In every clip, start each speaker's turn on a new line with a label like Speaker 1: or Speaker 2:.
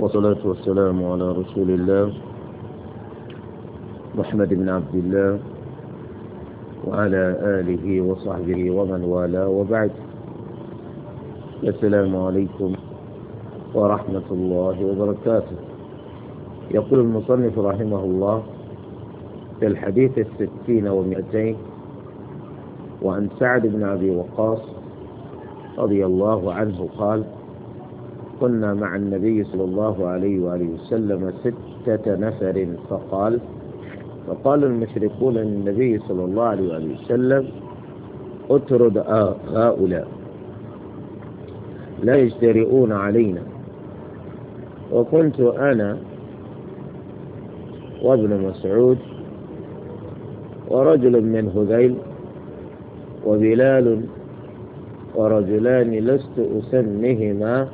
Speaker 1: والصلاة والسلام على رسول الله محمد بن عبد الله وعلى آله وصحبه ومن والاه وبعد السلام عليكم ورحمة الله وبركاته يقول المصنف رحمه الله في الحديث الستين ومئتين وعن سعد بن أبي وقاص رضي الله عنه قال كنا مع النبي صلى الله عليه وآله وسلم ستة نفر فقال فقال المشركون للنبي صلى الله عليه وآله وسلم اطرد هؤلاء لا يجترئون علينا وكنت أنا وابن مسعود ورجل من هذيل وبلال ورجلان لست أسمهما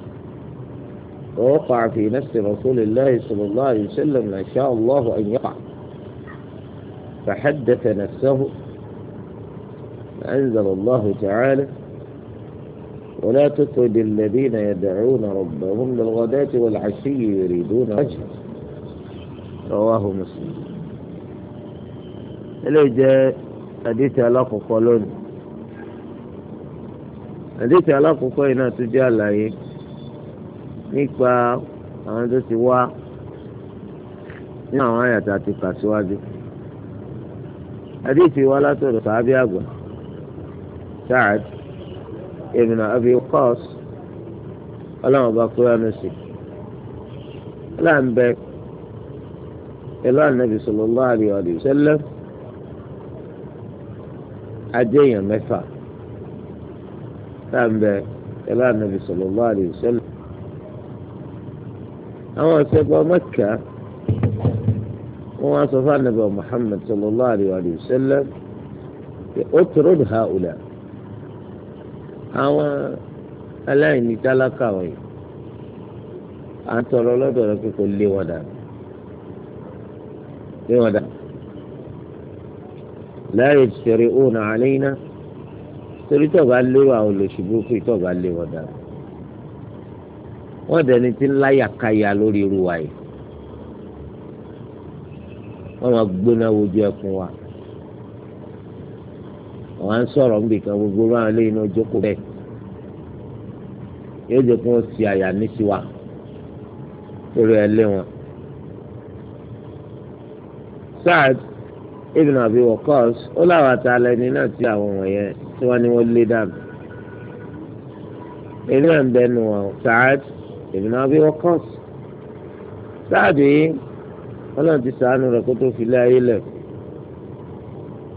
Speaker 1: ووقع في نفس رسول الله صلى الله عليه وسلم ما شاء الله أن يقع فحدث نفسه أنزل الله تعالى ولا تطرد الذين يدعون ربهم بالغداة والعشي يريدون وجهه رواه مسلم eléyìí جاء àdìsí alákọ̀ọ́kọ́ قولون àdìsí alákọ̀ọ́kọ́ قولون náà tún nípa àwọn tó ti wá nínú àwọn àyàtà àti kàṣíwájú àdìsí wa látọ̀dọ̀ sàábì àgbà Sa'ad ibn Abi Waqqas ọlọ́run ọba kúránù sí ọlọ́run bẹ́ẹ̀ pẹ̀lú ànábì sallallahu alaihi wa sallam adé èèyàn mẹ́fà tá à ànábì àwọn ìṣẹ́gun mẹ́kà wọ́n wá sọ fún anabi muhammed sallallahu alayhi wa sallam ó tóró ní ha ọ̀la àwọn aláìní tálákà wọ̀nyí à ń tọrọ lọ́dọ̀ rẹ pé kò lé wọn dànù lé wọn dànù láyé ìṣẹ̀rẹ̀ òun àlẹ́ iná torí tó lé wọn àwọn olùṣubú fún ìtọ́ bá lé wọn dànù wọ́n dẹni tí ń láyàkáyà lórí irú wa yìí wọ́n máa gbóná wojú ẹkùn wa àwọn à ń sọ̀rọ̀ ń bìkan gbogbo ráà lẹ́yìn náà jókòó bẹ́ẹ̀ yóò jẹ́ kí wọ́n si àyà níṣì wa lórí ẹlẹ́ wọn. Saad ibn Abi Waqqas ó láwọn àtàlẹ́ ẹni náà tí àwọn wọ̀nyẹn tí wọ́n ní wọ́n lé dànù. èyí náà ń bẹnu wọn Saad. Ibn Abi Waqqas Sáàdù yìí ọlọ́run ti sàánú rẹ̀ kó tó fi lé ayé lẹ̀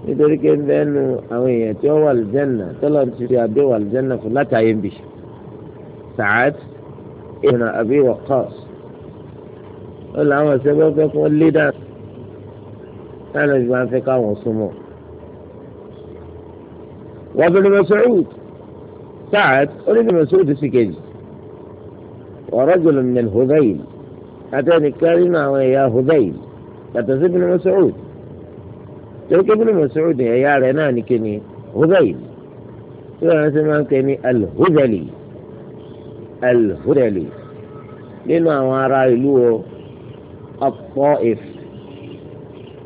Speaker 1: nítorí pé ń bẹ́ẹ̀ nu àwọn èèyàn tí wọ́n wà lùjẹ́nà tọ́lọ̀ ti fi àdó wà lùjẹ́nà fún látàyè ń bì Sa'ad Ibn Abi Waqqas ó làwọn ìṣẹ́gbẹ́ fẹ́ fún lídà táwọn ìbí máa fẹ́ káwọn súnmọ́ wọ́n bẹ̀rẹ̀ mẹ́sàn-án Sa'ad ó ní Ibn Mas'ud sì kejì. ورجل من هذيل هاتان الكلمة ويا هذيل فتز ابن مسعود تلك ابن مسعود يا رنان كني هذيل وأنا كني الهذلي الهذلي لما وراء له الطائف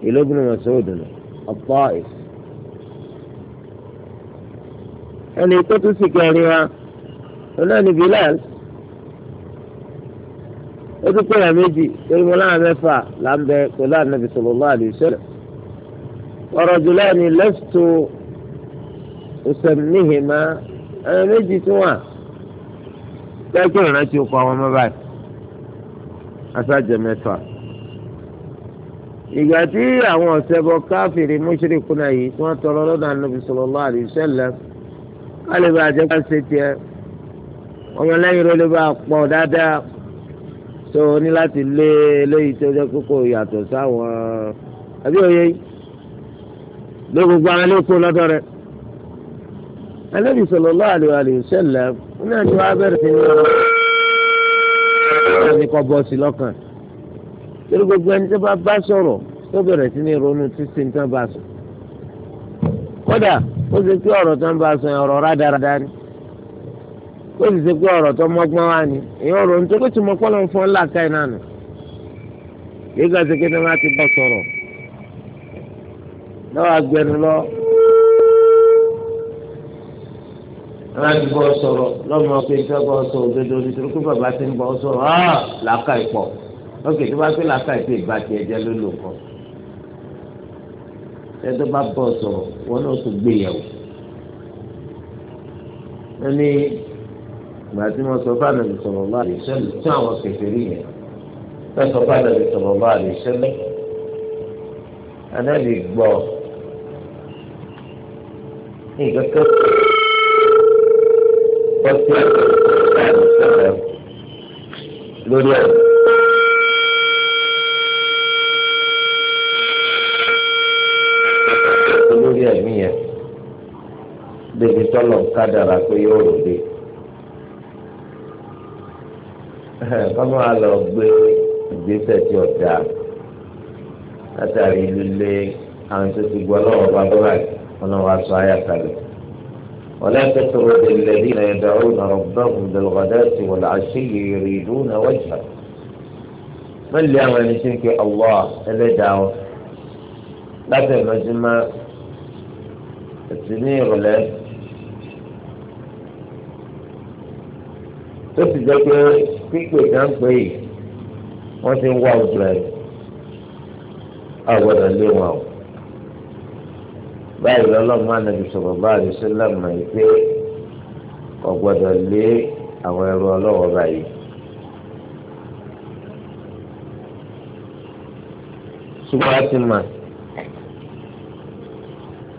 Speaker 1: إلى ابن مسعود الطائف أنا كنت سكاريها هنا بلال
Speaker 2: ó tún pé èèyàn méjì
Speaker 1: torí mo láwọn mẹ́fà là ń bẹ pẹ̀lú ànábì sallallahu alaihi wasallam ọ̀rọ̀ jùlọ ni lẹ́sítò òsèmíhìmá èèyàn méjì tún wà kẹ́kẹ́ ìrántí ó kọ́ àwọn ọmọ báyìí asájẹ mẹ́fà ìgbà tí àwọn ọ̀sẹ̀ bọ káfíìrì mùṣírìkù náà yìí tí wọ́n tọrọ lọ́dọ̀ ànábì sallallahu alaihi wasallam kálíbà àjẹpá ṣe tiẹ̀ ọmọlẹ́yìn ló bá pọ̀ dáadáa tó o ní láti lé eléyìí tó jẹ́ kókó yàtọ̀ sáwọn àbí òye ló gbogbo àwọn aléko lọ́dọ̀ rẹ̀ Ànábì sallallahu alaihi wa sallam náà ni wàá bẹ̀rẹ̀ sí ní ọ̀rọ̀ àmì kọ́ bọ́ọ̀sì lọ́kàn torí gbogbo ẹni tó bá bá sọ̀rọ̀ tó bẹ̀rẹ̀ sí ní ronú títí tán bá sọ kódà ó ṣe kí ọ̀rọ̀ tán bá sọ ọ̀rọ̀ rádaràdá ni ó sì ṣe pé ọ̀rọ̀ tó mọ́gbọ́n wá ni èèyàn ọ̀rọ̀ nítorí pé tí mo pọ́n lọ́n fún ọ́ làákàyè náà nù yíga ṣe kéde láti bọ́ sọ̀rọ̀ lọ́wọ́ agbẹnu lọ láti bọ́ sọ̀rọ̀ lọ́mọ pé ń fẹ́ bọ́ sọ òdodo nítorí pé bàbá ti ń bọ́ sọ̀rọ̀ áà làákàyè pọ̀ lókè tó bá pé làákàyè pé ìbàjẹ́ ẹ̀jẹ̀ ló lò kọ́ tẹ́tọ́ bá bọ́ sọ̀rọ̀ wọn náà tún gbé yẹ̀wò ìgbà tí wọ́n sọ fáànà lè sọ̀rọ̀ bá àlè sẹ́lẹ̀ tí àwọn kẹfẹ́rì yẹn fẹ́ sọ fáànà lè sọ̀rọ̀ bá àlè sẹ́lẹ̀ anábì gbọ́ ní ìkẹ́kẹ́ pọ́sí àti sẹ́lẹ̀ lórí ẹ̀. lórí ẹ̀mí yẹn débi tọ́lọ̀ ń kádàrà pé yóò rò dé. kọ́mọ àlọ́ gbé ìgbésẹ̀ tí ó dáa látàrí lílé àwọn tó ti gbọ́ lọ́wọ́ bá bọ́ báyìí wọn wá sọ ayé àkàlẹ̀. ولا تطرد الذين يدعون ربهم بالغداة والعشي يريدون وجهه من اللي عمل يشرك الله اللي دعوه لا تمجمع السنين ولا تسجد pípé dáńpé yìí wọ́n ti ń wá ojú ẹ̀ àgbọ̀dọ̀ lé wọn o báyìí lọ́lọ́mọ ànábì sọ̀rọ̀ báyìí sílẹ̀ mọ̀ ẹ́ pé ọ̀gbọ̀dọ̀ lé àwọn ẹrú ọlọ́wọ́ báyìí. ṣùgbọ́n a ti mọ̀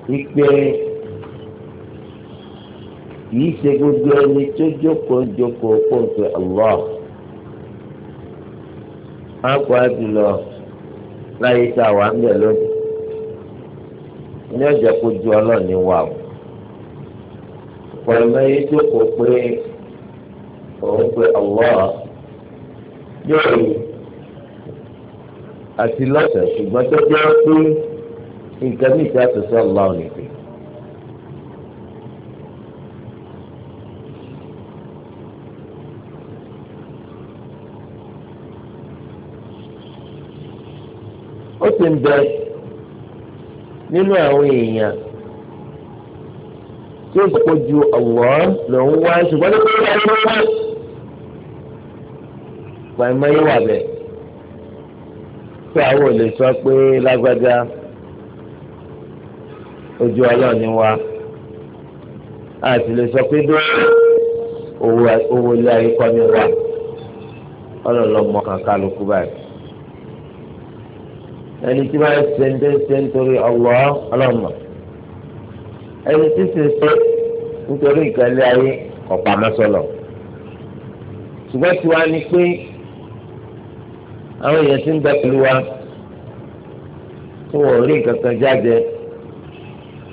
Speaker 1: wípé yìí ṣe gbogbo ẹni tó jókòó jókòó kó o akọ àbílọ láyé tá a wà ń bẹ lónìí ní ọjà ju ọlọ́ọ̀ni wà o pẹ̀lú ẹyẹ tó kọ pé òun pe ọwọ́ yóò àti lọ́sẹ̀ ṣùgbọ́n tó jẹ́ pé nǹkan mìíràn tó sọ ọlọ́ọ̀ni. ó sì ń bẹ nínú àwọn èèyàn tí ó gbọ́ ju ọ̀wọ́ lòún wá ṣùgbọ́n ní kí wọ́n lọ wá. pàmò yín wà bẹ̀ tí àwọn ò lè sọ pé lágbájá ojú ọlọ́ọ̀ ni wá a sì lè sọ pé dóòlù owó ilé ayé kọ́ ni wá ọlọ́ọ̀lọ́ mọ kankan lókù báyìí ẹni tí wọ́n ṣe ń ṣe nítorí ọ̀wọ́ ọlọ́mọ ẹni tí ṣe ṣe nítorí ìkàlẹ̀ ayé ọ̀pamọ́ sọlọ ṣùgbọ́n tiwa ni pé àwọn èèyàn ti ń bẹ pẹ̀lú wa tí wọ́n rí nǹkan kan jáde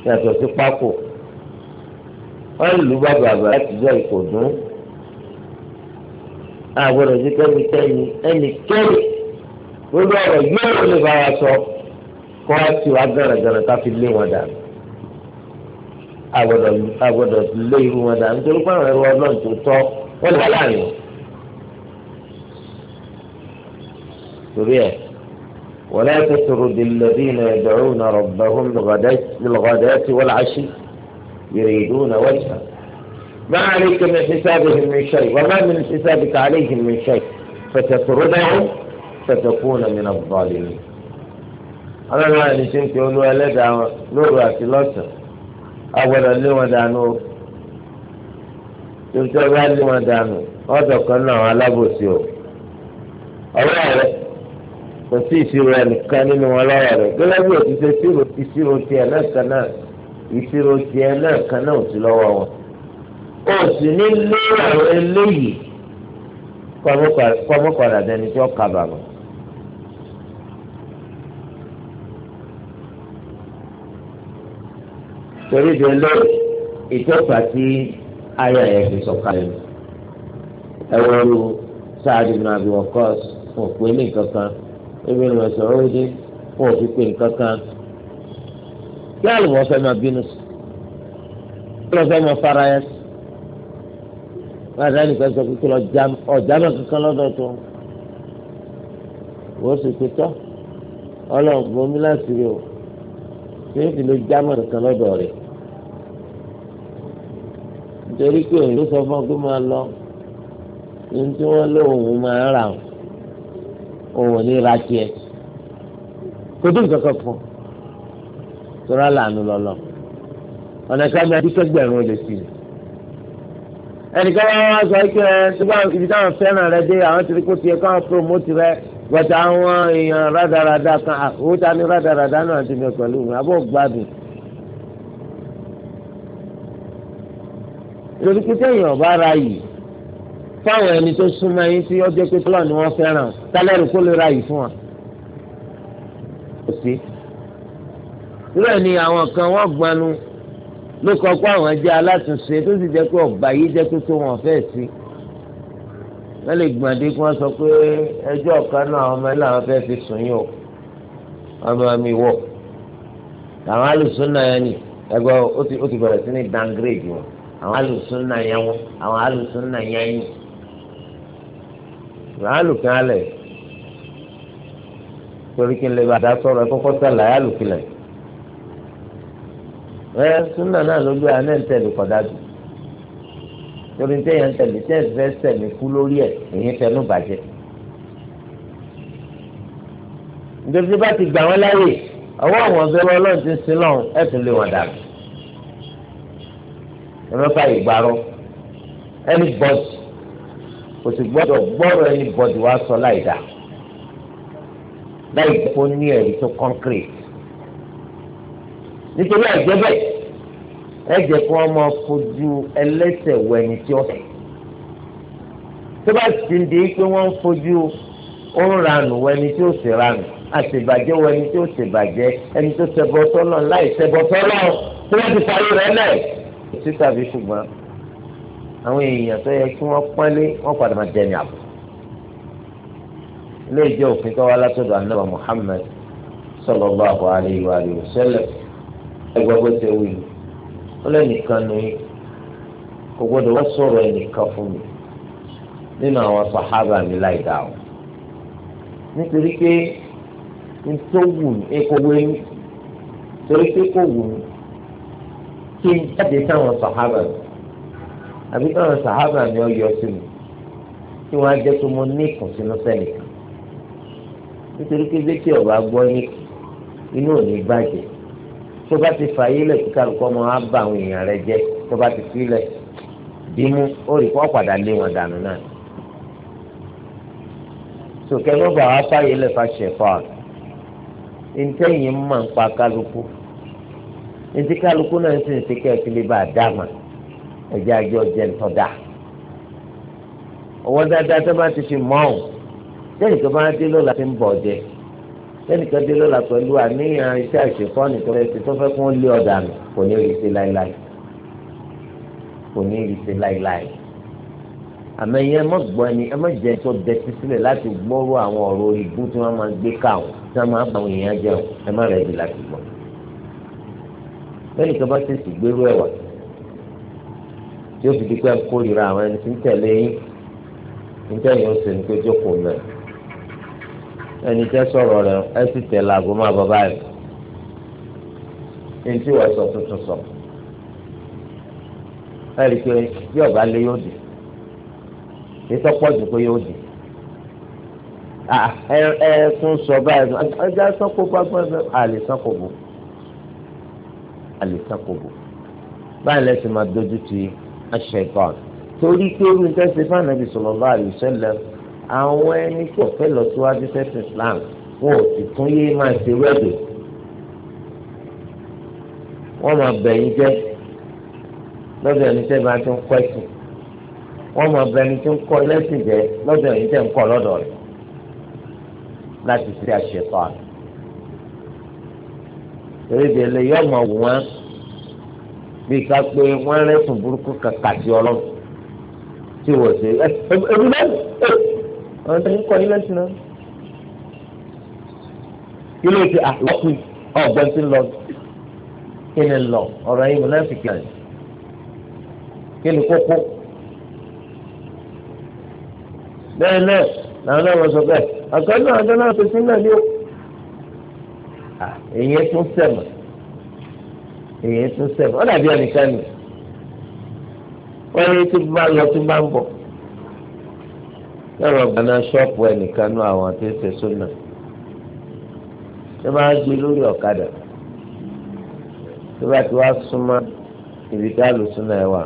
Speaker 1: yàtọ̀ sí pákó wọ́n lù bàbà bàbà láti jẹ́ ìkòdún àgbọ̀dọ̀ sí kẹ́mi kẹ́mi ẹnì kẹ́mi. gbogbo ọ̀rọ̀ yóò lè bá wa sọ kó wá sí wa gànàgànà ká fi lé wọn dànù àgbọ̀dọ̀ àgbọ̀dọ̀ lé irú wọn dànù nítorí pé àwọn ẹrú ọlọ́run tó tọ́ wọ́n lè wá láàrin torí ẹ̀ wọn iná náà lọ ẹsẹ ولا تسرد الذين يدعون ربهم بالغداة والعشي يريدون وجهه ما عليك من حسابهم من شيء وما من حسابك عليهم من شيء فتطردهم tẹ̀tẹ̀kùn min az-zalimin. ọlọ́run àti ṣe ń pe olú ẹlẹ́dàá wọn lóru àti lọ́sàn agbọ́dọ̀ lé wọn dànù o tuntun bá lé wọn dànù ọ̀dọ̀ kan náà alábòsí o ọ̀rọ̀ rẹ̀ kò sí ìṣirò ẹnìkan nínú wọn lọ́rọ̀ rẹ̀ gẹ́gẹ́ bí òtún ṣe ṣírò ìṣirò tiẹ̀ náà kan náà ìṣirò torí de lé ìtọ́fà tí ayé ẹ̀ fi sọ̀kalẹ̀ lọ. ẹ wọ́n sáàdì náà bí wọ́n kọ́ fún òpè ní nǹkan kan ebi ní wọ́n sọ̀rọ̀ òde fún òfi pé nǹkan kan. kí àlùmọ́ fẹ́ máa bínú sí kí lọ́ fẹ́ máa fara ẹ sí. wọ́n àdáni kan sọ pé kí lọ́ọ́ ọ̀já náà kankan lọ́dọ̀ tó wọ́n sì pé tọ́ ọlọ́run gbomi láti rí o tí ó fi lè jámọ̀ nǹkan lọ́dọ̀ rẹ̀ nítorí pé òun ló sọ fún ọ pé máa lọ ní tí wọ́n lé òun máa ń rà òun ní ra tiẹ̀ kò dín kankan fún tó rà lànà lọ́lọ́ ọ̀nà ìsàmì àdìsẹ́gbẹ̀rún olè sí i ẹnìkan wọn wá sọ pé ibi táwọn fẹ́ràn rẹ dé àwọn ti rí tiẹ̀ káwọn promote rẹ bọ̀tà àwọn èèyàn rádaràda kan àwọn ta ni rádaràda náà ti bẹ pẹ̀lú mi àbọ̀ gbádùn. lórí pété èèyàn bá ra yìí fáwọn ẹni tó súnmọ́ yín sí ọjọ́ pété lọ́ọ̀ ni wọ́n fẹ́ràn tálẹ́rù kó lè ra yìí fún wa. kò sí. irú ẹ̀ ni àwọn kan wọ́n gbanu ló kọ́ pé àwọn jẹ́ alátúnṣe tó sì jẹ́ pé ọ̀bà yìí jẹ́ pé wọn fẹ́ sí wọ́n lè gbàdé kí wọ́n sọ pé ẹjọ́ ọ̀kan náà àwọn ọmọ ẹ̀ làwọn fẹ́ẹ́ fi sùn yìí o ọmọ mi wọ̀ àwọn alùsùn náà yẹn ni ẹgbẹ́ ó ti bẹ̀rẹ̀ sí ní downgrade wọn àwọn alùsùn náà yẹn wọn àwọn alùsùn náà yẹn yìí ràálù kan alẹ̀ torí kí n lè bàdá sọ̀rọ̀ ẹ kọ́kọ́ sàlà yálù kílẹ̀ ẹ súnà náà ló gbé anẹ́ntẹ́ lù kọ́ dájú torí ní tẹ̀yàn tẹ̀lé tẹ̀ fẹ́ sẹ̀mí kú lórí ẹ̀ èyí fẹnu bàjẹ́. nítorí bá ti gbà wọ́n láyè ọwọ́ àwọn ọ̀bẹ̀rẹ̀ ọlọ́run ti sin lọ́hùn ẹ̀ tún lé wọn dànù. ẹ mẹ́fà yìí gbárọ́ ẹni bọ́ọ̀dù kò sì gbọ́dọ̀ gbọ́rọ̀ ẹni bọ́ọ̀dù wá sọ láì dá láì kó ní ẹ̀rí tó kọ́ńkírètì nítorí àìjẹ́ bẹ́ẹ̀ ẹ̀jẹ̀ kí wọ́n máa fojú ẹlẹ́ṣẹ̀ wọ ẹni tí ó ṣẹ̀ tó bá ti di pé wọ́n ń fojú ó ń ranù wọ ẹni tí ó sì ranù àṣebàjẹ́ wọ ẹni tí ó ṣèbàjẹ́ ẹni tó ṣẹbọ sọ́lọ̀ láì ṣẹbọ sọ́lọ̀
Speaker 2: tó bá ti parí rẹ̀ lẹ̀
Speaker 1: sí tàbí ṣùgbọ́n àwọn èèyàn tó yẹ kí wọ́n pọ́nlé wọ́n padà máa jẹ ní àbò ilé ìjọ òfin tó wá látọ̀dọ̀ anábà Muhammad sallallahu alaihi wa sallam ẹgbẹ́ bó ṣe wí ni ọlọ́nìkan nù yín kò gbọ́dọ̀ wọ́n sọ̀rọ̀ ẹnìkan fún mi nínú àwọn sàhábà mi láì dá o nítorí pé n tó wù ní èkó wẹ́yìn torí pé kò wù mí kí n jáde sáwọn sàhábà mi àbí káwọn sàhábà mi ọ sí mi kí wọ́n á jẹ́ tó mo ní ìkùnsínú sẹ́nìkan nítorí pé bẹ́tì ọ̀bá gbọ́ ní inú ò ní bàjẹ́ tó bá ti fà yí lẹ̀ kí kálukọ́ ọmọ á bá àwọn èèyàn rẹ jẹ́ tó bá ti fi lẹ̀ bímú ó rí kó padà lé wọn dànù náà. sòkè ló bá wàá fàyè lẹ̀ fà ṣẹ̀fọ́ àná ntẹ́yìn máa ń pa kálukú ntí kálukú náà ń sìn sí kẹ́ẹ̀kí lè bá a dá mà ẹ̀jẹ̀ àjọ jẹ́ ń tọ́da. ọwọ́ dáadáa tó bá ti fi mọ́ ọ́n jẹ́ ìjọba adé lọ́la ti ń bọ̀ jẹ́ lẹ́nìkan dé lọ́la pẹ̀lú àníyàn iṣẹ́ àṣekọ́ nìkan ẹ̀sìn tó fẹ́ kún lé ọ̀dà nù kò ní rí ṣe láéláé kò ní rí ṣe láéláé àmọ́ ẹ̀yin ẹ má gbọ́ ẹni ẹ má jẹ́ tó dẹtí sílẹ̀ láti gbọ́rọ̀ àwọn ọ̀rọ̀ orí ibú tí wọ́n máa gbé káwọn tí wọ́n máa bá àwọn èèyàn jẹun ẹ má rẹ̀ di láti gbọ́ lẹ́nìkan bá tètè gbérú ẹ̀wà tí ó fi di pé ẹ kórìíra àwọn ẹni tí ń tẹ̀lé yín ń tẹ̀lé yín ó sì ní pé jókòó mẹ́rin ẹni tẹ́ sọ̀rọ̀ rẹ̀ ẹ sì tẹ̀ làgọ́ máa bọ̀ báyìí ní tí wọ́n sọ tuntun sọ ẹ rí i pé bí ọ̀gá lé yóò dì kí sọ́pọ̀ jù pé yóò dì ẹ ẹ tún sọ báyìí ẹja sọ́kò bá gbọ́dọ̀ àlè sọ́kò bò àlè sọ́kò bò báyìí lẹ́sìn máa dojú ti aṣọ ìkọ́ torí pé orí ń tẹ́sí fún ànábì sallallahu alaihi wasallam àwọn ẹni tí ọ̀fẹ́ lọ síwájú sẹ́sìn Islam wọn ò sì tún yé máa ṣe rẹ́dò wọ́n máa bẹ̀yìn jẹ́ lọ́dọ̀ ẹni tẹ́ bá ti ń kọ́ ẹ̀sìn wọ́n máa bẹ̀yìn tí ń kọ́ ẹlẹ́sìn jẹ́ lọ́dọ̀ ẹni tẹ́ ń kọ́ lọ́dọ̀ rẹ̀ láti ṣe àṣetọ́ àná èrèdè lè yọ ọmọ wù wọn bí ká pé wọn rẹ́sùn burúkú kàkà sí ọlọ́run tí wọ́n ṣe ẹ ẹ ẹ ẹ àwọn tó ń kọ́ yín lẹ́sìn náà kí ló ti àwọ̀kùn ọ̀gbọ́n ti lọ kí ni lọ ọ̀rọ̀ yìí mùnáfíkì náà kí ni kókó bẹ́ẹ̀ náà làwọn náà wọ́n sọ bẹ́ẹ̀ àkọ́jú àwọn tó náà fèsì náà ni ó èyí tún sẹ̀mọ̀ èyí tún sẹ̀mọ̀ ó dàbí ẹnìkan nì wọ́n yẹ tó bá lọ tó bá ń bọ̀ lọ́rọ̀ gbaná ṣọ́ọ̀pù ẹnìkan nú àwọn tó ṣe súnà tó bá gbé lórí ọ̀kadà tó bá ti wá súnmọ́ ibi tá àlùsúnà ẹ wà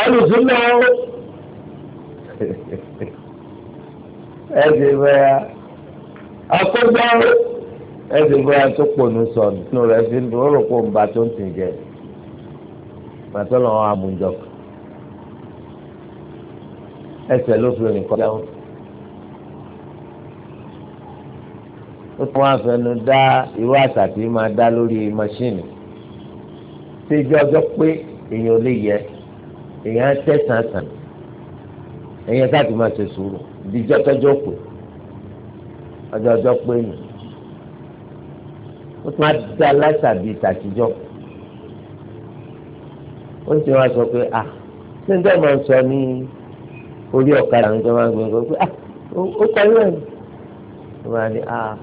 Speaker 1: àlùsúnà ó ẹ ti bẹ́ẹ̀ akọ́gbá ó ẹ ti bẹ́ẹ̀ tó pònú sọ̀nù tó rẹ̀ fi ń dùn rò pò ń ba tó ń tì jẹ́ pàtó lọ́wọ́ amújọ́kọ̀ ẹsẹ̀ ló fi rìn kọjá ó tún wá fẹnu dá irú àṣà tí máa dá lórí mọ́ṣíìnì tí ìjọ ọjọ́ pé èèyàn ò lè yẹ èèyàn tẹ̀sán sàn èèyàn káàtì máa ṣe sùúrù ìdíjọ́ tọ́jọ́ pé ọjọ́ ọjọ́ pé nù ó tún á dá láṣà bíi tàtijọ́ ó sì wá sọ pé à ah, ṣé ń dẹ́ máa ń sọ ní orí ọ̀kadà ní sọ́mà gbé gbé ah, ó kọ́lé ẹ̀ ló máa ní ah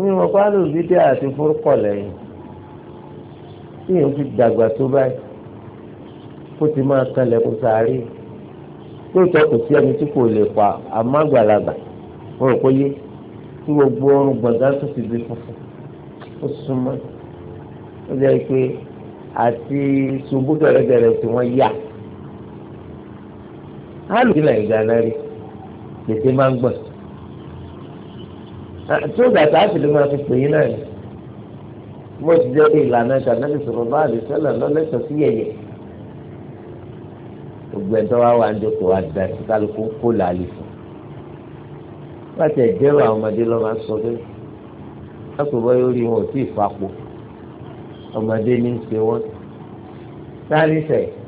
Speaker 1: mi mọ̀ pé àlọ́ fídíò àti fúrúkọ̀ lẹ́yìn tí èèyàn fi dàgbà tó báyìí kó ti máa kanlẹ̀ kó sàárè lóòótọ́ kò sí ẹni tí kò lè pa àmọ́ àgbàlagbà mo rò pé yé tí gbogbo ọrùn gbọ̀ngàn tó ti di funfun ó súnmọ́ ó jẹ́ pé àti ṣubú dẹ̀rẹ̀dẹ̀rẹ̀ tí wọ́n yà alùpùpù ìgànnà rí lètè máa ń gbọ̀n tí ó dàtà á sì lè máa fi pè yín náà ni mo ti jẹ́ pé ìlànà ìṣàlẹ́bí sọ̀rọ̀ bá àdìsẹ́lẹ̀ lọ́lẹ́sọ̀ sí yẹ̀yẹ̀ gbogbo ẹ̀dọ́ wa wà ń jókòó àdìdá sí kálukú kó làálì fún láti ẹ̀jẹ̀rọ àwọn ọmọdé lọ́ máa sọ pé lọ́sọ̀ bọ́ yóò rí wọn ò tí ì fapò ọmọdé ní í ṣe wọ́n sáré sẹ́yìn.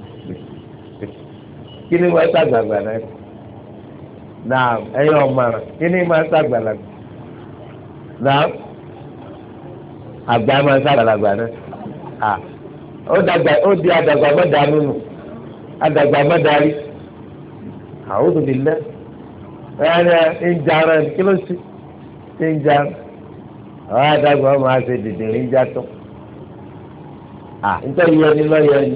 Speaker 1: Kini ni máa ń sàgbàgbà náà náà ẹ̀yin ọ̀mọ̀ràn kí ni máa ń sàgbàlagbà náà àgbà máa ń sàgbàlagbà náà à ó dàgbà ó di àdàgbà mọ́dà nínú àdàgbà mọ́dà rí àwọn òbí lẹ́ ẹ̀ ẹ̀ ń jara ẹ̀ nke ló ṣe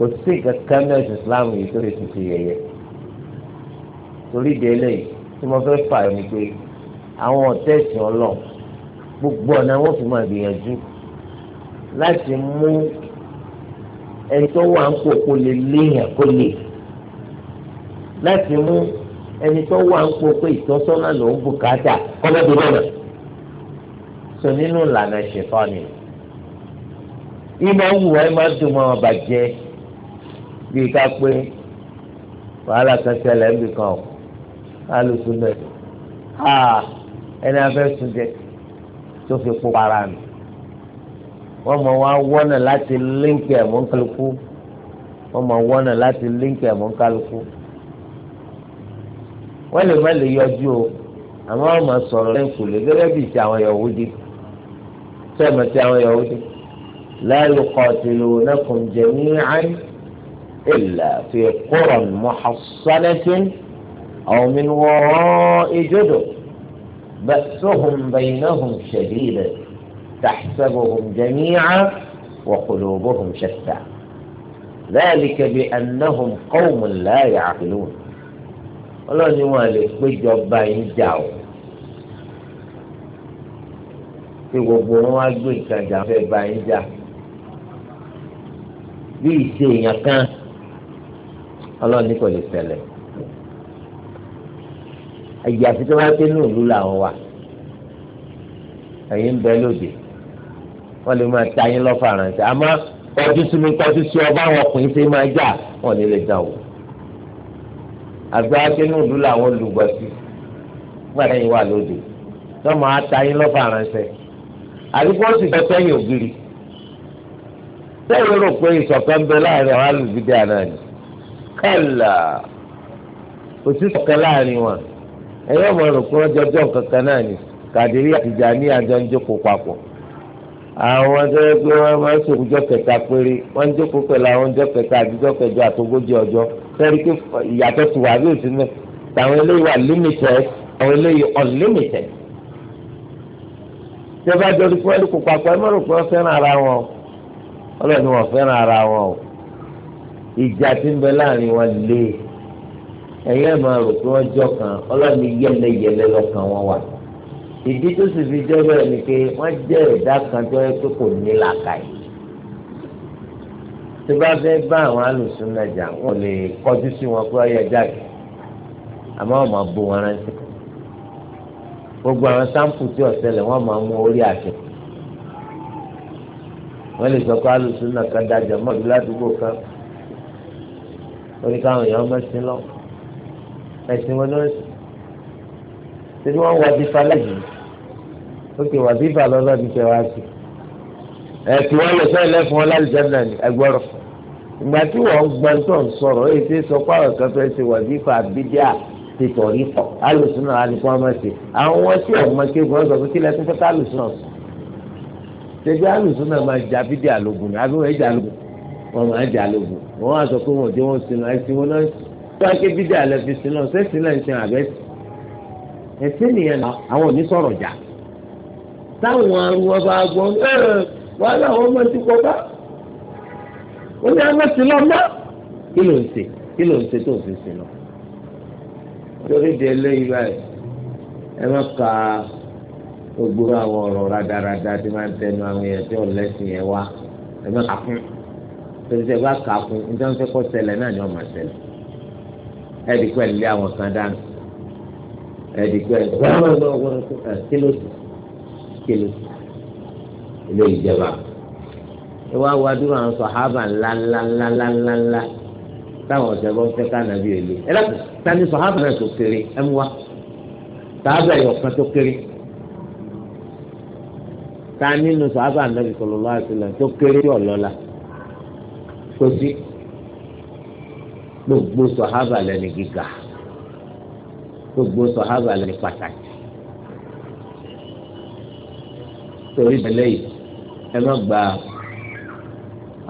Speaker 1: kò sí kankan náà ṣe islam yìí tó lè tutù yẹyẹ torí délé yìí tí mo fẹ́ fà ní pé àwọn ọ̀tẹ́ẹ̀sì ọlọ́ọ̀ gbogbo ọ̀nà wọn fi máa gbìyànjú láti mú ẹni tó wà ń pò kó lè léèyàn kó lè láti mú ẹni tó wà ń pò pé ìtọ́sọ́nà ló ń bùkátà kọ́mọ́dé lọ́nà sọ nínú ìlànà ìṣẹ̀fọ́ ni ìmọ̀ wù ẹ́ máa dùn mọ́ ọ bàjẹ́ bíi ká pé wàhálà kan ṣẹlẹ̀ ń bì kan o alùpùpù náà ha ẹni afẹ́ sùn jẹ tó fi kó para nù wọ́n mọ̀ wá wọ́nà láti líǹkì ẹ̀ mọ́ kálukú wọ́n mọ̀ wọ́nà láti líǹkì ẹ̀ mọ́ kálukú wọ́n lè má lè yọjú o àmọ́ wọ́n mọ̀ sọ̀rọ̀ lẹ́kùn lé gẹ́gẹ́ bíi ti àwọn Yahudi sẹ́ẹ̀mọ̀ ti àwọn Yahudi la yuqatilunakum jami'an. إلا في قرى محصنة أو من وراء جدر بأسهم بينهم شديد تحسبهم جميعا وقلوبهم شتى ذلك بأنهم قوم لا يعقلون والله نوالي بجوب باين جاو في jà ما pé gbogbo wọn wá gbé ọlọ́run ní kò lè ṣẹlẹ̀ ẹ̀yà àti tó bá pé ní òlu làwọn wà ẹ̀yìn ń bẹ lóde wọ́n lè máa ta yín lọ́fà ránṣẹ́ àmọ́ kọjú sí mi kọjú sí ọba àwọn ọkùnrin ṣe máa jà wọ́n lè lè dà wò àgbà pé ní òlu làwọn olùgbọ́ sí gbàdá yín wà lóde tó máa ta yín lọ́fà ránṣẹ́ àdúgbò sì tọ́ sẹ́yìn ògiri sẹ́yìn rò pé ìṣọ̀kan bẹ láàrin àwọn alùpùpù dáadáa ni kẹ́là òsì sọ̀kan láàrin wọn ẹ̀yọ́ ọmọ rò pé wọ́n jọjọ́ kankan náà ni kàdírí àtijọ́ ní àjọ ń jókòó papọ̀ àwọn tó yẹ pé wọ́n máa ń sòkòjọ́ kẹta péré wọ́n ń jókòó pẹ̀lú àwọn ọjọ́ kẹta àtijọ́ kẹjọ àtogójì ọjọ́ fẹ́ẹ́rí pé ìyàtọ̀ ti wà bí òsínú tàwọn eléyìí wà limited àwọn eléyìí unlimited tí wọ́n bá jọ rí pé wọ́n lè kópa pọ̀ ẹ má rò pé wọ́n fẹ́ràn ara wọn ọlọ́ọ̀ni wọ́n fẹ́ràn ara wọn o ìjà tí ń bẹ láàrin wọn lé ẹ̀yẹ́ máa rò pé wọ́n jọ kan ọlọ́ni yẹlẹyẹlẹ lọ́kàn wọn wà ìdí tó sì fi jẹ́ bẹ́ẹ̀ ni pé wọ́n jẹ́ ẹ̀dá kan tó yẹ pé kò ní làákàyè tó bá fẹ́ bá àwọn alùsùn náà jà wọ́n lè kọjú sí wọn pé ọyẹ jáde àmọ́ wọ́n máa bo wọn rántí gbogbo àwọn sáǹpù tí ọ̀sẹ̀lẹ̀ wọ́n máa mú orí àṣẹ wọ́n lè sọ pé alùsùn náà kan dájọ́ mọ́bí kan orí káwọn èèyàn mẹ́sìn lọ ẹ̀sìn wọn ló ṣe bí wọ́n wọ bífa lẹ́yìn ó ti wà bífa lọ́lọ́ ti tẹ̀ wá sí ẹ̀sìn wọn lè fẹ́ lẹ́fún wọn láti jẹ́ nàní ẹgbọ́rọ̀ ìgbà tí wọ́n gbọ́n tó ń sọ̀rọ̀ èyí ti sọ pé àwọn kan fẹ́ ṣe wà bífa bídíà ti tọ̀rí pọ̀ alùsùn náà ni wọ́n máa ṣe àwọn wọn tí ọ̀gbọ́n kéwọ́n sọ pé kí lẹ́tọ́ fẹ́ kálùsùn náà ṣe bí alùsùn náà máa jà bídíà lógun ni lógun wọ́n wọn á sọ pé wọn ò dé wọn sinú ẹsìn wọn náà tó wá ké bídà alẹ́ fi sinú sẹ́sìn náà ń sin àbẹ́ ẹsẹ̀ nìyẹn náà àwọn ò ní sọ̀rọ̀ jà táwọn arúgbó bá gbọ́ ẹ̀ẹ́ wàá láwọn ọmọ ti kọ́ bá wọn ní ẹgbẹ́ sí lọ́mọ kí ló ń ṣe kí ló ń ṣe tó fi sí lọ. di eléyìí báyìí ẹ má ka gbogbo àwọn ọ̀rọ̀ rádaràda tí máa ń tẹnu àwọn èèyàn tí ò yẹn wá ẹ má kà fún un tẹ̀síṣẹ́ bá kà á fún nítorí fẹ́ kọ́ ṣẹlẹ̀ náà ni wọ́n máa ṣẹlẹ̀ ẹ̀ẹ́dì pẹ̀lú ilé àwọn kan dànù ẹ̀ẹ́dì pẹ̀lú kílòsì kílòsì ilé ìjẹba ẹ wá wá dúró àwọn sọ̀hábà ńláńláńláńláńlá táwọn ọ̀sẹ̀ bọ́ fẹ́ kánàbí èlé ẹ lọ́kùn tani sọ̀hábà náà tó kéré ẹ mú wa sọ̀hábà yọ̀ kan tó kéré tani nù sọ̀hábà náà tó kéré tó kéré ọ̀lọ́lá kò sí gbogbo sọ̀hábà lẹ́ni gíga gbogbo sọ̀hábà lẹ́ni pàtàkì torí bẹ́lẹ̀ yìí ẹ má gba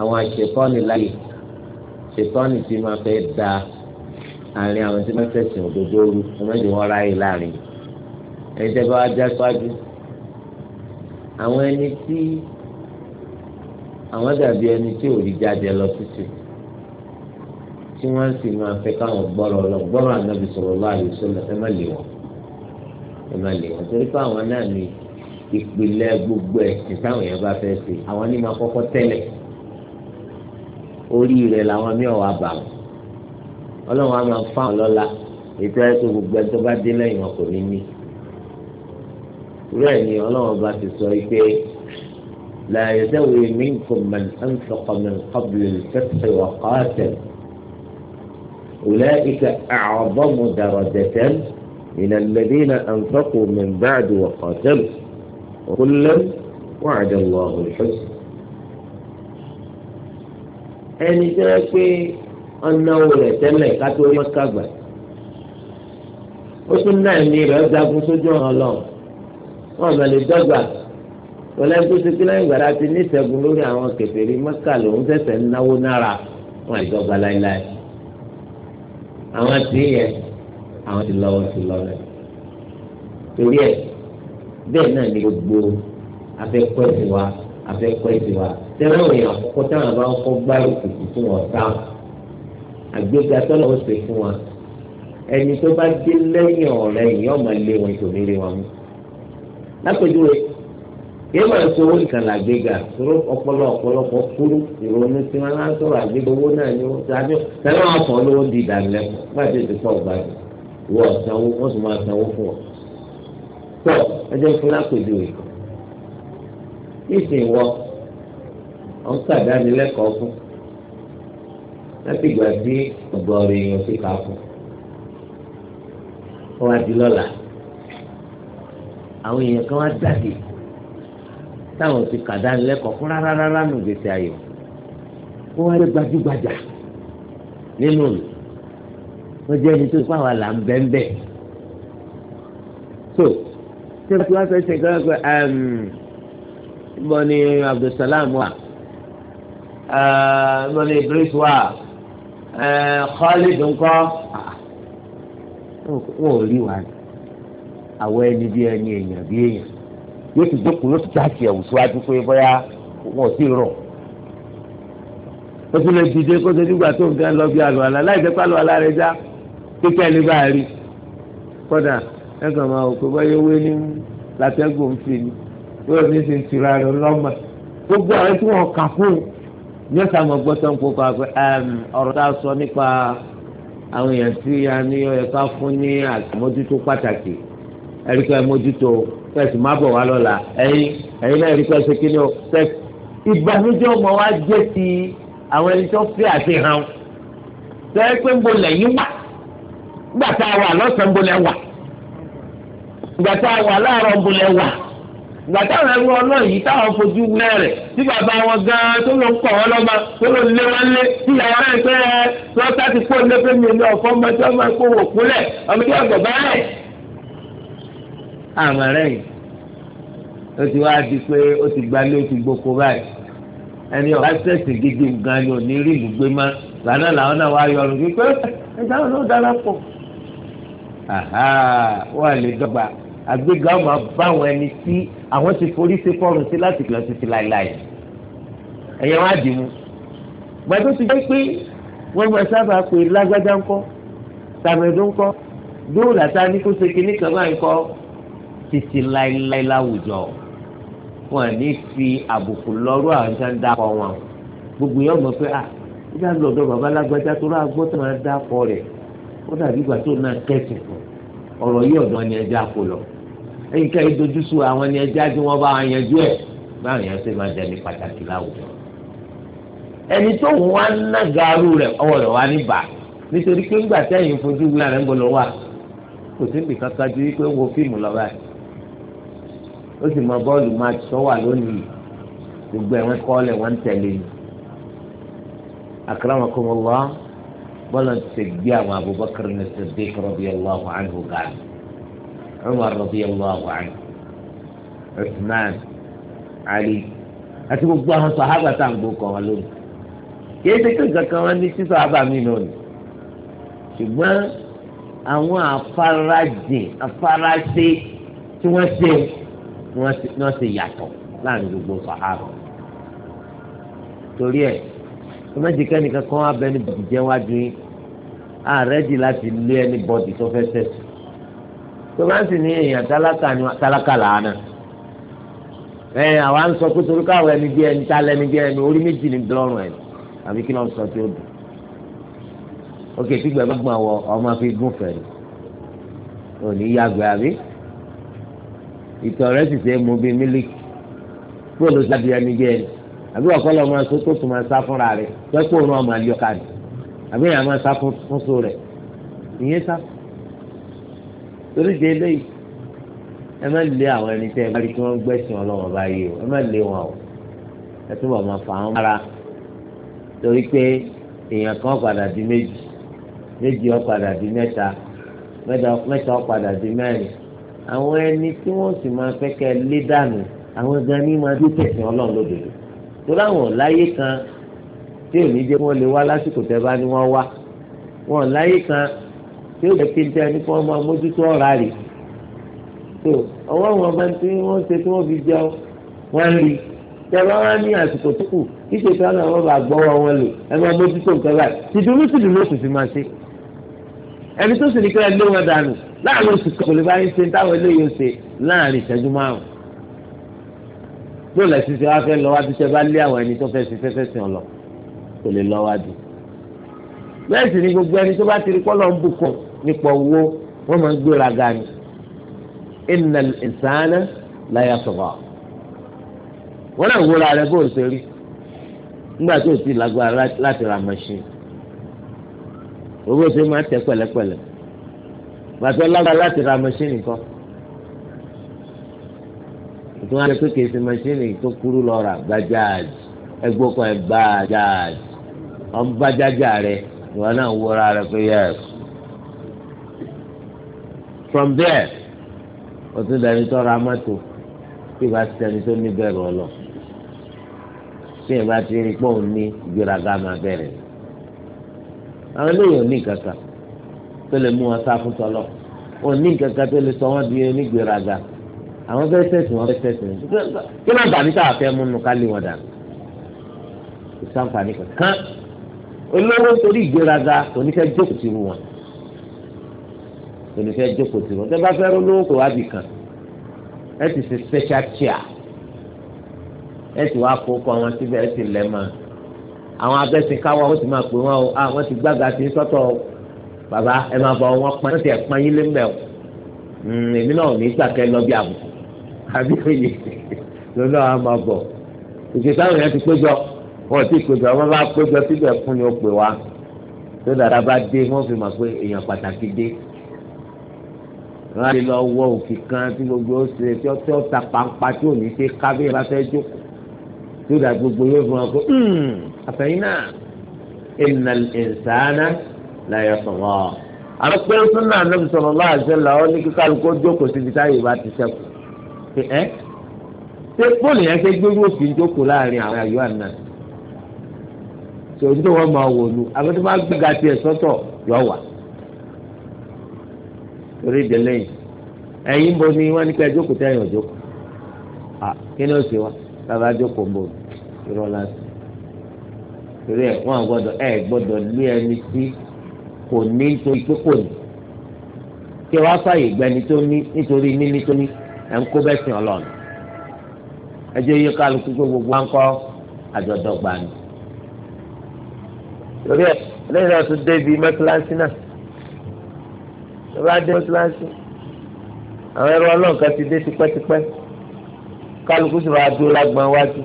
Speaker 1: àwọn àṣetọ́ni láyè ṣetọ́ni tí máa fẹ́ da àárín àwọn tí wọ́n fẹ̀sìn òdodo rú ẹ má ráyè láàrin ẹ̀yin tẹ́ bá wá já síwájú àwọn ẹni tí àwọn dàbí ẹni tí ò rí jáde lọ títì tí wọ́n sì máa fẹ́ káwọn gbọ́rọ̀ lọ gbọ́rọ̀ ànábì sallallahu alaihi wasallam ẹ má lè wọ́n ẹ má lè wọ́n torí pé àwọn náà ní ìpìlẹ̀ gbogbo ẹ̀sìn táwọn èèyàn bá fẹ́ ṣe àwọn ní máa kọ́kọ́ tẹ́lẹ̀ orí rẹ̀ làwọn mí ọ̀wá bà wọ́n á máa fáwọn lọ́la ètò ẹ̀sìn gbogbo ẹ̀ tó bá dé lẹ́yìn wọn kò ní ní. irú ni ọlọ́run bá ti sọ pé لا يدوي منكم من أنفق من قبل الفتح وقاتل أولئك أعظم درجة من الذين أنفقوا من بعد وقاتلوا وكلا وعد الله الحسن ẹni tí wọ́n pé ọ̀nàwó rẹ̀ tẹ́lẹ̀ kátó rí mọ́kàgbà ó tún náà ní rẹ̀ sójú ọ̀hán lọ wọn ò lè dọ́gba wọlé tó ṣe pé lẹ́yìn ìgbàdá ti ní ìṣẹ́gun lórí àwọn kèfèrí Mẹ́kà lòún ṣẹ̀ṣẹ̀ ń náwó náírà wọn àìjọba láéláé àwọn tí yẹ àwọn ti lọ́wọ́ ti lọ́rẹ̀ torí ẹ̀ bẹ́ẹ̀ náà ni gbogbo afẹ́kọ́ ẹ̀sìn wa afẹ́kọ́ ẹ̀sìn wa tẹ́lẹ̀ òyìn àkọ́kọ́ táwọn bá ń kọ́ gbárù kùkù fún wọn sáà àgbéga tọ́lọ̀ ó ṣe fún wa ẹni tó bá dé lẹ́yìn ọ̀rẹ́ yìí ọmọ ilé yé máa sọ owó nìkan làgbéga sọ̀rọ̀ ọpọlọ ọ̀pọ̀lọpọ̀ kúrú ìrònú tí wọn máa ń sọ̀rọ̀ àgbéga owó náà ni wọn sáájú tẹ́lẹ̀ wọn fọ lówó di ìdánilẹ́kọ̀ọ́ gbàdé ti pọ gbàdé ìwọ ọsanwó wọn sì máa sanwó fún ọ. tọ ẹjẹ fún lápèjú rẹ ìsìn wọ ọ ń kàdánilẹ́kọ̀ọ́ fún láti gbà sí ọgbọrọ èèyàn sí ká fún ọ wá di lọ́la àwọn èèyàn kan wá jáde táwọn ti kàdánilẹ́kọ̀ọ́ fún rárá nù gbèsè ayò ó wá lé gbajúgbajà nínú rẹ̀ ó jẹ́ ẹni tó fáwọn là ń bẹ́ńbẹ́ so ṣé kí wọ́n fẹ́ ṣe kí wọ́n fẹ́ bọ́ ni Abdulsalam wà uh, bọ́ ni Idris wà uh, Khalid ńkọ́ ah, wọn ò rí wa àwọn ẹni bí ẹni èèyàn bí èèyàn yóò sì jókòó yóò sì jáde ẹ̀wù síwájú pé bóyá wọn ò sí rọ ó sì lè dìde kó tó nígbà tó ń gan lọ bí àlọ́ àlá láì jẹ́ pálọ̀ àlá rẹ̀ já kíkẹ́ ní bá a rí kódà ẹ̀gbọ́n máa wò pé bóyá owó ní látẹ́gùn ń fi ni yóò ní sì tura rẹ̀ lọ́mọ gbogbo àwọn tí wọ́n kà fún un yóò sàmọ̀ gbọ́tọ̀ ń kópa pé ọ̀rọ̀ tá a sọ nípa àwọn èèyàn tí a ní ọ̀yẹ̀ká fún ní àmójútó pàtàkì ẹ̀rí pé mójútó fẹ́ẹ̀sì má bọ̀ wá lọ́la ẹ̀yin ẹ̀yin náà ẹ̀rí pé ṣe kí ni o fẹ́ẹ̀sì. ìbànújẹ́ ọmọ wa jẹ́ ti àwọn ẹni tó fẹ́ àfihàn sẹ́ẹ́ pé ń bo lẹ́yìn wà gbà tá a wà lọ́sàn-án ń bo lẹ́ wà gbà tá a wà láàárọ̀ ń bo lẹ́ wà gbà táwọn ẹrú ọlọ́run yìí táwọn fojú wẹ́ rẹ̀ tí bàbá wọn gan tó ló ń pọ̀ wọn lọ́mọ tó ló ń lé wọn lé tí ìyàwó rẹ̀ pé ẹ lọ́tà ti kó lé pé mi ní ọ̀fọ́ ọmọ tí wò kúlẹ̀ ọmọ tí wọ́n àmọ́ rẹ̀yìn ó ti wá di pé ó ti gbalé ó ti gboko báyìí ẹni ọ̀gá sẹ̀sì gidi gan ni òní rí ìlú gbé má gbàná làwọn náà wá yọrùn wípé ẹja wọn náà dára pọ̀ wọ́n lè dọ́gba àgbéga ọmọ báwọn ẹni tí àwọn ti forí sí kọrùn sí láti kìlọ̀ títí láéláé ẹ̀yẹ wá dì mú gbàdó ti jẹ́ pé wọ́n máa sábà pé lágbájá ńkọ́ tàbẹ̀dó ńkọ́ dóòlà tá a ní kó ṣe kinní kan báyìí kọ́ títí láéláé láwùjọ wọn ní fi àbùkù lọ́rú àwọn tó ń dákọ̀ wọn gbogbo yóò mọ̀ pé à ah, nígbà lọ́dọ̀ bàbá lágbájá tó rà gbọ́ tó máa dákọ̀ rẹ̀ ó dàbí ìgbà tó náà kẹ́sì fún ọ̀rọ̀ yìí ọ̀dọ́ ni ẹja kò lọ ẹ̀yìn ká yìí dojú sùn àwọn ni ẹja tí wọ́n bá wọn yanjú ẹ̀ báwọn yẹn ṣe máa dẹni pàtàkì láwùjọ ẹni tó ń wá nágaru rẹ̀ ọwọ́ rẹ̀ wá níbà nítorí pé ńgbà tẹ́yìn fojú wíwá rẹ̀ ń bọ̀ lọ́wọ́ kò sí nǹkan kan ju wípé ń wo fíìmù lọ́wọ́ yìí ó sì mọ bọ́ọ̀lù máa tọ́ wà lónìí gbogbo ẹ̀wọ̀n kọ́ọ̀lẹ̀ wọ́n ń tẹ̀lé ni akramakumullah bọ́lá ti ṣe gbé àwọn Abubakar ní Siddiq radiyallahu anhu gaani Umar radiyallahu anhu Uthman Ali àti gbogbo àwọn sàhábà tá à ń gbó kọ́ wọn lónìí kìí ṣe kí nǹkan kan wọn ní sísọ àbá mi náà ni ṣùgbọ́n àwọn afárajìn afáraṣe tí wọ́n ṣe ni wọ́n ṣe yàtọ̀ láàrin gbogbo sàhábà torí ẹ̀ tọ́mẹ́tì kẹ́nìkan kan wá bẹ́ẹ̀ ní bìjẹ́ wájú yín ààrẹ dì láti lé ẹni bọ́dì tó fẹ́ tẹ̀sí tó bá ń sì ní èèyàn tálákà làánà ẹ àwa ń sọ pé torí káwọn ẹni bí ẹni tálẹ́ ẹni bí ẹni orí méjì ní dọ́rùn ẹ̀ àbí kí ló ń sọ tí ó dùn ókè tí gbẹ̀gbọ́n wọ ọmọ fi gún fẹ̀rẹ̀ òní yàgbẹ́ àbí ìtọ̀ rẹ sì ṣe é mu bíi mílíkì kúrò ló sábìá níbi ẹni àbí ọ̀kọ́lọ́ máa so tó tún máa sá fúnra rẹ pẹ́pẹ́ òun náà máa yọ káàdì àbí èèyàn máa sá fún so rẹ ìyẹn sá torí di eléyìí ẹ má lé àwọn ẹni tẹ́ ẹ bá rí kí wọ́n gbẹ̀sìn ọlọ́wọ́n bá o ẹ má lé wọn o ẹ túbọ̀ máa fà wọn mọ́ra torí pé èèyàn kan padà di méjì méjì ó padà di mẹ́ta mẹ́ta ó padà di mẹ́rin àwọn ẹni tí wọ́n sì máa fẹ́ kẹ́ lé dànù àwọn gan ni máa dúpẹ́ sí ọlọ́run lódodo tó láwọn láyé kan tí ò ní jẹ́ wọ́n lè wá lásìkò tẹ́ bá ní wọ́n wá wọn láyé kan tí ó jẹ́ kí n tẹ́ ẹni kí wọ́n máa mójútó ọ̀rá rè tó ọwọ́ wọn bá ń tí wọ́n ṣe tí wọ́n fi jẹun wọ́n rí tẹ́lá wá ní àsìkò tó kù kíṣe tí wọ́n náà bá gbọ́wọ́ wọn lò ẹ máa mójútó nǹkan báyìí tìdúró tìdúró sì fi máa ṣe ẹni tó sì ní kí wọ́n lé wọn dànù láàrin oṣù kan kò lè bá yín ṣe táwọn eléyìí ṣe láàrin ìṣẹ́jú márùn lóòlẹ̀ ṣiṣẹ́ wá fẹ́ lọ wájú tẹ́ bá lé àwọn ẹni tó fẹ́ ṣiṣẹ́ fẹ́ sìn ọ lọ kò lè lọ bẹ́ẹ̀ sì ni gbogbo ẹni tó bá ti rí kọ́lọ̀ ń bùkún nípa owó wọ́n máa ń gbéra ga ni innal insana la yatgha wọ́n náà wúra rẹ bó ṣe rí nígbà tó ti lágbára láti ra machine owó ṣe máa tẹ pẹ̀lẹ́pẹ̀lẹ́ gbàtọ́ lágbára láti ra mọ́ṣíìnì kan tí wọ́n á jẹ́ pé kèsì mọ́ṣíìnì tó kúrú lọ rà gbàjáàjì ẹgbẹ́ kan ẹ̀ gbàjáàjì wọ́n bá jájà rẹ̀ ìwọ náà wúra rẹ̀ pé yẹ́s. from there o tún dẹni tó ra mọ́tò tí ìbá ti dẹni tó ní bẹ̀rù ọlọ tí ìbá ti rí pọ́ùn ní ìgbéraga máa bẹ̀rẹ̀ àwọn eléyìí ò ní kankan tó lè mú wọn sá fún tọlọ wọn ní nǹkan kan tó lè sọ wọn di onígbèraga àwọn fẹẹ tẹsí wọn fẹẹ tẹsí kí ló ń bàmí tá a fẹ mú nu ká lé wọn dànù kò sáǹfààní kankan olówó torí ìgbéraga kò jókòó ti ru wọn kò jókòó ti ru wọn tẹ bá fẹ́ olówó kò wábì kan ẹ ti ṣe special chair ẹ ti wá kó kọ wọn síbẹ̀ ẹ ti lẹ́ mọ́ àwọn abẹ́sìn káwọ́ ó ti máa pè wọ́n o àwọn ah, ti gbága ti sọ́tọ̀ o bàbá ẹ máa bọ wọn pọn ẹ pọn yín lé mbẹ o hmm, èmi náà ò ní gbà kẹ lọ bí àbùkù àbí òye lọ́nà àwọn máa bọ̀ ìṣe táwọn yẹn ti péjọ wọn ti péjọ wọn bá péjọ síbẹ̀ fún ni ó pè wá tó dára bá dé wọn fi mọ̀ pé èèyàn pàtàkì dé wọn á lè lọ wọ òkè kan tí gbogbo ó ṣe tí ó tí ó ta pàǹpà tí ò ní ṣe kábíyè bá fẹ́ jókòó tó dà gbogbo yóò fi wọn pé hmm, àfẹ́yìn náà innal insana láyé sọ̀rọ̀ àwọn pé súnà anábì sọ̀rọ̀ lọ́wọ́ àṣẹlá ó ní kí kálukú jókòó síbi táyé bá ti sẹ́kù ṣe ẹ́ ṣé bóòlù yẹn ṣe gbérú òfin jókòó láàrin àwọn àyọ̀ àná tòun tó wọn máa wò lu àbẹ tó bá gbéga tiẹ̀ sọ́tọ̀ yọ wà torí ìdílé yìí ẹ̀yin bo ni wọ́n ní ká jókòó tẹ́yìn òjókòó kí ni ó ṣe wá bàbá jókòó ń bò irọ́ láti torí ẹ̀ wọ́n gbọ́dọ̀ ẹ̀ gbọ́dọ̀ lé ẹni tí kò ní nítorí pé kò ní kí wọ́n fàyè gbẹni tó ní nítorí ní nítorí ẹ̀ ń kó bẹ́ẹ̀ sìn ọlọ́run ẹ jẹ́ yíká lóko gbogbo wa ń kọ́ àjọ̀dọ̀ gbà ní. torí ẹ lẹ́yìn náà tún débi mẹ́tíláṣí náà tó bá dé mẹ́tíláṣí àwọn ẹrú ọlọ́run kan ti dé tipẹ́tipẹ́ kálukú sì máa dúró lágbọ̀n wájú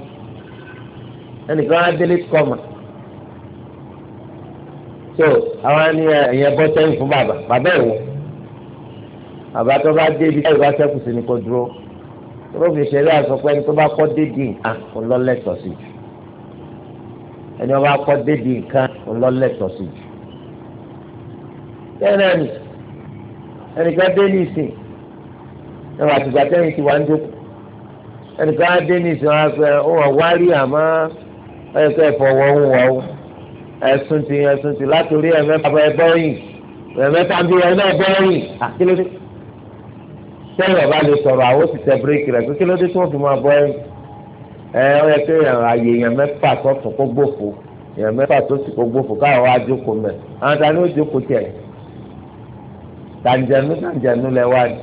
Speaker 1: ẹnìkan á délé kọ́mà so àwọn ni eh, ẹ̀yẹ bọ́ sẹ́yìn fún bàbá bàbá ẹ̀ wò bàbá tó bá dé ibi káyọ̀ bá sẹ́kù sí ni kò dúró rọ́bì ìṣẹ̀lẹ̀ àsọpọ̀ ẹni tó bá kọ́ dédì nǹkan kò lọ́lẹ́tọ̀ sí jù ẹni wọ́n bá kọ́ dédì nǹkan kò lọ́lẹ́tọ̀ sí jù bẹ́ẹ̀ náà ni ẹnìkan dé ní ìsìn ẹwà àtìgbà tẹ́yìn ti wá ń jókòó ẹnìkan dé ní ìsìn wọn á fẹ́ ọ wá rí àmọ́ ẹ̀kọ́ ẹ̀fọ́ wọ́n ń wọ́ ẹ̀sùn ti ẹ̀sùn ti látòrí ẹ̀mẹ́ta bọ́ ẹ̀bọ́yìn ẹ̀mẹ́ta bí ẹ̀ náà bọ́yìn àkílódé sẹ́yìn ọba lè sọ̀rọ̀ àwọn ti tẹ bíréèkì rẹ̀ pé kílódé tí wọ́n fi máa bọ́yìn ẹ ọ yẹ kí ààyè èèyàn mẹ́fà sọ̀tún kó gbòfò èèyàn mẹ́fà tó sì kó gbòfò káwọn wá jókòó mẹ́ àwọn ta ni ó jókòó tiẹ̀ tàǹjẹ̀nu tàǹjẹ̀nu lẹ wá ni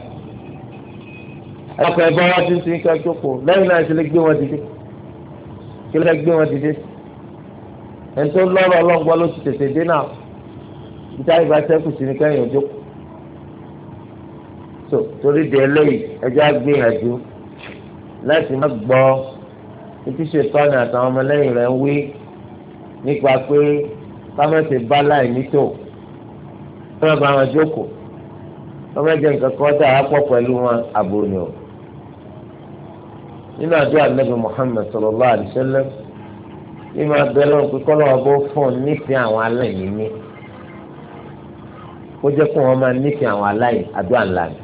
Speaker 1: ọkọ̀ ẹ̀bọ́n wá tuntun kẹ́ jókòó lẹ́yìn náà ìṣẹ̀lẹ̀ gbé wọn dìde kílódé gbé wọn dìde sí ẹni tó lọ́rọ̀ ọlọ́ngbọ́n ló ti tètè dé náà níta ìgbà sẹ́kù sí ni kẹ́yìn ojú tó torí di eléyìí ẹjọ́ gbìyànjú láti má gbọ́ etí ṣètọ́nì àtàwọn ọmọlẹ́yìn rẹ̀ ń wí nípa pé kámẹ́sì bá láì nítò wọ́n bá wọn jókòó wọ́n mẹ́jẹ nǹkan kan dà á pọ̀ pẹ̀lú wọn àbò ni o nínú àdúrà nàbì Muhammad sallallahu alaihi wasallam ní máa bẹ lọ́rùn pé kọ́ lọ́wọ́ bó fún un nífẹ̀ẹ́ àwọn aláìní ní kó jẹ́ kó wọn máa nífẹ̀ẹ́ àwọn aláìní àdúrà ńlá ni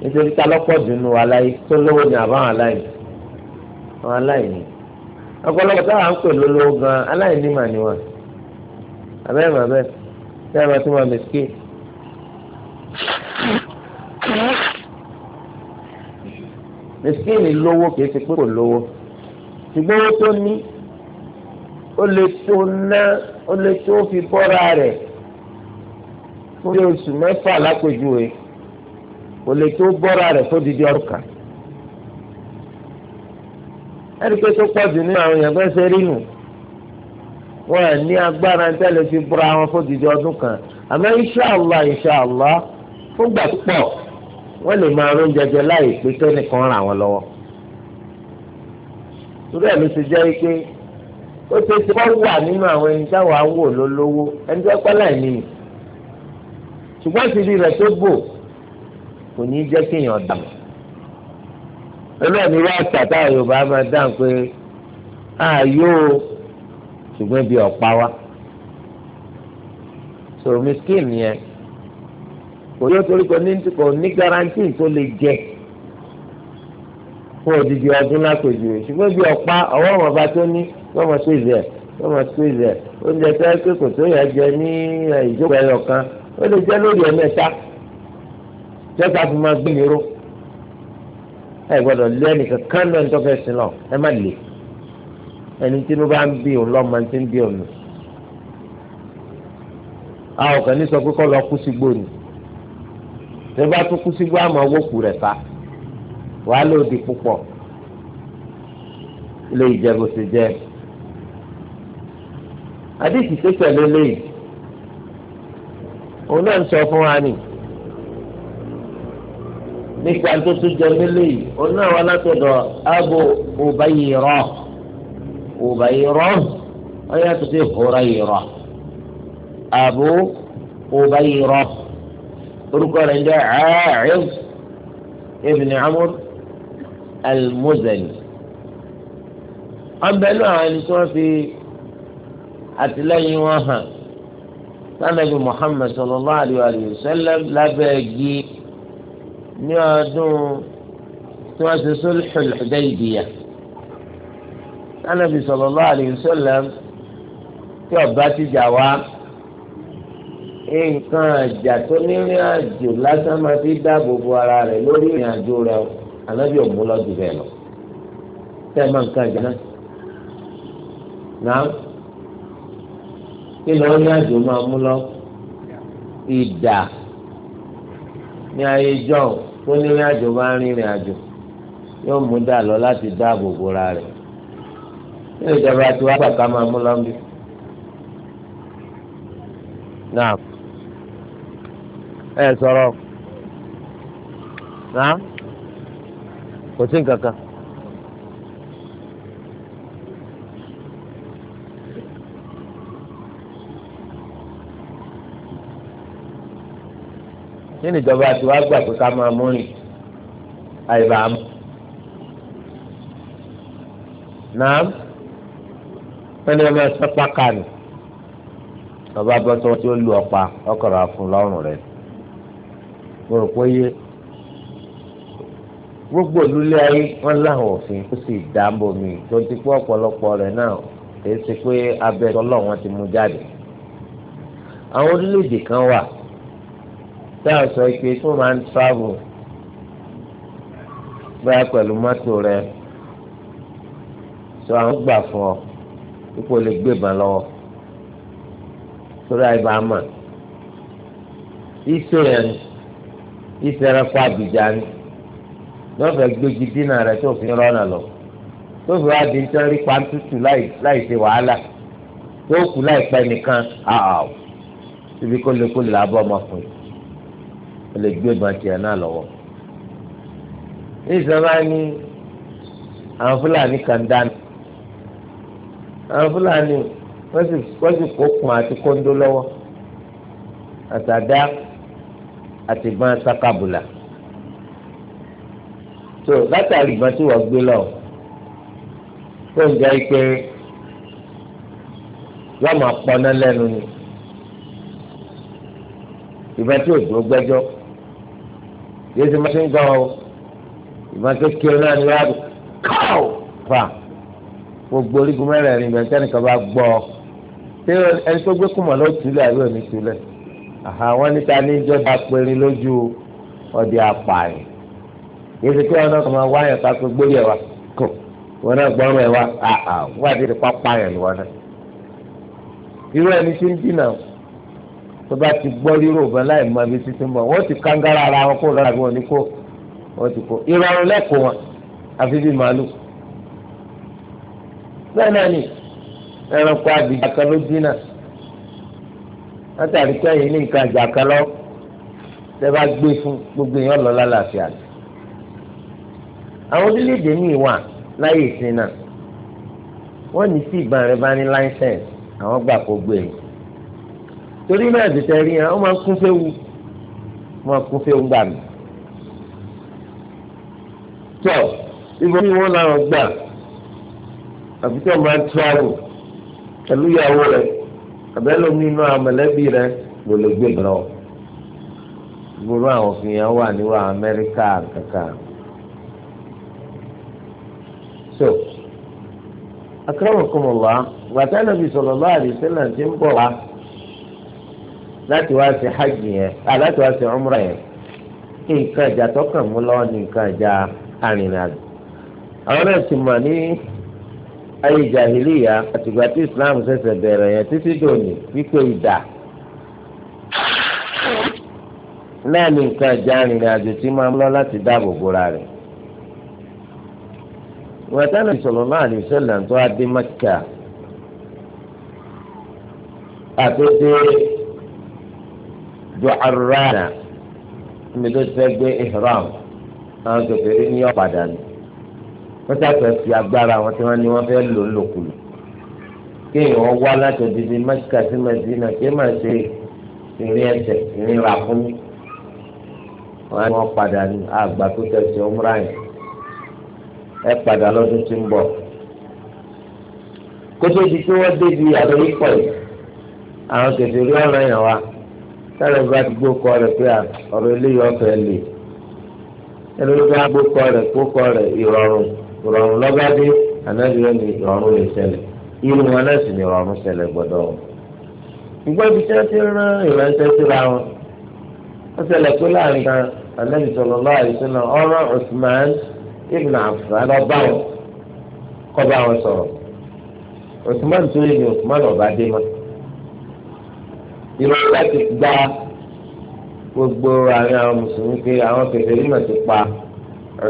Speaker 1: nítorí ta lọ́pọ̀ dùnú aláì tó lówó ni àbáwọn aláìní àwọn aláìní ọ̀pọ̀lọpọ̀ táwa ń pè lólówó gan aláìní mà ni wọn abẹ́rẹ́ màbẹ́ tẹ́ ẹ máa tún máa mẹ́sìkì. mẹ́sìkì ni lówó kìí ṣe pé kò ṣùgbọ́n owó tó ní ó lè tó ná ó lè tó fi bọ́ra rẹ̀ fún bí oṣù mẹ́fà lápèjúwe kò lè tó bọ́ra rẹ̀ fún dídí ọdún kan. ẹnikẹ́ tó pọ̀ jù nínú àwọn èèyàn fẹ́ ṣe rí nù wọn à ní agbára tẹ́lẹ̀ fi bọ́ra wọn fún dídí ọdún kan àmọ́ inṣàlá inṣàlá fúngbà púpọ̀ wọ́n lè máa rún jẹjẹ láì pé kẹ́nìkan ràn wọ́n lọ́wọ́ torí ẹ̀ ló ṣe jẹ́ pé ó ṣe ṣe wọ́n wà nínú àwọn ẹni táwọn awò lólówó ẹni tó pẹ́ láì ní ṣùgbọ́n ti rí rẹ̀ tó bò kò ní jẹ́ kéèyàn dà mọ́ olóòní wá tàtà yorùbá máa dáhùn pé ààyò ṣùgbọ́n ibi ọ̀pá wa sọ̀rọ̀ mi skin yẹn kò yóò torí kò ní garanti tó lè jẹ́ fún odidi ọdún lápèjì rẹ̀ ṣùgbọ́n bí ọ̀pá ọwọ́ wọn bá tó ní wọ́n mọ̀ sí ìzẹ̀ wọ́n mọ̀ sí ìzẹ̀ oúnjẹ tó yẹ pé kò tó yẹ jẹ ní ìjókòó ẹyọ kan ó lè jẹ lórí ẹ̀mẹ́ta jẹ́ta fún ma gbé níró ẹ gbọ́dọ̀ lé ẹnìkan kán náà ní tọ́fẹ́ sí náà ẹ má lè ẹni tí ló bá ń bí òun lọ́mọ tí ń bí òun àwọn kan ní sọ pé kọ́ lọ kú sígbó ni tó bá tún kú sígbó àmọ́ owó kù rẹ̀ pa wàá lòdì púpọ̀ ilé ìjẹ́bù ti jẹ́ àdìsí tó tẹ̀lé léyìí òun náà ń sọ fún wa nì nípa tó tún jẹ nílé yìí òun náà wà látọ̀dọ̀ Abu Ubayrah Ubayrah ọ̀yà tó ti Hurayrah Abu Ubayrah orúkọ rẹ̀ ń jẹ́ A'id ibn Amr al-Muzani wọn bẹ lọ àwọn ẹni tí wọn fi àtìlẹ́yìn wọn hàn sanabi Muhammad sallallahu alayhi wa sallam lábẹ́ igi ní ọdún tí wọn ti sulhul Hudaybiyah sanabi sallallahu alayhi wa sallam tí ọba ti jà wá nǹkan àjà tó ní àjò lásán máa fi dáàbò bo ara rẹ̀ lórí ìrìn àjò rẹ̀ o ànábì òmù lọ́dún bẹ́ẹ̀ lọ tẹ́ ẹ máa ń ká ìjà náà náà kí lọ́ọ́ ní àjò máa mú lọ ìdà ní ayé john tó ní ní àjò bá ń rìnrìn àjò yóò mú dà lọ láti dáàbò bora rẹ̀ ní ìjọba tí wọ́n gbà máa mú lọ bí. náà ẹ sọ̀rọ̀ náà kò sí nǹkan kan. nínú ìjọba àti wàá gbà pé ká máa mú rìn àìbá mú. náà wọ́n ní ọmọ ẹ̀sán pákà nì ọba bọ́tọ́ tí ó lu ọ̀pá ọkọ̀rọ̀ àfun lọ́rùn rẹ̀ mo pé yé gbogbo olúlé ayé wọn láwọn òfin ó sì dáàbò mi tó ti pé ọ̀pọ̀lọpọ̀ rẹ̀ náà kì í ṣe pé abẹ́ tọ́lọ̀ wọn ti mú jáde. àwọn orílẹ̀-èdè kan wà tá a sọ pé tó máa ń travel báyà pẹ̀lú mọ́tò rẹ̀ sọ àwọn gbà fún ọ ipò lè gbé ìbọn lọ́wọ́ sórí àìbá mà ìṣe yẹn ìṣe fún àbíjà ni lọ́fẹ̀ẹ́ gbégi dínà rẹ̀ tó fi rọ́nà lọ tó fi wá di nítorí pàǹtútù láì ṣe wàhálà tó kù láìpẹ́ nìkan àwọ̀ síbi kó lè kó lè abọ́ ọmọkùnrin ó lè gbé ìbọn tiẹ̀ náà lọ́wọ́. ìṣọba ní àwọn fúlàní kan dáná àwọn fúlàní wọ́n sì kó kun àti kóńdó lọ́wọ́ àtàdá àtìgbọ́n sakabula so látàrí ìgbà tí wọ́n gbé lọ tó ń jẹ́ pé yóò máa pọná lẹ́nu ni ìgbà tí ò dúró gbẹ́jọ́ yéé ti máa ṣe ń gan o ìgbà tó kí ọ náà ni wọ́n á káw fà gbogbo orígun mẹ́rẹ̀ẹ̀rin ìgbà tí ẹnìkan bá gbọ́ ọ ṣé ẹni tó gbé kùmọ̀ ló túlẹ̀ àbí òní túlẹ̀ àwọn níta ní ìjọba péré lójú ọdẹ apààyàn yìí ti pé wọn náà kò máa wá yẹn ká pé gbórí ẹ wa kò wọn náà gbọ́rọ̀ ẹ wa àà wọ́n àti ìdípa pa yẹn lọ́wọ́ náà. irú ẹni tí ń dínà tó bá ti gbọ́ rírò bẹ́ẹ̀ láì mọ ibi títí ń bọ̀ wọ́n ti kángára ara wọn kó lọ́ra bí wọ́n ní kó wọ́n ti kó ìrọ̀rùn lẹ́kọ̀ọ́ wọn àfi bí màálù. bẹ́ẹ̀ náà ni ẹranko abìjà kan ló dínà látàrí kẹ́yìn ní nǹkan àjà kan lọ tẹ́ bá gbé fún gbogbo èèyàn lọ lálàáfíà ni àwọn orílẹ̀-èdè míì wà láyé ìsìn náà wọ́n ní tí ìbọn rẹ bá ní láńsẹ̀nsì àwọn gbà kó gbé e torí náà dùtẹ̀ rí hàn wọ́n máa kún fẹ́ wu máa kún fẹ́ wu gbà mí. tọ́ ibo ni wọ́n làwọn gbà àfi tí wọ́n máa ń tíráàlù pẹ̀lú ìyàwó rẹ̀ àbẹ́lò mi inú àmọ̀lẹ́bí rẹ̀ lòlògbé lọ. gbogbo àwọn òfin yẹn wà níwọ̀ Amẹ́ríkà kankan. so akọ́rọ̀kọ́mọ̀lá gbàtà nàbì sallallahu alaihi wasallam ti ń bọ̀ wá láti wá sí hajj yẹn láti wá sí umrah yẹn nǹkan ìjà tọkàn mú lọ́wọ́ nǹkan ìjà arìnrìnàjò àwọn náà ti ní ayé jahiliya àtìgbà tí islam ṣẹ̀ṣẹ̀ bẹ̀rẹ̀ yẹn títí dòní wípé ìdá náà ní nǹkan ìjà arìnrìnàjò ti máa ń lọ láti dáàbò bora wọ́n ti sallallahu alaihi wasallam tó adé Mẹ́kà àtúntò Du'arana níbi tó fẹ́ gbé ihram àwọn kèfèrí ní ọ̀padà ni wọ́n sàfẹ́ fi agbára wọn tí wọ́n ní wọ́n fẹ́ lò ńlòkulò kéèyàn wá láti odidi Mẹ́kà sí Mẹ́dínà kí màá ṣe ìrìn ẹsẹ̀ ìrìn ràkúnmí wọ́n á ní wọ́n padà ní àgbà tó tẹ̀sí ọmúra yẹn ẹ padà lọ́dún tí ń bọ̀ kótó di pé wọ́n débi àlọ́ ikọ̀ yìí àwọn tètè rí ọ̀rọ̀ yẹn wa sáré bá ti gbó kọ rẹ̀ pé ọ̀rọ̀ eléyìí ọ̀fẹ́ lè ẹni tó bá gbó kọ rẹ̀ kó kọ rẹ̀ ìrọ̀rùn ìrọ̀rùn lọ́gádé ànábi rẹ̀ ní ìrọ̀rùn lè ṣẹlẹ̀ irú wọn náà sì ní ìrọ̀rùn ṣẹlẹ̀ gbọ́dọ̀ wọn. ìgbà ibi tí wọ́n ti rán ìránṣẹ́ síra wọn wọ́n ṣẹlẹ̀ pé láàrin kan ànábi sọ̀rọ̀ lọ́wọ́ àìsàn ibn Affan lọ bá wọn kọ́ bá wọn sọ̀rọ̀ Usman tó yẹ ni Usman ọba dé ma ìlú ọba ti gba gbogbo àwọn àwọn mùsùlùmí pé àwọn kèfèrí mà ti pa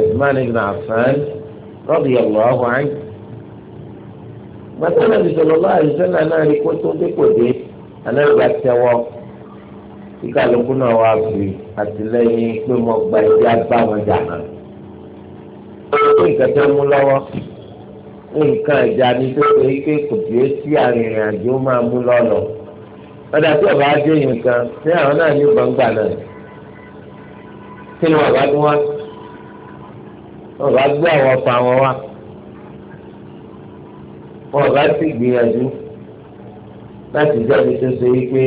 Speaker 1: Usman ibn Affan radiyallahu anhu gbàtà náà bisọ̀ lọ́wọ́ àdìsẹ́lá náà rí kó tó dépò dé anáàgbà tẹ́wọ́ kíkà lókun náà wà fi àtìlẹ́yìn pé mo gba ẹ̀jẹ̀ agbáwọn jà náà pé nǹkan tó mú lọ́wọ́ nǹkan ìjà ni tó ṣe pé kò tí ó sí arìnrìnàjò máa mú lọ́lọ́ ọ̀dà tí ọba dé nǹkan ní àwọn náà ní gbọ̀ngbà náà kí ni wọn bá dún wá wọn bá gbé àwọn ọkọ àwọn wá wọn bá sì gbìyànjú láti jáde tó ṣe pé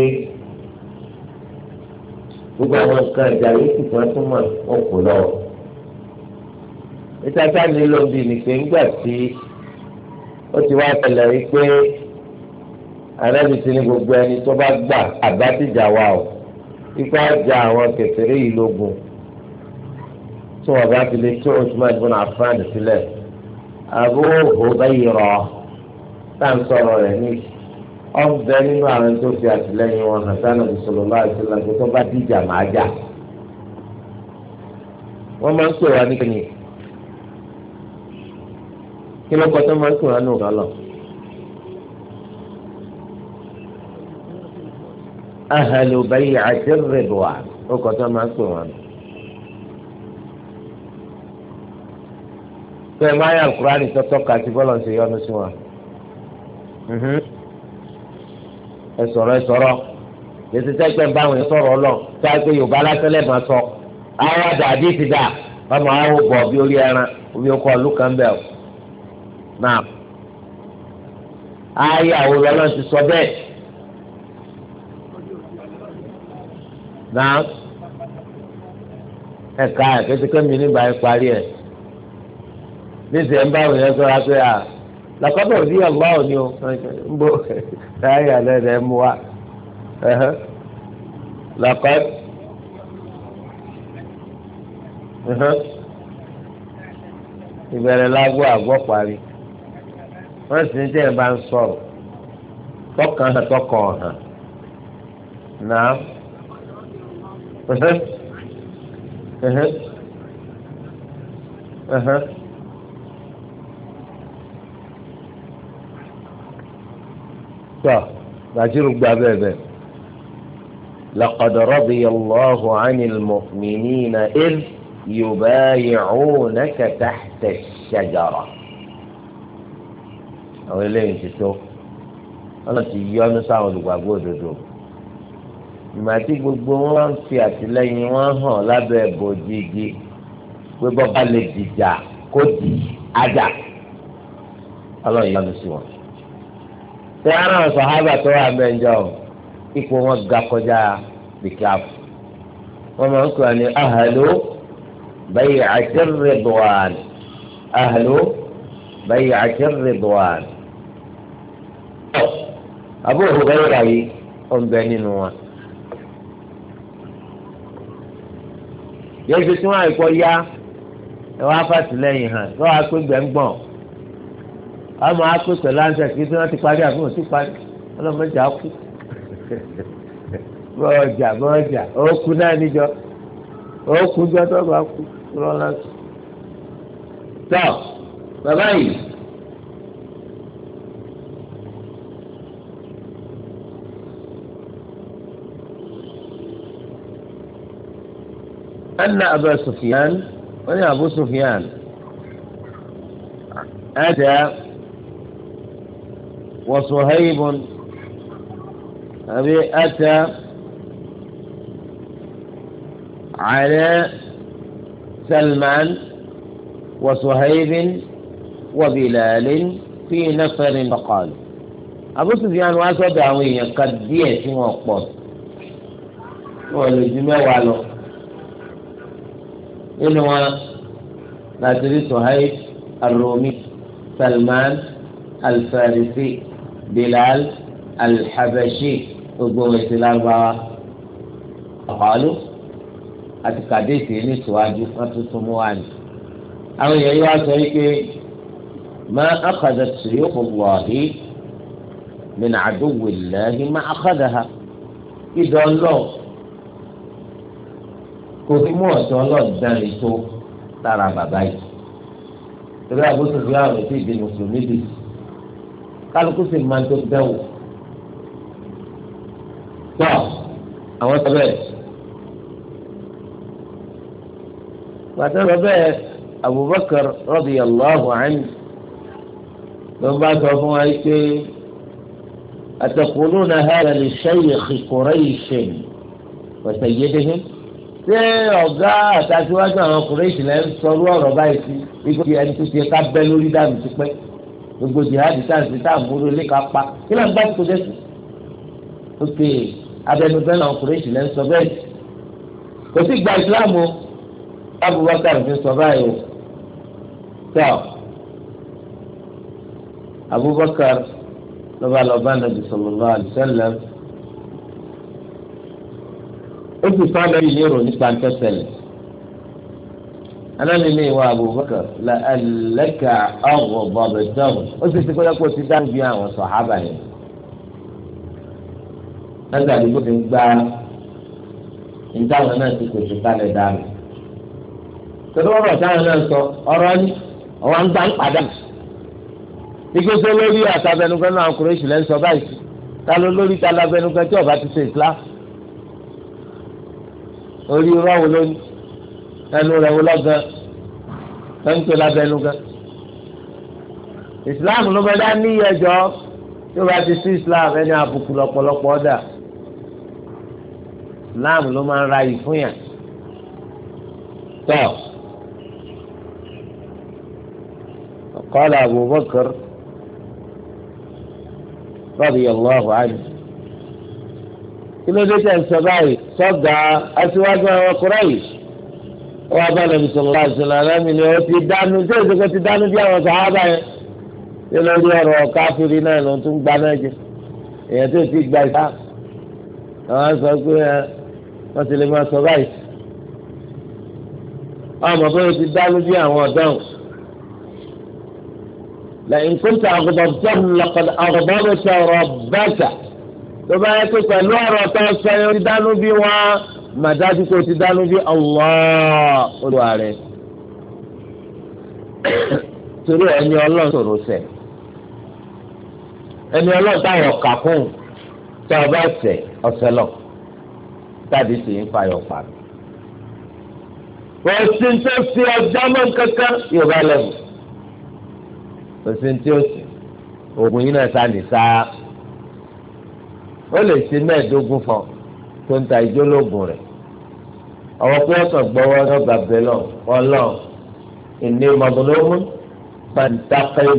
Speaker 1: gbogbo àwọn nǹkan ìjà yìí kìkan túmọ̀ wọn kò lọ́wọ́ ìtajà nílò bíi nìpé ńgbà tí ó ti wá tẹ́lẹ̀ wípé ànábì ti ní gbogbo ẹni tó bá gbà àbátìjà wa o ikú àjà àwọn kẹsìrì yìí lógun tí wọn bá fi lè tó Usman ibn Affan sílẹ̀ Abu Hurayra tá à ń sọ̀rọ̀ rẹ̀ ní ọ̀bẹ nínú àwọn tó fi àtìlẹ́yìn wọn hàn sánà sallallahu alaihi wasallam tó bá dìjà máa jà wọ́n máa ń sọ̀rọ̀ nígbà yìí. kí ló kọ́ tó máa ń pè wọ́n nù lọ́lọ́. ahàlù bẹ́yì àti rìbùwà ó kọ́ tó máa ń pè wọ́n nù. pé máa yà ṣe sí mhm. ẹ sọ̀rọ̀ ẹ sọ̀rọ̀ yẹtí ń bá sọ̀rọ̀ lọ yorùbá sọ. àwọn àdàdí ti dà wọ́n máa bọ̀ bí orí ẹran omi ọkọ̀ náà ayé àwọn olùlọ́lọ́ ti sọ bẹ́ẹ̀ náà ẹ̀ka ẹ̀kẹ́tẹ́kẹ́ mi nígbà yẹn parí ẹ̀ níṣẹ́ ẹ̀ ń bá òun yẹn sọ́ra pé à lọ́kọ́tọ̀ òbí ọ̀gbá òní o ń bọ̀ ayé àlẹ́ rẹ̀ mú wa lọ́kọ́ ìbẹ̀rẹ̀ lágbó àgbọ̀ parí. wọ́n sì ní tẹ́ ẹ̀ bá ń sọ̀rọ̀ tọkàn hàn tọkàn hàn náà tọ́ bàtírù gba bẹ́ẹ̀ bẹ́ẹ̀. bí mi ní لقد رضي الله عن المؤمنين إذ يبايعونك تحت الشجرة àwọn eléyìí ti tó ọlọ́run ti yọ ọ́nú sáwọn olùgbàgbọ́ òdodo ìmọ̀ àti gbogbo wọn ń fi àtìlẹ́yìn wọn hàn lábẹ́ bòjì pé bọ́ba lè dìjà kó di ajá ọlọ́run yọ ọ́nú sí wọn. tẹ ara àwọn sàhábà tó wà mẹ́jọ ipò wọn ga kọjá bìkíáfù wọn máa ń kọ́ ni ahàlú bẹ́ẹ̀ àti rìdwàn ahàlú bẹ́ẹ̀ àti rìdwàn. Abu Huraira yìí ó ń bẹ nínú wọn. yẹ́sẹ̀ tí wọ́n àìkọ́ yá ẹ wá fàtìlẹ́yìn hàn lọ́wọ́ akpé gbẹ̀ngbọ̀n àmọ́ akpé pẹ̀lú ànsẹ̀ kí tí wọ́n ti parí àbí wọ́n ti parí ọlọ́mọdé akú bọ́ọ̀jà bọ́ọ̀jà òkú náà níjọ òkú jọ tó bá kú lọ́lá tó. tọ́ bàbá yìí. أن أبا سفيان أن أبو سفيان أتى وصهيب أتى على سلمان وصهيب وبلال في نفر فقال أبو سفيان وأسد عوية قد ديت وقبض ولجمع وعلوم nínú wọn láti rí suhaib arromi salman alfarisi bilal alhabashi gbogbo ètò lágbára ọ̀hálù àti kàdéèsì ní ìtòwájú wọn tún tún mú wa ní. àwọn èèyàn yóò wá sọ wípé ma akadà tuyókù wọ̀hí min àdúgbò lẹ́hìn ma akadà ha ìdánlọ́ọ̀. kò sí mú ọ̀sẹ̀ ọlọ́ọ̀dáre tó lára bàbá yìí torí àbúrò fi hàn ètò ìdè mùsùlùmí bì kálukú sì máa ń tó dẹ́wò tó àwọn sọ bẹ́ẹ̀ pàtó bẹ́ẹ̀ Abubakar radiyallahu anhu ló ń bá sọ fún wa pé ataquluna hadha li shaykh Quraysh wa sayyidihim ṣé ọ̀gá àtàṣíwájú àwọn ọkùnrin ìṣìlẹ̀ ń sọrú ọ̀rọ̀ báyìí sí ikú ti ẹni tó ti ká bẹ́ lórí dànù ti pẹ́ gbogbo jihadi sáǹsì táàmúrú ilé ká pa kí ló ń bá tó dẹ́sù. ok abẹnugẹ́ náà ọkùnrin ìṣìlẹ̀ ń sọ bẹ́ẹ̀ kò sí gba ìsìláàmù o Abubakar fi sọ báyìí o tọ́ Abubakar lọ́ba lọ́ba nàbì sallallahu alaihi wasallam ó sì fún anabi lérò nípa ń tẹ́sẹ̀lẹ̀ anabi lè wá Abubakar la alẹ́ka ọ̀rọ̀ bọ̀bẹ̀ dọ́rùn ó sì ti kọ́lẹ́kọ́ ti dáhùn bí àwọn sọ̀hábà yẹn nígbà tí wọ́n ti gba ìdáhùn náà ti pèsè kálẹ̀ dáhùn tọ́lọ́ ọ̀rọ̀ táwọn náà sọ ọ̀rọ̀ ni ọ̀wá ń gbà ń padà ike sọ lórí àtàbẹnugan náà kúrẹ́sì orí irọ́ wo lónìí ẹnu rẹ̀ wo lọ́gàn ẹ̀ ń pè lábẹ́nu gan. islam ló bẹ dá níyẹjọ́ tí o bá ti sí islam ẹni àbùkù lọ́pọ̀lọpọ̀ ọ̀dà islam ló máa ń ra yìí fún yàn. tọ́ قال أبو بكر رضي الله عنه إنه ليس سبعي tọ́gà aṣíwájú àwọn Quraysh wọ́n bá nàbí sọ̀rọ̀ láti làlámì ni ó ti dánú tí èsì kan ti dánú bí àwọn sàhábà yẹn tí lórí ọ̀rọ̀ ọ̀ká káfíìrì náà ló ń tún gba náà jẹ èèyàn tó ti gba ìta àwọn sọ pé wọ́n ti lè máa sọ báyìí wọn ọmọ bẹ́ẹ̀ ti dánú bí àwọn ọ̀dọ́n lẹ́yìn kúntà àgùbọ̀ tẹ́mu lọ́kọ̀ àgùbọ̀ bẹ́ẹ̀ sọ̀rọ̀ bẹ́ẹ̀ tó bá yẹ pé pẹ̀lú ọ̀rọ̀ tó sọ yẹn ti dánú bí wọn màdájú kò ti dánú bí Allah olúwa rẹ̀ torí ẹni ọlọ́run sọ̀rọ̀ sẹ̀ ẹni ọlọ́run táwọn kà fún tó o bá sẹ̀ ọ̀sẹ̀ lọ tàbí sì ń fa yọ̀pá mi. wọ́n ti ń tó fi ọjọ́ mọ́ kankan yóò bá lẹ́nu. kò sí ní tí ó sì oògùn yìí náà sá ní sáá ó lè ṣe mẹ́ẹ̀ẹ́dógún fún ọ tó ń ta ìjólógún rẹ̀ àwọn pé ọkàn gbọ́wọ́ lọ́gbà bẹ́lọ̀ ọlọ́ ìní mọ̀gbọ́nọ́mú pàǹtàkẹ́yì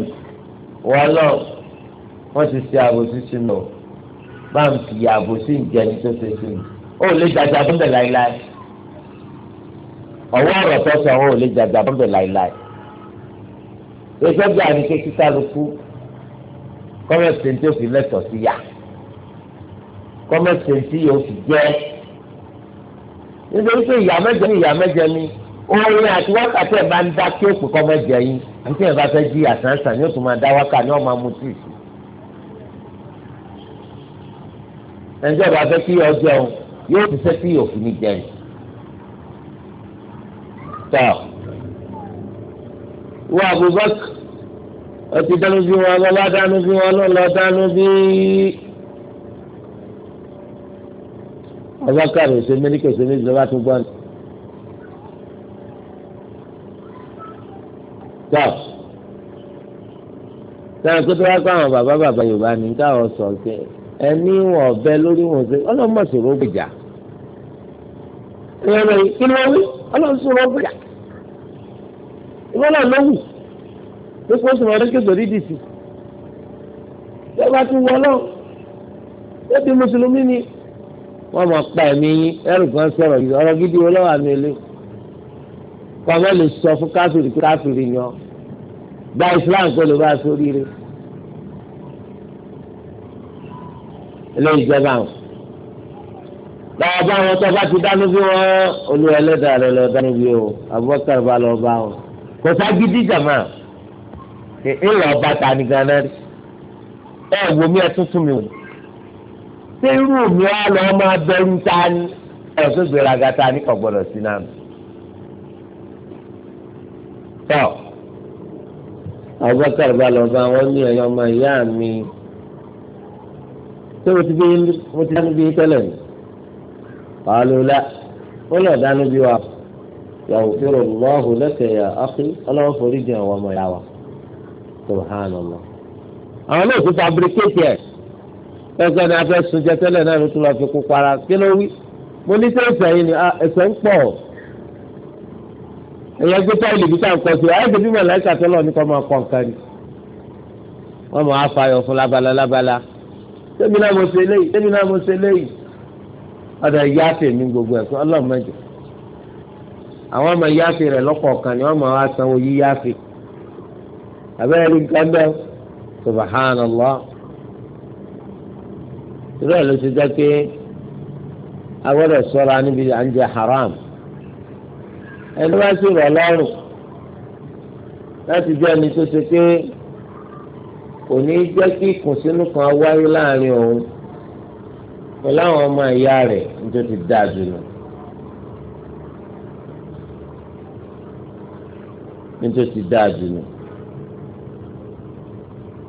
Speaker 1: wọlọ́ wọ́n ti ṣe àbòsí sí mi ò bá ń fi àbòsí ìjẹni tó ṣe sí mi ó lè jàjà bọ́ńbẹ̀ láéláé ọwọ́ ọ̀rọ̀ tó sọ ó lè jàjà bọ́ńbẹ̀ láéláé ìṣẹ́jú àníkè kíkálukú kọ́mẹ̀sì tó fi lẹ́tọ̀ọ́ sí yá kọ́mẹ́sì tí yóò fi jẹ́ nítorí pé ìyá mẹ́jẹ ní ìyá mẹ́jẹ ní orin àti wákàtí ẹ̀ bá ń dá kí òkú kọ́mẹ́jẹ yín àti ẹ̀ bá fẹ́ jí àsánsàn yóò tún máa dá wákàtí náà máa mú tíì sí. ẹnjẹ́ bá fẹ́ kí yọ jẹun yóò ti sẹ́ kí yọ fi ní jẹun. tọ́ wọ́n Abubakar ọtí dánú bí wọn lọ́lá dánú bí wọn lọ́lá dánú bí. abakari ọsẹ mẹlíkà ọsẹ méjì lọba tó gbọ. tọ́ sẹ́yìn kó tó wá káwọn bàbá bàbá yorùbá ní káwọn sọ pé ẹni wọn ọbẹ lórí wọn ṣe ọlọ́mọ sọ̀rọ̀ gbèjà. ìyẹn lóye kí ni wọ́n wí ọlọ́mọ sọ̀rọ̀ gbèjà. ìwọ́n náà ló wù pé kó sọ̀rọ̀ ọdún kékeré dì sí. ìjọba ti wọ ọlọ́run ó di mùsùlùmí ni wọ́n máa pa ẹ̀mí yín ẹrù kan sọ̀rọ̀ yìí ọ̀rọ̀ gidi wo lọ́wọ́ àmì ilé kọ́ mọ́ lè sọ fún káfíìrì kí káfíìrì yan
Speaker 2: gba Islam kó
Speaker 1: lè bá a sórí rẹ̀ eléyìí jẹ́ báwọn
Speaker 2: lọ́wọ́ bá wọn tó bá ti dánú
Speaker 1: bí wọ́n olúwa ẹlẹ́dàá rẹ̀ lọ́ọ́ dánú bí o Abubakar bá lọ́ọ́ bá wọn kò sá gidi jàmá ńlọ bàtà nìkan náà ẹ̀ wọ́n mi ẹ̀ tuntun mi wò ṣé irú mi wá lọ máa bẹ̀rù ta ni ẹ̀sùn gbèrágà ta ni kò gbọdọ̀ sí náà. tọ́ abubakar balọba wọn ní ẹ̀yọ́ ọmọ ìyá mi ṣé mo ti bí mo ti dánú bí tẹ́lẹ̀ mi kàlùlá ó lọ dánú bí wa yàwó fèrè lọ́hùn lẹ́kẹ̀yà ákí ọlọ́wọ́ forí jìn àwọn ọmọ ìyá wa subhanallah àwọn náà ti fabricate ẹ̀ ẹgbẹ́ ni afẹ́ sun jẹ tẹ́lẹ̀ náà ló tún lọ́ọ́ fi kú para kí ló wí mo ní sẹ́ ẹ̀sẹ̀ yìí ni ẹ̀sẹ̀ ń pọ̀ ẹ̀yẹ gbé táìlì bí táà ń kọ́ sí i ayédèbí mọ̀lẹ́kà tó lọ ní kọ́ máa kọ́ nǹkan ni wọ́n máa fa ayọ̀ fún labala labala tẹ́mi náà mo ṣe léyìí tẹ́mi náà mo ṣe léyìí ọ̀dọ̀ ìyá tèmi gbogbo ẹ̀kọ́ ọlọ́mọdé àwọn ọmọ yáfe rẹ̀ lọ́kọ̀ọ̀kan ni wọ́n máa wá sanwó yíyáfe àbẹ́rẹ́ nǹkan bẹ́ẹ̀ subhanallah irú ẹ̀ ló ṣe jẹ́ pé a gbọ́dọ̀ sọ́ra níbi à ń jẹ haram ẹni bá sì rọ̀ lọ́rùn láti jẹ́ ẹni tó ṣe pé kò ní jẹ́ kí ìkùnsínú kan wáyé láàrin òun pẹ̀lú àwọn ọmọ ìyá rẹ̀ nítorí ti dáa jù lọ. nítorí ti dáa jù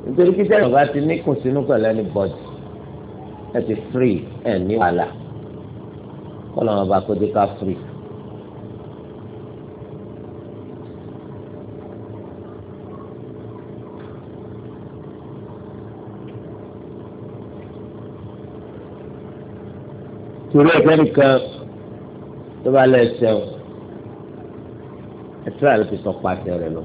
Speaker 1: nítorí kí sẹ́yìn ọba ti ní kùnsínú pẹ̀lú ẹni bọ́dì ẹ ti free ẹ ní wàhálà kọlọ wọn bá kó dé ká free. torí ẹgbẹ́ nìkan tó bá lọ ẹsẹ̀ o ẹsẹ̀ àlọ́ ti sọ pàṣẹ rẹ̀ lọ.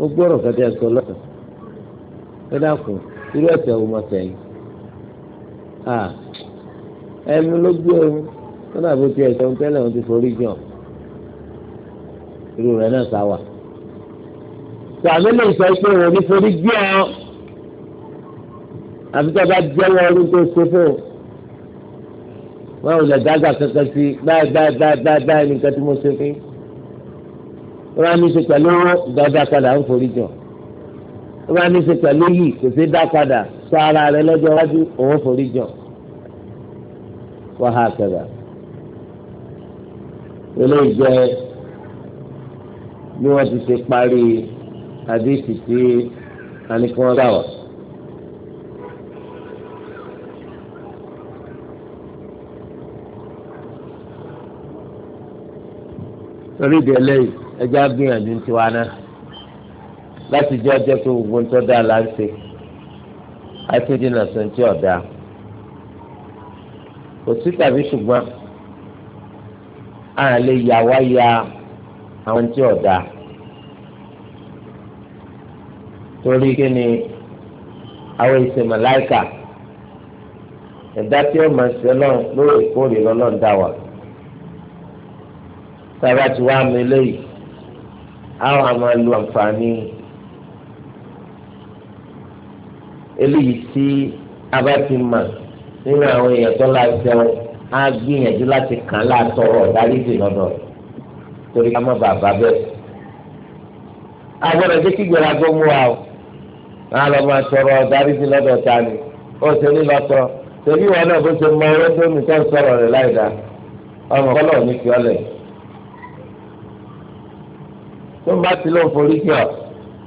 Speaker 1: ó gbọ́dọ̀ kẹ́kẹ́ sọ lọ́sàn-án ó dákun irú ẹsẹ̀ wo mọ̀ ẹnu ló gbé ohun tó náà bó tiẹ̀ sọ tẹ́lẹ̀ wọn ti forí jàn irú rẹ̀ náà sáwà tàbí lè sọ pé òun ní forí jẹ́ ọ àfi tó bá jẹ́wọ́ ọdún tó ṣe fún un wọn ò lè dágbà kankan sí báyìí báyìí báyìí báyìí nìkan tí mo ṣe fún wọn á ní í ṣe pẹ̀lú ìdájọ́ padà ń forí jàn wọn á ní í ṣe pẹ̀lú yìí kò sí dá padà sọ ara rẹ lọ́jọ́ iwájú òun forí jọ wàhálà kẹta eléyìí jẹ bí wọ́n ti ṣe parí àdéhìí tí a ní kí wọ́n gbà wá. torí ìdí ẹlẹ́yìí ẹjẹ́ á gbìyànjú tiwa náà láti jẹ́ ọjọ́ tó gbogbo ń tọ́ da là ẹtúndì náà sọ ti ọ̀dà kò sí tàbí ṣùgbọ́n a lè yà wá ya àwọn tí ọ̀dà torí kí ni àwọn ìṣe màláìkà ẹ̀dá tí ó máa ṣe lọ́n lóòrèkóòrè lọ́lọ́n dá wa sábà tí wàá mi léyìí àwọn àmọ́ lu àǹfààní eléyìí tí a bá ti mọ̀ nínú àwọn èèyàn tó la jẹun á gbìyànjú láti kàn látọrọ dáríjì lọ́dọ̀ rẹ̀ torí ká má bàbá bẹ́ẹ̀. àgbọ̀dọ̀ jẹ́ kí gbèrágó mú wa o máa lọ máa tọrọ dáríjì lọ́dọ̀ ta ni ó ṣe ní lọ́tọ̀ torí wọn náà bó ṣe mọ ọ̀rọ̀ tó mi tó sọ̀rọ̀ rẹ̀ láì dá ọmọ kọ́lọ̀ ní fi ọlẹ̀ tó ń bá ti lọ́ọ́ forí jọ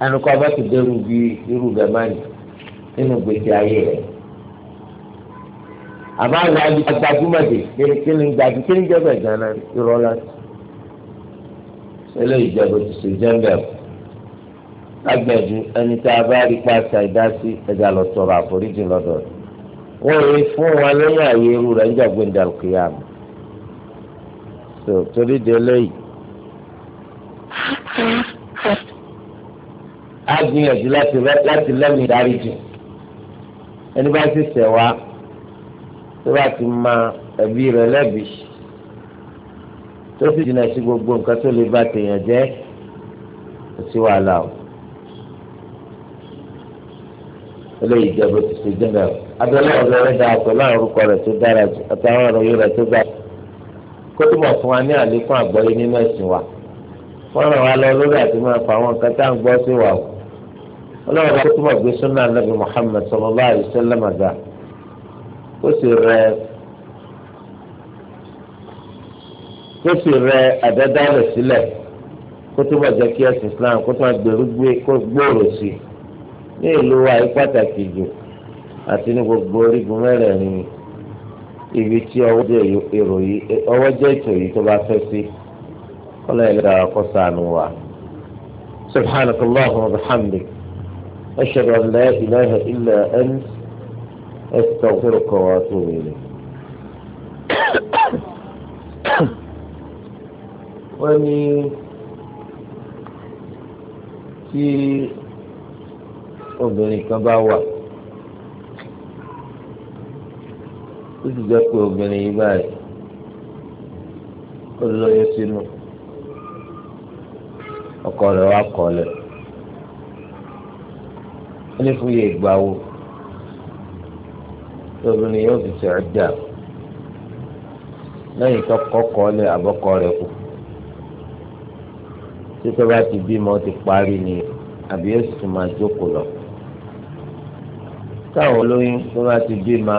Speaker 1: ẹnu kọ́ bá ti dẹ́rù bí irú bẹ́ẹ̀ máa nìyí nínú gbèsè ayé rẹ̀ àmọ́ àwọn agbájúmọ̀dé kí ni gbàdú kí ni jẹ́bẹ̀ gánà ìrọ̀lá ilé ìjọba ti ṣe jẹ́ńbẹ̀ lágbẹ̀dù ẹni tá a bá rí pàṣẹ ìdásí ẹ̀dá lọ tọrọ àforíjì lọ́dọ̀ wọ́n rí fún wọn lẹ́yìn àyè irú rẹ̀ níjà gbẹ̀ndà kìyàmù tó torí de lẹ́yìn. a gbìyànjú láti lẹ́mìí dáríjì ẹni bá ti ṣẹ̀ wá tó bá ti ma ẹ̀bi rẹ̀ lẹ́bi tó sì jìnnà sí gbogbo nǹkan tó lè ba tèèyàn jẹ́ kò sí wàhálà o eléyìí jẹ́ bó ti ṣe jẹ́ bẹ́ẹ̀ o adọ́lá ọ̀rọ̀ rẹ̀ dáa pẹ̀lú àwọn orúkọ rẹ̀ tó dára jù àtàwọn ọ̀rọ̀ yìí rẹ̀ tó dára kó tó mọ̀ fún wa ní àlékún àgbọ́yé nínú ẹ̀sìn wa wọ́n ràn lọ lórí àti máa fa àwọn nǹkan tá à ń gbọ́ sí wa o ọlọ́run bá túbọ̀ gbé súnà nàbì Muhammad sallallahu alaihi wasallam àgbà ó sì rẹ ó sì rẹ àdádálẹ̀ sílẹ̀ kó túbọ̀ jẹ́ kí ẹ̀sìn Islam kó túbọ̀ gbèrúgbé kó gbòòrò sí ní ìlú wa yìí pàtàkì jù àti ní gbogbo orígun mẹ́rẹ̀ẹ̀rin ibi tí ọwọ́ jẹ́ ètò yìí tó bá fẹ́ sí kọ́lá ìlera kó ṣàánú wa subhanakallahumma wa bihamdik. أشهد أن لا إله إلا أنت أستغفرك وأتوب إليك wọ́n ní tí obìnrin kan bá wà ó sì jẹ́ pé obìnrin yìí báyìí ó lóyún sínú ọkọ rẹ̀ wá kọ́ ní fún yẹ ìgbà wo obìnrin yóò fi ṣe ẹ̀dá lẹ́yìn tó kọ́kọ́ lé àbọ́kọ rẹ̀ kù títí bá ti bímọ ti parí ni àbí yóò sì máa jókòó lọ táwọn olóyún tó bá ti bímọ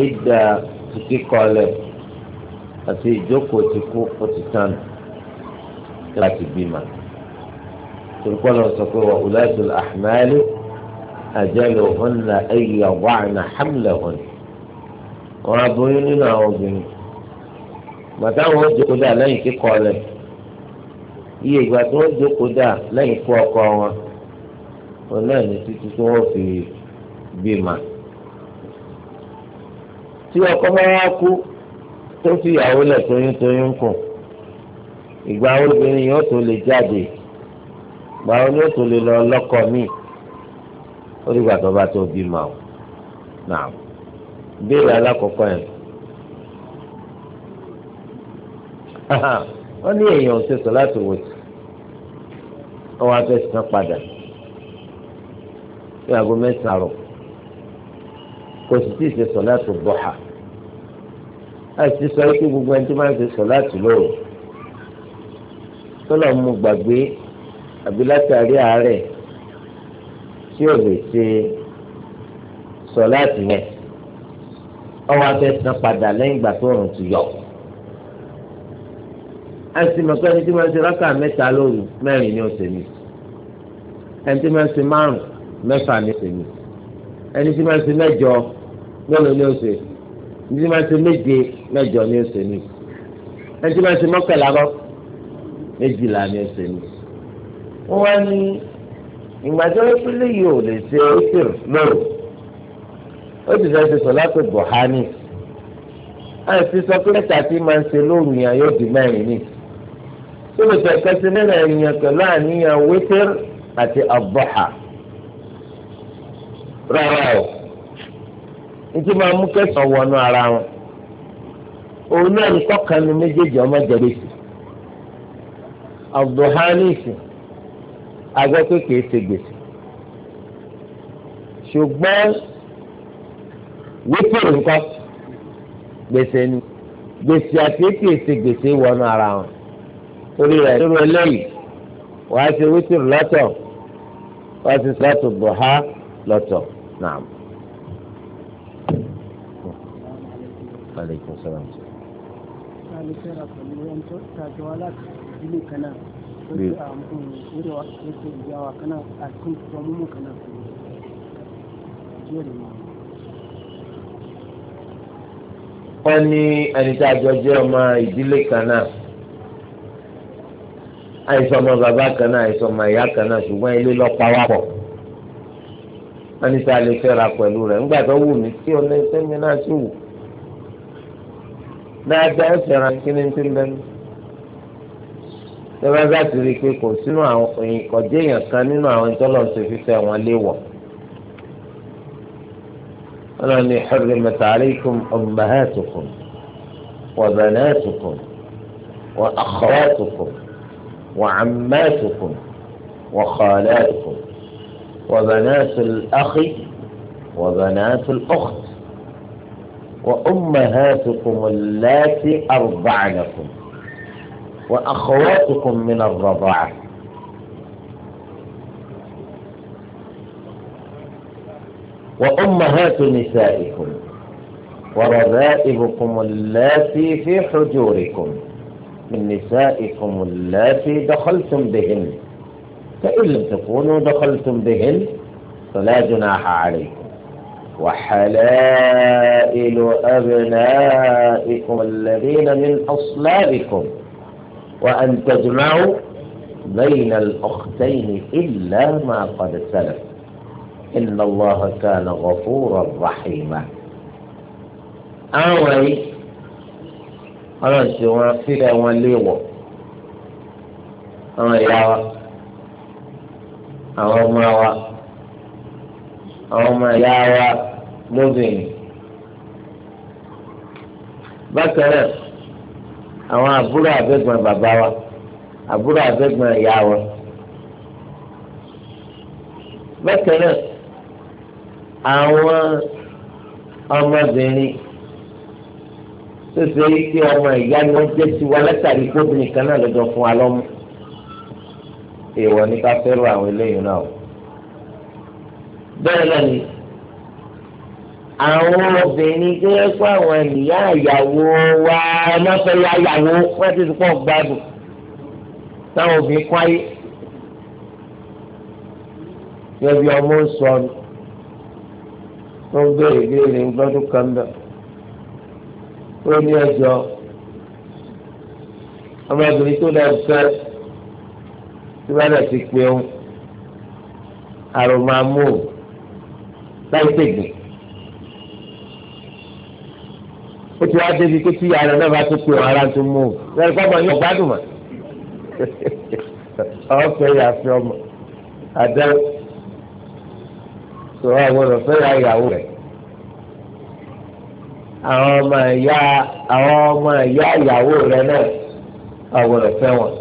Speaker 1: ẹ̀dá ti kíkọ́ lẹ̀ àti ìjókòó ti kú ó ti tán láti bímọ. Tolukọ́ náà sọ pé wà wùlá ìtòlù أجلهن an yada'na حملهن wọn aboyún ما àwọn obìnrin bàtà wọn ó jókòó dà lẹ́yìn kíkọ rẹ̀ iye ìgbà tí wọ́n jókòó dà lẹ́yìn kú ọkọ wọn wọn náà ní títí tí ọkọ bá wá kú tó fi ìyàwó lẹ̀ toyúntoyún kù ìgbà obìnrin yóò tó lè jáde ìgbà wọn yóò tó lè lọ lọ́kọ míì ó dìgbà tó bá tó bímọ o náà béèrè alákọ̀ọ́kọ́ yẹn. wọ́n ní èèyàn ṣe sọ láti wò sí wọ́n wá fẹ́ sàn padà ní aago mẹ́sàn-án rọ̀ kò sì tí ì ṣe sọ láti bọ̀ ha àti sọ pé gbogbo ẹni tó máa ń ṣe sọ láti lóru tọ́lọ̀ mú gbàgbé àbí látàrí àárẹ̀ tí ò lè ṣe sọláàtì yẹn ọwọ afẹ san padà lẹ́yìn ìgbà tó rùn ti yọ ẹsìn mọ̀kọ́ ẹni tí wọ́n ṣe rákà mẹ́ta lóru mẹ́rin ní ọ̀sẹ̀ mi ẹni tí wọ́n ṣe márùn mẹ́fà ní ọ̀sẹ̀ mi ẹni tí wọ́n ṣe mẹ́jọ mẹ́rin ní ọ̀sẹ̀ ẹni tí wọ́n ṣe méje mẹ́jọ ní ọ̀sẹ̀ mi ẹni tí wọ́n ṣe mọ́kànlá kọ́ méjìlá ní ọ̀sẹ̀ mi wọ́n wá ní ìgbàjọ́ ìpínlẹ̀ yìí ò lè ṣe ìṣirò lóru ó ti fẹ́ ṣe sọ̀láàtò bọ̀hání àì ti sọ pé mẹ́ta tí máa ń ṣe lóru yẹn yóò di mẹ́rin ni tó lè fẹ́ kẹ́sí nínú ẹ̀yìn pẹ̀lú àníyàn wítìr àti àbọ̀hà rárá o ní máa mú kẹsàn wọnú ara wọn òun náà ní méjèèjì ọmọ jẹ̀rẹ̀ sí àbọ̀hání sí agbọ́ pé kìí ṣe gbèsè ṣùgbọ́n wípé nǹkan gbèsè ni gbèsè àti èkìí ṣe gbèsè wọnú ara wọn torí rẹ̀ nínú eléyìí wàá ṣe wípé lọ́tọ̀ wàá ṣe sọ́tò bọ̀há lọ́tọ̀ náà. Aleykum salaam. Ṣé a lè fẹ́ràn pẹ̀lú ẹni tó ṣàjọ aláàtì ìdílé kan náà? wọ́n ní ẹni tí a jọ jẹ́ ọmọ ìdílé kan náà àìsàn ọmọ bàbá kan náà àìsàn ọmọ ìyá kan náà ṣùgbọ́n ilé lọ́pàá wà pọ̀ wọ́n ní tí a lè fẹ́ra pẹ̀lú rẹ̀ nígbà tó wù mí tí ọlẹ́sẹ̀ mi náà sì wù dáadáa ẹ̀fẹ̀ ra kí ni tí ń tẹ́lẹ̀ bá ti rí i pé kò sínú àwọn ìkọ̀jẹ́ èèyàn kan nínú àwọn ìtọ́lọ̀ ṣe fífẹ́ wọn léwọ̀. ọlọ́ni حرمت عليكم أمهاتكم وبناتكم وأخواتكم وعماتكم وخالاتكم وبنات الأخ وبنات الأخت وأمهاتكم اللاتي أرضعنكم وأخواتكم من الرضاعة وأمهات نسائكم ورذائبكم اللاتي في حجوركم من نسائكم اللاتي دخلتم بهن فإن لم تكونوا دخلتم بهن فلا جناح عليكم وحلائل أبنائكم الذين من أصلابكم وأن تجمعوا بين الأختين إلا ما قد سلف إن الله كان غفورا رحيما أولي أنا شو في الأول ليغو أنا يارا أنا ما و أو ما يا يارا مذيني بكرة àwọn àbúrò àbẹ̀gbọ́n bàbá wa àbúrò àbẹ̀gbọ́n ìyá wa. bákan náà àwọn ọmọbìnrin tó ṣe é pé ọmọ ìyá ni wọ́n jẹ́ sí wa látàrí kóbìnrin kan náà lọ́dọ̀ fún wa lọ́mú. èèwọ̀ ní ká fẹ́ràn àwọn eléyìí náà. bẹ́ẹ̀ náà ni àwọn obìnrin tó yẹ kó àwọn ìyá ìyàwó wa ọlọ́fẹ́lá ìyàwó wọ́n ti pọ̀ gbádùn táwọn obìnrin kọ́ ayé yọbi ọmọ sọnù tó ń béèrè béèrè gbọ́dún kan bẹ̀ ó ní ẹjọ́ ọmọbìnrin tó lọ fẹ́ tí wọ́n lọ ti pé ń àròmọ́ amóhùn láì pègbè. ó ti wá débi pé tí ara náà bá tó pé ara tó mú o lẹ́yìn pápá yóò gbádùn mọ́ ọ̀fẹ́ yà fi ọmọ àdá sọ̀rọ̀ àwọn ọ̀fẹ́ yà ìyàwó rẹ̀ àwọn ọmọ ìyá àwọn ọmọ ìyá ìyàwó rẹ̀ náà àwọn ọ̀fẹ́ wọn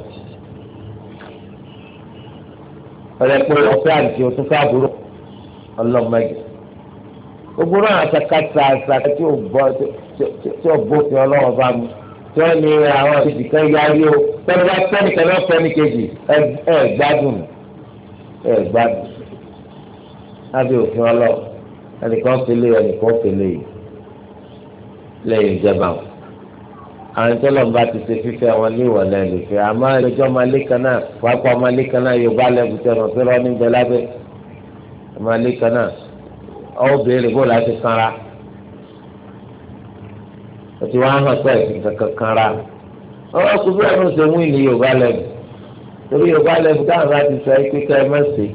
Speaker 1: ọ̀rẹ́pẹ́ ọ̀fẹ́ àti òtúnfẹ́ àbúrò ọlọ́mọdé gbogbo náà àtàkàtà àtàkàtà tí ò gbọ́ tó tí ó bófin ọlọ́wọ́ bá mu tí wọ́n ní àwọn àti ìdìkan yarí o tẹ́lẹ̀ bá tẹ́lẹ̀ kan náà fẹ́ ní kejì ẹ gbádùn ẹ gbádùn lábẹ́ òfin ọlọ́wọ́ ẹnìkan fele ẹnìkan fele yìí lẹ́yìn ìjẹba wọn àwọn tó lọ́nba ti ṣe fífẹ́ wọn ní ìwọ̀lẹ́ lòfẹ́ àmọ́ ẹlẹ́jọ́ malẹ́kan náà pápá malẹ́kan náà yorùbá lẹ́bù tẹ̀ rọ̀ fẹ́ràn níbẹ̀ lábẹ́ malẹ́kan náà ọ̀ bẹ̀rẹ̀ bó àti wọn hàn pé ẹ̀sìn kankan kan ra ọwọ́ kúbú ẹnu ṣe mú ìní yorùbá lẹ́bù torí yorùbá lẹ́bù táwọn bá ti sọ ẹ́ pé ká ẹ má ṣe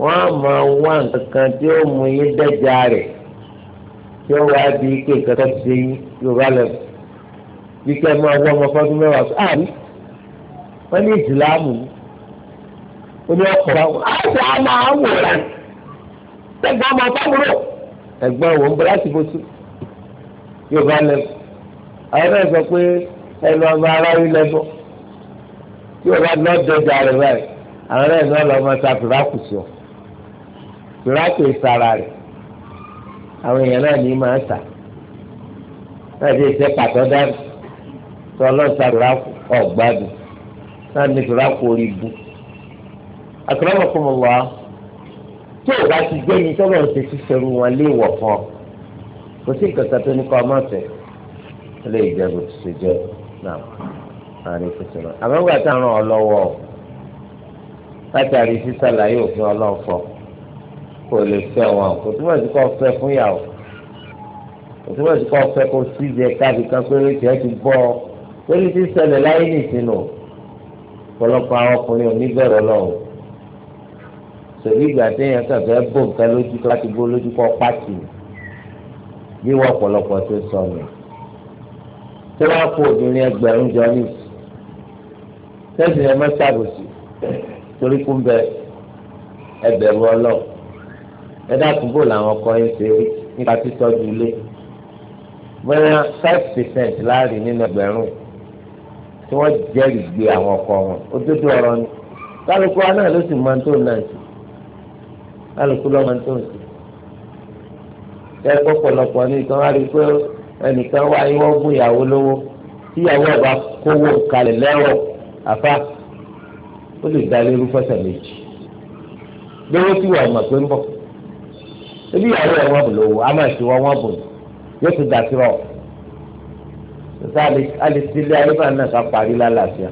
Speaker 1: wọ́n á máa wá nǹkan kan tí ó mú yín dẹ́jà rẹ̀ tí ó wá di ike nǹkan kan ṣe yín yorùbá lẹ́bù bí ká ẹ máa wá ọmọ fọdún mẹ́wàá sọ àbí wọ́n ní ìsìláàmù ó ní ọkọ̀ àwọn
Speaker 2: àti àmọ́ àwòrán ẹgbẹ́ ọmọ fáwọn
Speaker 1: ẹgbẹ́ òun bọ́lá ti bó sùn yorùbá lẹ́bù àwọn náà sọ pé ẹnu ọba aráyé lẹ́bù tí yorùbá lọ́dọ̀dọ̀ rẹ̀ báyìí àwọn náà ní ọlọ́mọ ta fìràkù sí ọ fìràkù ìsara rẹ̀ àwọn èèyàn náà ní máa sà náà ti ṣe pàtó dáná tí ọlọ́sà fìràkù ọ̀gbádùn náà ní fìràkù orí bu àkàrà ọmọkùnrin
Speaker 2: tí o bá ti gbé
Speaker 1: ní sọ́dọ̀ ṣe ti ṣerú wọn lé fún ọ kò sí nǹkan kan tó ní kọ́ ọmọ ọ̀fẹ́ ilé ìjẹ́bù tó ṣe jẹ́ náà àárín tuntun náà àmọ́ ìgbà tá à ń ràn ọ́ lọ́wọ́ látàrí sísàlàyé òfin ọlọ́ọ̀fọ́ kò lè fẹ́ wọn kò túbọ̀ sí kọ́ fẹ́ fún yàwó kò túbọ̀ sí kọ́ fẹ́ kó síbi ẹ̀ka àbíkan péré tiẹ̀ ti bọ́ ọ torí ti ṣẹlẹ̀ láyé nìsinú ọ̀pọ̀lọpọ̀ àwọn ọkùnrin oníbẹ̀rẹ̀ lọ́wọ́ sòbí ìgbà téèyàn kàn bò nǹkan lójú tó bá ti lójú kọ́ pàtì bí wọ́n ọ̀pọ̀lọpọ̀ tó sọ mi tí wọ́n kó obìnrin ẹgbẹ̀rún jọ ní tẹ́sí ẹ mẹ́sàgòsì torí kún bẹ ẹgbẹ̀rún ọlọ́ ẹ dákun làwọn ọkọ yín ṣe nípa títọ́jú ilé bóyá five percent láàrin nínú ẹgbẹ̀rún tí wọ́n jẹ́rìí gbé àwọn ọkọ wọn òdodo ọ̀rọ̀ ni kálukú wa náà ló sì máa ń tó náà sí kálukú lọ́ọ́ máa ń tó sí kẹ́kọ̀ọ́ pọ̀lọpọ̀ ní ìtàn wá rí pé ẹnìkan wá yín wọ́n gún ìyàwó lówó tíyàwó ọba kówó kalẹ̀ lẹ́rọ̀ àfa ó lè dá lérú fẹsẹ̀ méjì lówó tí wọ́n mọ̀ pé ń bọ̀ ebi ìyàwó ẹ̀ wọ́n bò lówó àmọ́ ìṣòwò wọ́n bò yóò tún dà sí rọ̀ sísá alẹ́sílẹ̀ alẹ́bàá náà ká parí lálàáfíà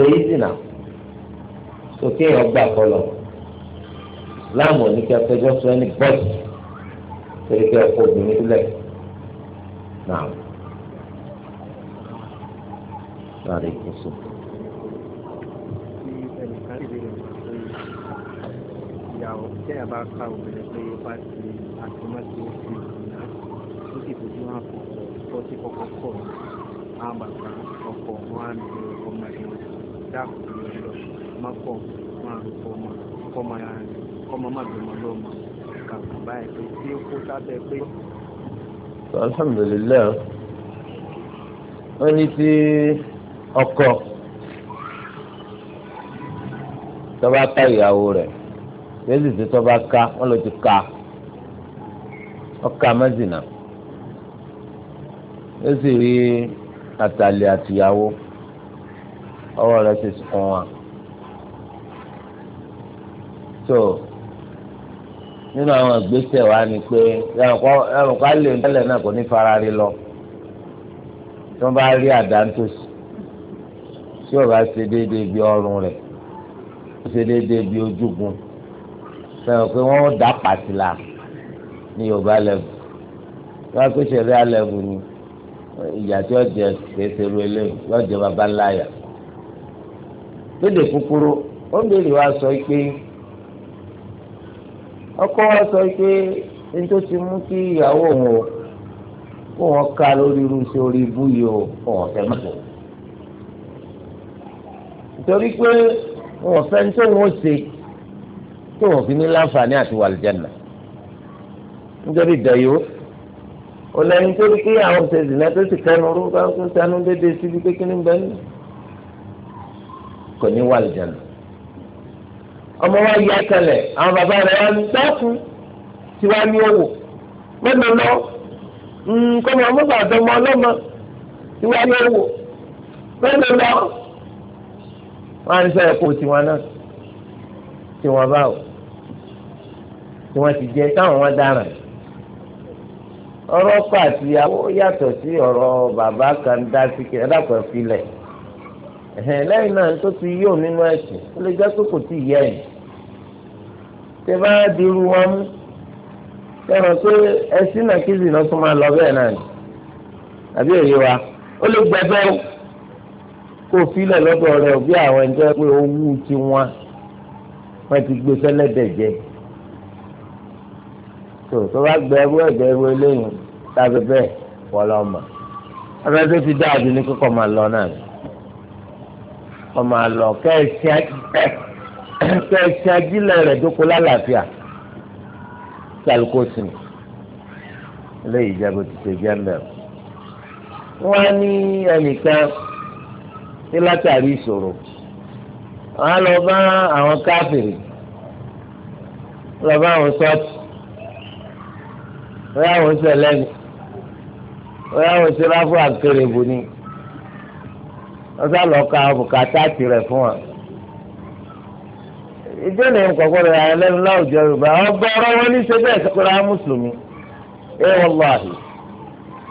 Speaker 1: èyí sì nà sókè ọgbà kọlọ láàmú oníkẹ́kẹ́ jọ́sọ́ ẹni bọ́ọ̀sì torí pé ẹ̀kọ́ obìnrin sílẹ̀ náà lára ìkóso. ìyàwó tẹ́yà bá ká obìnrin pé bá ti àtúmọ̀tì ó ti ìná ó sì fojú hàn kọ̀ tó ti kọ́kọ́ kọ̀ àwọn bàbá ọkọ̀ wọn á lo ọmọ ẹ̀ dákùnrin kan báyìí pé tí ó kó sábẹ́ pé. alhamdulilayi wọ́n ní tí ọkọ tọ́ba ká ìyàwó rẹ̀ lẹ́sì tí tọ́ba ká wọ́n lọ ti ka ọkà mẹ́sìnà lẹ́sì rí àtàlẹ́ àtìyàwó ọwọ́ rẹ̀ ti sùn wọn. so nínú àwọn ìgbésẹ̀ wa ni pé ẹ̀rùn ká lè tẹ́lẹ̀ náà kò ní farari lọ tí wọ́n bá rí àdántòsí tí ó bá ṣe déédéé bí ọrùn rẹ̀ ó ṣe déédéé bí ojúgun sẹ́wọ̀n pé wọ́n dá pàtìlà ní yorùbá lẹ́bù wọ́n á pèsè ṣẹ̀ríà lẹ́bù ni ìyá tí ó jẹ kéṣe ru eléyìí yóò jẹ bàbá ńláyà lédè kúkúrú ó ń béèrè wá sọ pé ọkọ wa sọ pé ẹni tó ti mú kí ìyàwó òun o kó wọn ká lórí irú iṣẹ́ orí ibú yìí o ọ̀fẹ́ mọ́tò nítorí pé wọn fẹ́ ní tó wọn ṣe tó wọn fi ní láǹfààní àti wàlìjẹ́nà nítorí dẹ̀yọ́ olóyìn tó kí àwọn ṣe zìnà tó ti kẹnu rú káwọn tó sanu dédé síbi kékeré ń bẹ́ẹ̀ kò ní wàlìjẹ́nà ọmọ wa yà kalẹ̀ àwọn bàbá rẹ̀ wá ní dákun tí wàá ní owó mẹ́nu lọ nkọ́mọ ọmọgbà àtọmọ ọlọ́mọ tí wàá ní owó mẹ́nu lọ wọn á ní sọ̀rọ̀ kó tiwọn náà tiwọn báwò tiwọn ti jẹ táwọn wọn dára ọ̀rọ̀ ọkọ àti ìyàwó yàtọ̀ sí ọ̀rọ̀ bàbá kan dá sí kí ẹdàpọ̀ filẹ̀ lẹ́yìn náà tó ti yóò nínú ẹ̀sìn ó lè jẹ́ pé kò tí ì yẹ ẹ̀yìn tẹ bá dirú wọn mú tẹ̀ràn pé ẹsìn náà kí zìnnà tún máa lọ bẹ́ẹ̀ náà ni àbí òye wa ó lè gbẹgbẹ́ o kó o filẹ̀ lọ́dọ̀ rẹ òbí àwọn ẹ̀jẹ̀ pé owó ti wọn wọn ti gbé sẹ́lẹ̀dẹ̀ jẹ tó tó bá gbẹrú ẹ̀gbẹ́rú eléyìí tàbí bẹ́ẹ̀ wọ́n lọ mọ̀ abẹ́ ti dáa ní kíkọ́ máa lọ náà kọ́ máa lọ kẹ́ ẹ̀ ṣe àti bẹ́ẹ̀ kẹ ṣagilẹ rẹ dóko lálàáfíà salkosin eléyìí jẹ bó ti ṣe jẹ mbẹ wọn ní ẹnìkan ní látàrí ìṣòro wọn lọ bá àwọn káfìrì lọ bá àwọn ṣọ́ọ̀ṣì wọn yà wọn sẹlẹ ni wọn yà wọn sẹlẹ fún àkèrèbù ni wọn sá lọ ka bùkátà tirẹ̀ fún wa ìjọ ní nǹkan gbọ́dọ̀ ara lẹ́nu láwùjọ yorùbá ọgọ́rọ̀ wọn ní ṣe bẹ́ẹ̀ sọkọrọ mùsùlùmí ẹ wọláhì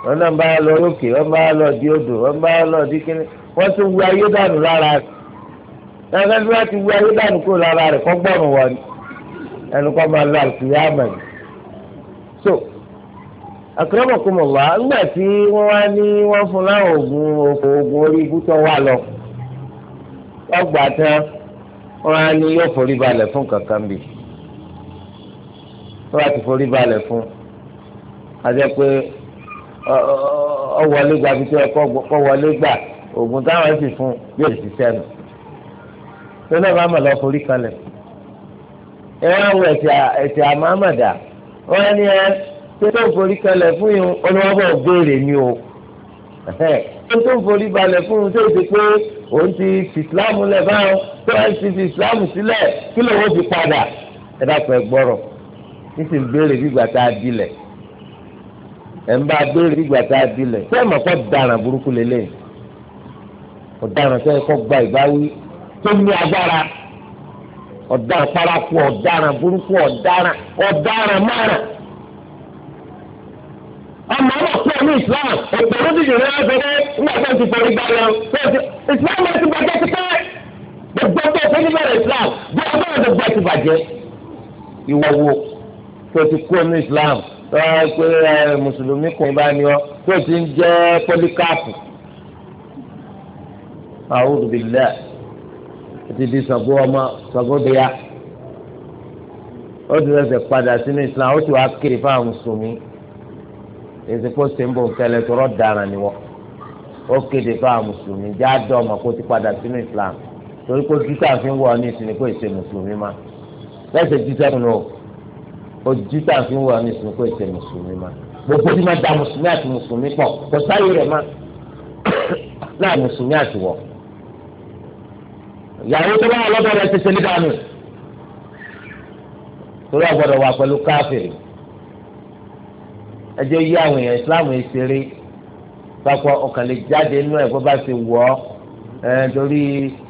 Speaker 1: wọn náà bá lọ lókè wọn bá lọ di odò wọn bá lọ di kíní wọn tún wu ayé dànù lára rẹ ẹgbẹ́ tí wọn ti wu ayé dànù kúrò lára rẹ kọ wọn ẹnu kọ máa lọ àlùkìyàmẹ ni so àkàràmọkùnmọwà ńgbà tí wọn wá ní wọn fún láwọn oògùn oògùn orí ibùtọ wà lọ wọn gbà tán ọ̀rọ̀ á ní yóò forí balẹ̀ fún kankan bì tó bá ti forí balẹ̀ fún àti pé ọwọlé gba bí tí ẹ kọ́ wọlé gbà oògùn táwọn sì fún yóò sì sẹ́nu tó náà bá mọ̀ lọ forí kalẹ̀ ẹ wá ẹ̀sẹ̀ àmàmàdà wọ́n ní ẹ tó forí kalẹ̀ fún yìí olùwàbọ̀ béèrè ni o tó ń forí balẹ̀ fún un tó ti pé òun ti fi ìsìláàmù lẹ̀ báwọn tó ń ti fi ìsìláàmù sílẹ̀ kí lòun ó fi padà ẹ dákun ẹ gbọ́rọ̀ ní sì ń béèrè gbígbà tá a dilẹ̀ ẹ̀ ń bá a béèrè gbígbà tá a dilẹ̀ tẹ́ ẹ̀ mọ̀ kọ́ daràn burúkú lélẹ̀ ọ̀daràn tẹ́ ẹ kọ́ gba ìbáwí tó ní agbára ọ̀daràn paraku ọ̀daràn burúkú ọ̀daràn ọ̀daràn márùn
Speaker 2: ọmọ ọmọ kú ẹ̀mí islam ètò olódìdì rẹ lọ́sọ̀rọ̀ nígbà tó ti forí gbà lọ
Speaker 1: islam ẹ̀
Speaker 2: ti bàjẹ́ tipẹ́
Speaker 1: gbogbo tó fi níbẹ̀rẹ̀ islam bí ọmọ ẹ̀ gbogbo ẹ̀ ti bàjẹ́ ìwọ wo tó ti kú ẹ̀mí islam pé mùsùlùmí kò bá ní ọ tó ti ń jẹ́ pọ́líkàpù àwùjọ bìlẹ̀ ti di sago ọmọ sago bìyà ó ti rẹsẹ̀ padà sínú islam ó ti wá kiri fáwọn mùsùlùmí èsì kó ṣe ń bò kẹlẹ tọrọ dára ni wọn ó kéde fáwọn mùsùlùmí já dọ ọmọ kó ti padà sínú islam torí kó jíta fi ń wọ ní ìsinmi kó ìṣe mùsùlùmí má lẹsẹ jíta fún o ó jíta fi ń wọ ní ìsinmi kó ìṣe mùsùlùmí má gbogbo tí ma da mùsùlùmí àti mùsùlùmí pọ̀ kò sáyé rẹ má láì mùsùlùmí àti wọ ìyàwó tó bá wà lọ́dọ̀ rẹ ti ṣe nígbà mi torí àgbọ̀dọ̀ wà pẹ̀lú káfíìn ẹjọ́ yí àwọn èèyàn islam ìṣeré pápọ̀ ọkàn lè jáde nínú ẹ̀ bó bá ṣe wọ̀ ọ́ ẹ̀ torí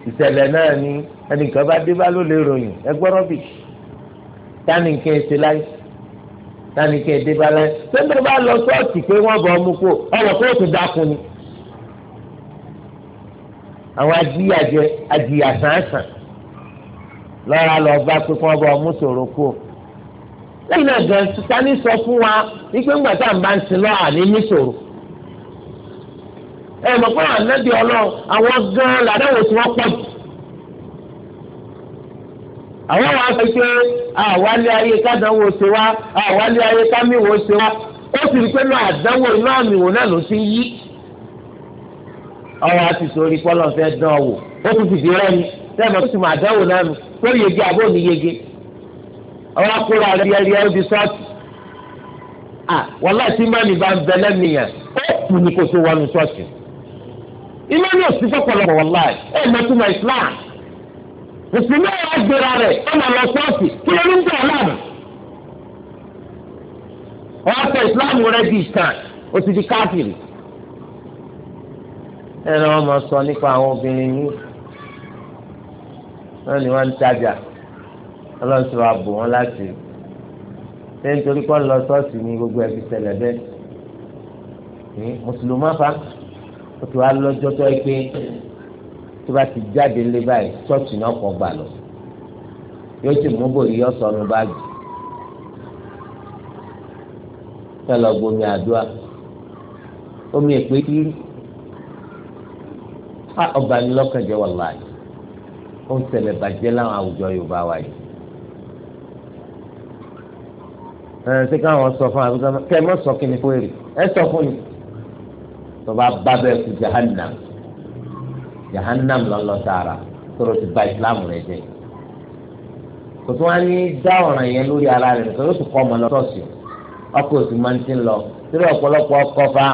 Speaker 1: ìṣẹ̀lẹ̀ náà ni ẹnìkan bá dé bá ló lè ròyìn ẹgbẹ́ rọ́bì tánìkẹ́ ṣe láyé tánìkẹ́ dé bá láyé sẹ́ńtẹ́ bá lọ sọ́ọ̀tì pé wọ́n bọ̀ ọmú kó ọ̀rọ̀ kó tó dákun ni àwọn ajíyàjẹ ajíyàsánsán lọ́ra lọ bá pé kí wọ́n bọ̀ ọmú sòrò kó lẹ́yìn náà gan sani sọ fún wa wípé ńgbà tá à ń bá ń sin lọ àní níṣòro ẹ mọ̀ pé ànábì ọlọ́run àwọn gan làdáwò tí wọ́n pọ̀ jù àwọn wa sọ pé àwálé ayé kádánwò ṣe wá àwálé ayé kámíwò ṣe wá ó sì rí pé náà àdánwò náà mìwò náà ló ti yí ọwọ́ àti pọ́lọ́ fẹ́ dán wò ó fìdí sẹ́mi ó sì mọ àdánwò náà yege ọwọ́ akóra rẹ̀yẹrẹ ó di sọ́ọ̀tì wọ́n láti má ní bá ń bẹ lẹ́nìyàn ó kù ní kó tó wọnú sọ́ọ̀tì ìmọ̀ni òsì fọ́pọ̀lọpọ̀ wọ́n láì ẹ̀ mẹ́túmọ̀ Islam mùsùlùmí ọ̀rọ̀ agbèrè rẹ̀ ọ̀nà lọ sọ́ọ̀tì kí ló ń bẹ̀ ọ̀làmù wọ́n sọ Islam rẹ̀ di ìtàn ó ti di káfíìrì ẹ̀ ní wọ́n mọ̀ sọ nípa àwọn obìnrin yìí wọ́n ní wọ́n ń tajà ọlọ́run ti wàá bò wọ́n láti ṣé nítorí kọ́ lọ sọ́ọ̀sì ní gbogbo ẹbí ṣẹlẹ̀ bẹ́ẹ̀ ní mùsùlùmí afa ó ti wá lọ́jọ́ tó ẹ pé tó bá ti jáde lé báyìí sọ́ọ̀sì náà kọ́ gbà lọ yóò ti mú bòyí yọ sọnù báàgì tẹlẹ gbomi àdúrà omi èpè kiri ọba ni lọ́kànjẹ́ wà láàyè ó ń ṣẹlẹ̀ bàjẹ́ láwọn àwùjọ Yorùbá wa yìí ẹ ṣé káwọn sọ fún àbúkọ kẹ ẹ mọ sọ kí ni fún èrè ẹ sọ fún mi tọba bá bẹ kú jahannam jahannam lọlọ tààrà tọrọ ti ba ìsìlámù rẹ jẹ kò tó wá ní dá ọ̀ràn yẹn lórí ara rẹ nìkan yóò tún kọ́ ọmọ lọ sọ́ọ̀sì ọkọ̀ òsì máa ń ti lọ torí ọ̀pọ̀lọpọ̀ ọkọ̀ fa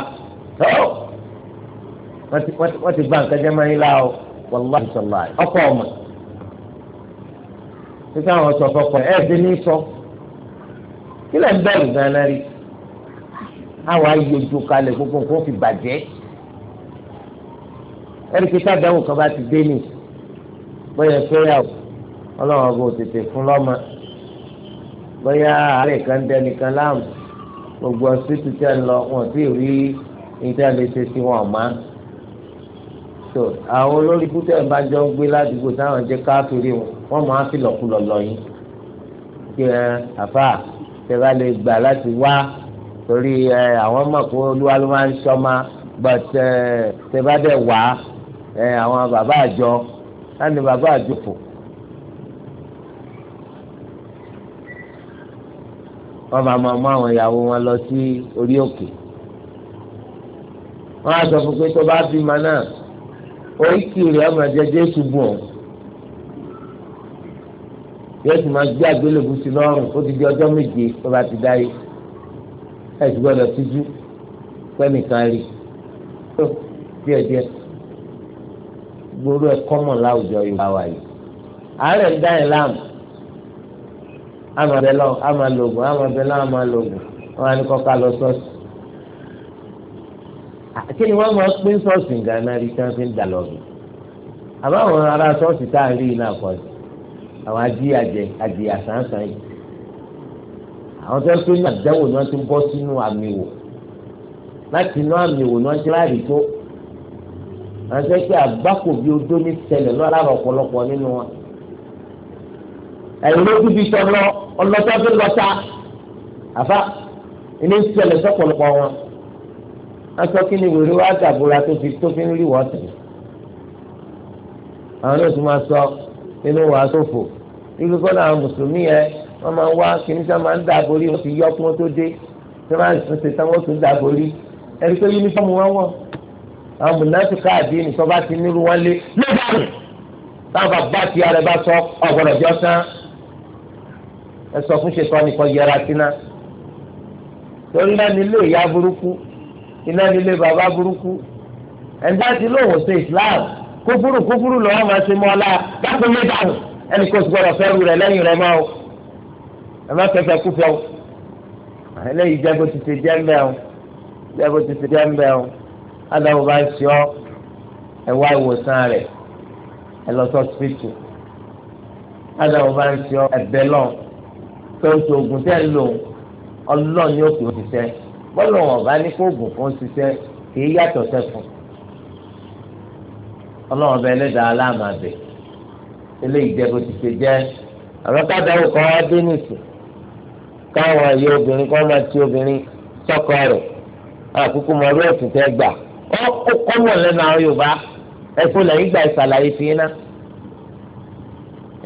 Speaker 1: wọ́n ti gba nǹkan jẹ́ máa ń la ọ wàlúwàlú sọ̀lá ọkọ̀ ọmọ ṣé káwọn sọ fọkọ ẹ̀ ẹ́ ti ní sọ kí lẹ́ ń bẹ̀rù gan-an rí àwọn ayéjo kalẹ̀ gbogbo nǹkan fi bàjẹ́ ẹ̀ríkì sádàwọ̀ kan bá ti dé nì bóyá fẹ́yàwó ọlọ́run ọba ò tètè fún lọ́mọ bóyá àárẹ̀ kan dẹni kan láàmú gbogbo ọsítù tẹ́ ń lọ wọn sì rí ìtẹ́lẹ́sẹ̀ sí wọn máa tó àwọn olórí púpọ̀ bá jọ ń gbé ládùúgbò táwọn jẹ́ káàkiri wọn máa fi lọ́kùlọ̀ lọ kí ẹ àfáà tẹ́lá lè gbà láti wá torí àwọn mọ̀ pé olúwa ló máa ń sọ́mà but tẹ́lá dẹ̀ wá àwọn bàbá àjọ láti bàbá àjọ fò. wọ́n máa máa mú àwọn ìyàwó wọn lọ sí orí òkè wọ́n á sọ fún pé tó bá bímọ náà oríkì rẹ̀ ọmọ jẹjẹ ṣubú ọ̀hún yóò sì máa gbé àgbélébù sí lọ́rùn ó ti di ọjọ́ méje tó bá ti dáyé ẹ̀sùn gbọ́dọ̀ tìjú pẹ́nìkan rí tó díẹ̀díẹ̀ gbòòrò ẹ̀ kọ́mọ̀ láwùjọ Yorùbá wa yìí àárẹ̀ ń dá ẹ̀ láàmú amabẹ lọ amalogun amabẹ lọ amalogun wọn ni kọka lọ ṣọ́ọ̀ṣì kí ni wọn máa pín ṣọ́ọ̀ṣì gánà rí tí wọn fi ń dà lọ bì àbáwọn ará ṣọ́ọ̀ṣì tá a rí iná kọjú àwọn ajíyàjẹ àjìyà sàǹsàn yìí àwọn tó ń pè ní àdáwò ni wọ́n ti bọ́ sínú àmì wò láti inú àmì ni wọ́n ti ráàrí tó àwọn tó ń pè àgbákò bíi odó ní tẹ́lẹ̀ lọ alára ọ̀pọ̀lọpọ̀ nínú wọn ẹ̀yìn lójú bíi tọlọ ọlọtọ tó lọta àfa ẹni ń tẹ́lẹ̀ sọ́pọ̀lọpọ̀ wọn wọ́n kí ni wèrè wá dàbúra tó fi tó fi ń rí wọ́ọ̀tẹ̀ àwọn náà tún máa sọ inú wàá sófò ibi kọ́lá àwọn mùsùlùmí yẹn wọ́n máa ń wá kìíní sá máa ń dà borí wọ́n ti yọ kí wọ́n tó dé tí wọ́n máa ń ṣe tán wọ́n tún dà borí ẹni tó yúnífọ́ọ̀mù wọn wọ̀ àwọn mùnátì káàdì nìkan bá ti nílùú wọn lé lẹ́gbàrún táwọn bàbá ti ara bá sọ ọ̀gbọ̀nà jọ sán ẹ sọ fún ṣètò nìkan yẹra síná torí náà nílé ìyá burúkú iná nílé bàbá burúkú ẹ̀ńdá ti lóhùn sí Islam kúfúrú kúfúrú lọ́wọ́ máa ṣe mọ́ ọ ẹnì kò sì gbọdọ̀ fẹ́rù rẹ̀ lẹ́yìn rẹ̀ máa o ẹ má fẹ́fẹ́ kú fẹ́ o eléyìí jẹ́ bó ti ti jẹ́ mbẹ́ o jẹ́ bó ti ti jẹ́ mbẹ́ o adáwọ̀ bá ń ṣe ọ́ ẹ wá ìwòsàn rẹ̀ ẹ lọ sọ spiritu adáwọ̀ bá ń ṣe ọ́ ẹ̀bẹ̀ lọ tó ń sògùn tẹ́ ń lò ọlọ́ọ̀ ni ó kì í ṣiṣẹ́ bọ́lọ̀ wọn bá ní kó oògùn kan ṣiṣẹ́ kì í yàtọ̀ sẹ́fún ọlọ́wọ́n bẹ ẹlẹ́dàá aláàmà bẹ̀ẹ́ eléyìí jẹ́ bó ti ṣe jẹ́ àwọn kádàáwò kan wá dé nìsí káwọn ayé obìnrin kan máa ti obìnrin sọ́kọ rẹ̀ àkókò mọ orí ẹ̀sìn tẹ́ gbà ó kọ́mọ̀ lẹ́nu àwọn Yorùbá ẹ̀fọ́ lẹ́yìn gbà ìsàlàyé fi iná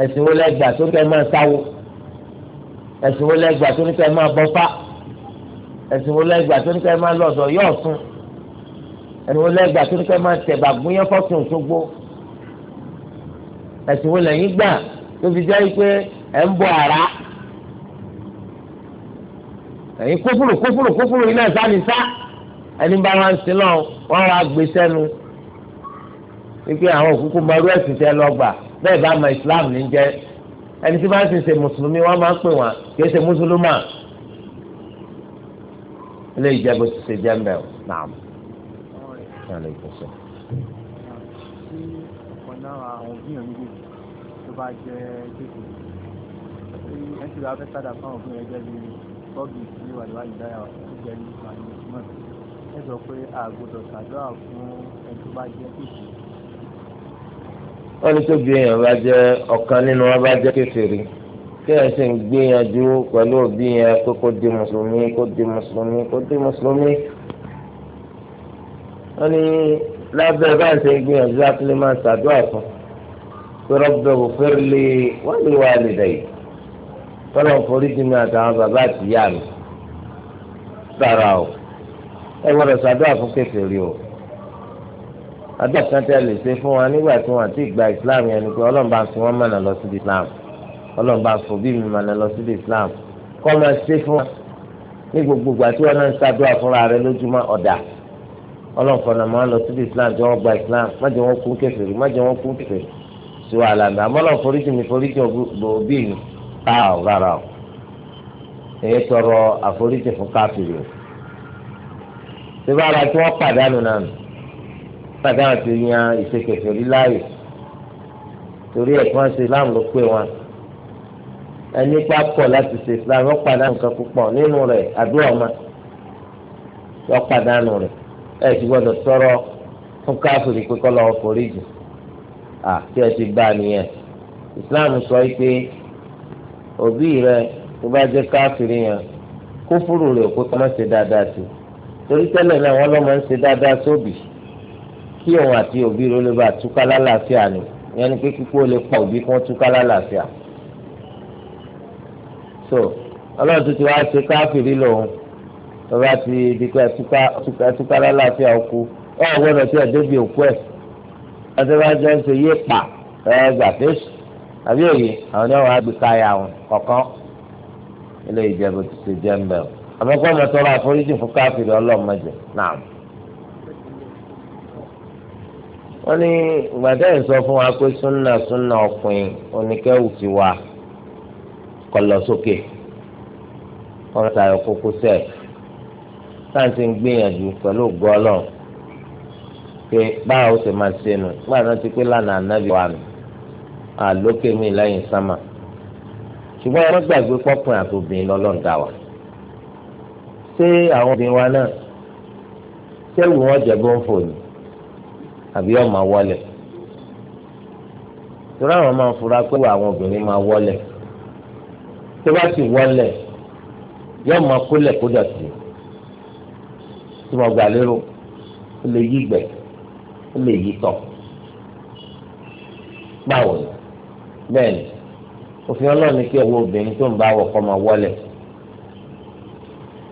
Speaker 1: ẹ̀sìn wo lẹ́gbà tó kẹ́ máa sáwó ẹ̀sìn wo lẹ́gbà tó ní kẹ́ máa bọ́fá ẹ̀sìn wo lẹ́gbà tó ní kẹ́ máa lọ́dọ̀ yọ̀ọ̀sùn ẹ̀sìn wo lẹ́gbà tó ní kẹ́ máa tẹ̀bà gúnyẹ́fọ́sùn ṣogbo ẹ̀sìn wo lẹ́yìn gbà tó fi jẹ́ pé ẹ̀ ń bọ àrá ẹ̀yin kófòrò kófòrò kófòrò iná ẹ̀sá ni sá ẹni bá wọn sí náà wọn wá gbé sẹ́nu wípé àwọn òkúkú mọ̀rú ẹ̀sìn tẹ́ lọ gbà bẹ́ẹ̀ bá mọ Islam ní jẹ́ ẹni tí wọ́n ti ṣe mùsùlùmí wọ́n máa ń pè wọ́n kì í ṣe mùsùlùmá ilé ìjẹ́bù ti ṣe jẹ́ mbẹ́ tó bá jẹ́ kéèké ẹ ti ra fẹ́sàdà fún òfin ẹgbẹ́ bí bọ́ọ̀gì sí wàlúwàlú dáyà tó jẹ́ ní ìpàdé ìmọ̀ ẹ sọ pé àgbọ̀dọ̀ ṣàdúrà fún ẹ tó bá jẹ́ kéèké. wọ́n ní tó bí èèyàn bá jẹ́ ọ̀kan nínú wọn bá jẹ́ kékeré kí sì ń gbìyànjú pẹ̀lú òbí yẹn pé kó di mùsùlùmí kó di mùsùlùmí kó di mùsùlùmí. wọ́n ní lábẹ́ báyìí ṣe gbìyànjú láti lè máa ṣàdúrà fún un rọ́bẹ̀ òfẹ́rẹ́lẹ́ wọ́n lè wà lẹ́dà yìí tọ́lọ̀ foríjì mi àtàwọn bàbá àti ìyá mi sára o ẹ gbọ́dọ̀ ṣàdúrà fún kékeré o àdúrà kan tẹ́ lè ṣe fún wa nígbà tí wọ́n àti ìgbà Islam yẹn ni pé Ọlọ́run bá fi wọ́n mọ̀nà lọ sí Islam Ọlọ́run bá fòbí mi mọ̀nà lọ sí Islam kọ́ máa ṣe fún wa ní gbogbo ìgbà tí wọ́n náà ń ṣàdúrà fúnra rẹ lójúmọ́ ọ̀dà Ọlọ́run fọ̀nà máa lọ sí Islam jẹ́ wọ́n gba Islam má jẹ́ wọ́n kú kékeré má jẹ́ wọ́n sí wàhálà mi àmọ́ lọ foríjì mi foríjì òbí mi tá ò rárá o èyí tọrọ àforíjì fún káfíìrì o síbá ara tí wọ́n pàdánù náà nù pàdánù ti yan ìṣèkèfèé rí láàyè torí ẹ̀ kí wọ́n ṣe islam ló pé wọn ẹni pa pọ̀ láti ṣe islam wọ́n pàdánù nǹkan púpọ̀ nínú rẹ̀ àdúrà ọmọ wọ́n pàdánù rẹ̀ ẹ̀ ti gbọ́dọ̀ tọrọ fún káfíìrì pé kọ́ lọ́wọ́ foríjì àti ẹtì bá nìyẹn islam sọ pé òbí rẹ tó bá jẹ káfíìrì yẹn kó fúrú rẹ kó kọ́ máa ṣe dáadáa sí torí tẹ́lẹ̀ náà wọ́n lọ́ máa ń ṣe dáadáa sóbì kí òun àti òbí rẹ lè bá túká lálàáfíà ni yẹn ni pé kíkó lè pa òbí kó túká lálàáfíà so ọlọ́run tó ti wá ṣe káfíìrì lòun tó bá ti di pé túká lálàáfíà ó kú ọ̀ gbọ́dọ̀ tí ẹ̀ débi òkú ẹ̀ ọtọ́bájọ́ ń sọ yé pa ẹ gbà fèsì àbí òye àwọn ní wọn àgbéká ya wọn kọ̀ọ̀kan ilé ìjẹ́bù ti ṣe jẹ́ ń bẹ̀ ọ́ àmọ́kọ́ ọmọ tọrọ àforíjì fún káfíìrì ọlọ́mọdé náà. wọ́n ní ìgbàdá yìí sọ fún wa pé súnà súnà ọkùnrin oníkẹ́wù ti wà kọlọ sókè wọ́n ta ẹ̀kọ́ kó sẹ́ẹ̀ sáǹtì ń gbìyànjú pẹ̀lú gọ́ọ̀lọ́ọ̀ pé báwo ṣe máa ṣe nù nígbà náà ti pé lánàá ànábì wa nù àlókè mi lẹ́yìn sámà ṣùgbọ́n wọ́n gbàgbé pọ́pọ́n àtòbìnrin lọ́lọ́ǹda wa ṣé àwọn obìnrin wa náà ṣéwù wọn jẹ̀bú ń fò ní àbí ọmọ wọlé torí àwọn máa ń fura pé àwọn obìnrin máa wọlé tó bá sì wọlé yóò máa kólẹ̀ kó dọ̀tí tí mo gbà lérò ó lè yí gbẹ̀ẹ́ ó lè yí tọ̀ báwo ni bẹ́ẹ̀ ni òfin ọlọ́run ni kí ọwọ́ obìnrin tó ń bá wọ̀ kọ́ máa wọlé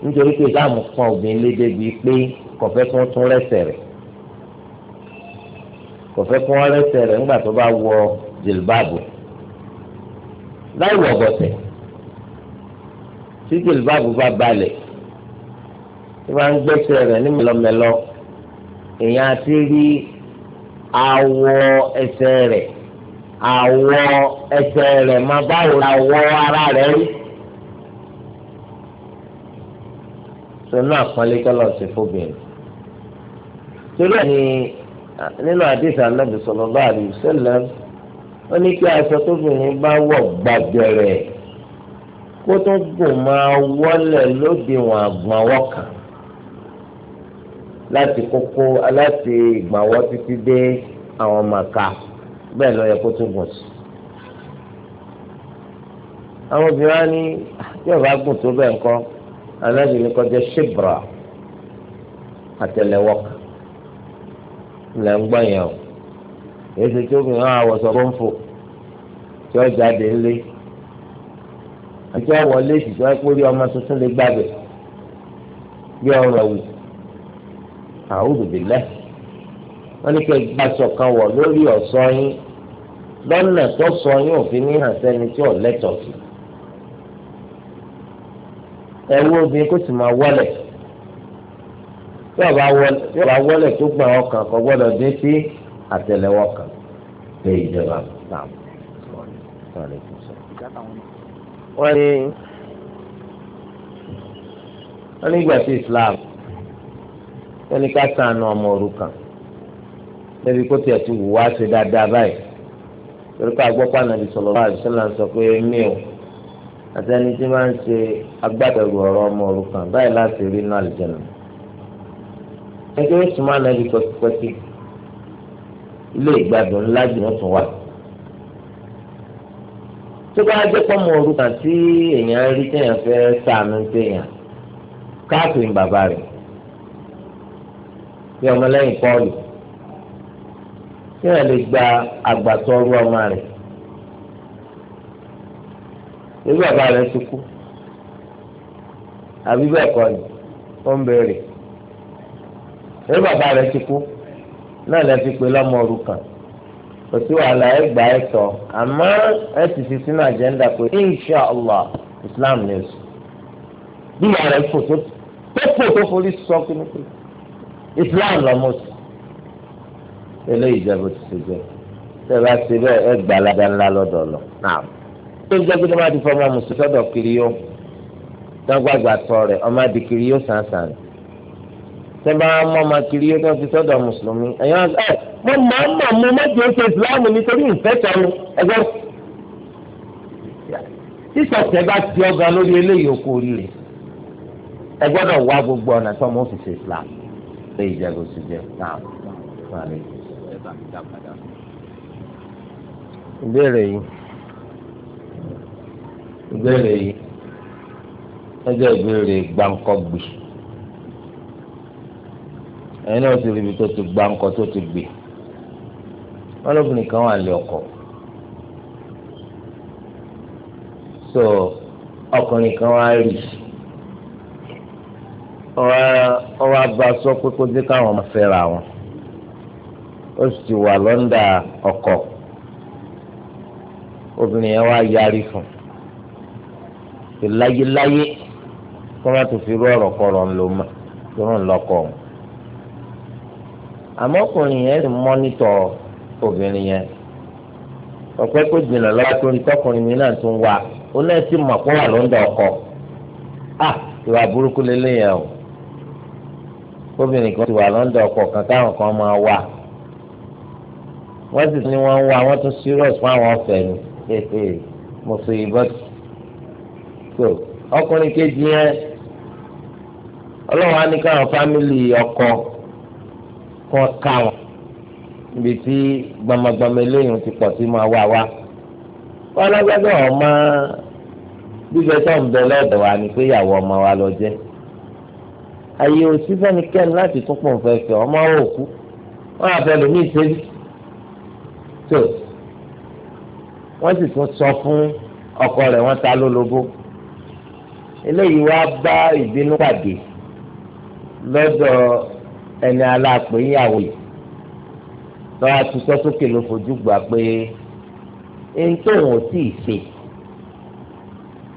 Speaker 1: nítorí pé ìdáàmú pọn obìnrin lédè bíi pé kò fẹ́ kí wọ́n tún rẹ́sẹ̀ rẹ̀ kò fẹ́ kí wọ́n rẹ́sẹ̀ rẹ̀ nígbà tó bá wọ jìlbáàbù láì wọ̀ bọ̀tẹ̀ tí jìlbáàbù bá balẹ̀ tí wọ́n á ń gbẹ́sẹ̀ rẹ̀ ní mẹ́lọmẹ́lọ́ èèyàn àti rí awọ ẹsẹ̀ rẹ̀ awọ ẹsẹ̀ rẹ̀ máa báwo la wọ ara rẹ̀ rí. sọnù àpọ́nlé tọ́lọ̀ sí fóbìnrin. torí ẹ̀ ni nínú àdìsá anábì sallallahu alaihi wasallam ó ní kí aṣọ tóbìnrin bá wọ̀ gbàgbẹ̀rẹ̀ kó tó gùn máa wọlé lóde wọn àgbọ̀n wọ́kàn láti kókó láti ìgbàwọ́ títí dé àwọn màkà bẹ́ẹ̀ lọ yẹ kó tún gùn sí. àwọn obìnrin wa ní tí ọba gùn tó bẹ́ẹ̀ ńkọ́ alábìnrin kọjá ṣèbùrà àtẹlẹwọ́ ńlẹ̀ ń gbọ́ yẹn o èsì tí obìnrin wa wọ̀sọ̀ kọ́ńfò tí ó jáde ńlé àti ọ̀wọ́ léèsì tí wọ́n pé orí ọmọ tuntun lè gbàgbé bí ọrọ̀ wù a'udhu billah wọ́n ní kẹ́ gbà sọ̀kan wọ̀ lórí ọ̀sọ́ yín lọ́nà tó sọ yín òfin ní hàn sẹ́ni tí ò lẹ́tọ̀ọ́ sí. ẹ wo obìnrin kó sì máa wọlé tí ọba wọlé tó gbà ọkàn kò gbọ́dọ̀ dín sí àtẹ́lẹwọ́ kan lè ìjọba náà. wọ́n ní wọ́n ní ìgbà Islam wọ́n ní ká sànù ọmọ òrukàn lẹ́bi kó tiẹ̀ ti wù wá ṣe dáadáa báyìí torí ká gbọ́ pàánà bí sọ̀rọ̀ bá àdìsọ́ là ń sọ pé mí o àtẹni tí máa ń ṣe agbátẹrù ọ̀rọ̀ ọmọ òrukàn báyìí láti rí inú àlùjẹ̀nà ẹgbẹ́ oṣù máa nàbí pẹ́kípẹ́kí ilé ìgbàdùn ńlá jù wọ́n tún wà tó bá jẹ́ pọ́mọ òrukàn tí èèyàn rí téèyàn fẹ́ sànù téèyàn káàpì bàbá rẹ̀ bí ọmọlẹ́yìn pọ́ọ̀lù tí wọ́n lè gba àgbàtọ́rú ọmọ rẹ̀ ebi bàbá rẹ̀ ti kú àbí bẹ́ẹ̀ kọ́ ni ó ń béèrè ebi bàbá rẹ̀ ti kú náà lè fi pé lọ́mọ òrukàn kò sí wàhálà ẹ gbà ẹ sọ àmọ́ ẹ sì fi sínú àjẹ́ńdà pé inshàlá islam ní oṣù bí ìyá rẹ̀ fò tó fò tó forí sọ kí ni islam lọ́mọ sí eléyìí jẹ́ bó ti ṣe jẹ́ tẹ́ ẹ bá ṣe bẹ́ẹ̀ ẹ gbà ládá ńlá lọ́dọ̀ lọ náà tó ń jẹ́ pé nígbà tí fọmọ mùsùlùmí sọ́dọ̀ kiri yó dágbàgbà tọ rẹ̀ ọmọ adì kiri yó sàǹsàn tẹ́ bá mọ́ ọmọ kiri yó tó fi sọ́dọ̀ mùsùlùmí ẹ̀yàn ẹ̀ mo máa mọ̀ mo má jẹ́ islam nítorí ìfẹ́ tẹ̀wọ́ ẹgbẹ́ sísọ̀tẹ̀ bá ti ọgá lórí eléyìí lè jẹ bó ti jẹ náà wà lè. ìbéèrè yìí ìbéèrè yìí ọjọ́ ìbéèrè gbáǹkọ́gbì ẹ̀yin náà ti rí ibi tó ti gbáǹkọ́ tó ti gbì wọ́n lóbìnrin kan wà lé ọkọ̀ so ọkùnrin kan wá rí i ọwọ́ abá sọ pé kó dé káwọn máa fẹ́ra wọn ó sì wà lọ́ndà ọkọ obìnrin yẹn wá yarí fún láyéláyé kó má tó fi rú ọ̀rọ̀ kọ̀rọ̀ ńlọ mọ́ tó rán lọ́kọ̀ ọ̀hún àmọ́ ọkùnrin yẹn ti mọ́nítọ̀ obìnrin yẹn ọ̀pẹ́ kó jìnnà lọ́wọ́ tó rí tọkùnrin mi náà tún wá ó náà ti mọ̀ kó wà lọ́ndà ọkọ à ah, ìwà burúkú lélẹ́yìn ẹ̀ o. obìnrin kan ti wà lọ́ńdọ̀ ọkọ̀ kan káwọn kan máa wà wọ́n sì ní wọ́n ń wọ́n tún serious fún àwọn ọ̀fẹ́ ni mo fi ìbọn so ọkùnrin kejì yẹn á ní káwọn fámìlì ọkọ kan káwọn níbi tí gbamagbama eléyìí ti pọ̀ sí máa wá wá wọn lágbádọ́ ọmọ bíbẹ tó ń bẹ wa ni pé ìyàwó ọmọ wa lọ jẹ́ àyè òsì fẹ́nikẹ́ni láti tún pọ̀ nfẹ́ fẹ́ ọmọ àwọn òkú wọn àfẹ́ lómi ìsẹ́bí tó wọ́n sì tún sọ fún ọkọ rẹ̀ wọ́n ta lólobó eléyìí wá bá ìbínú pàdé lọ́dọ̀ ẹni aláàpè ìyàwó yìí lọ́wọ́ àtúntò sókè ló fojú gbà pé ẹni tóun ò tí ì ṣe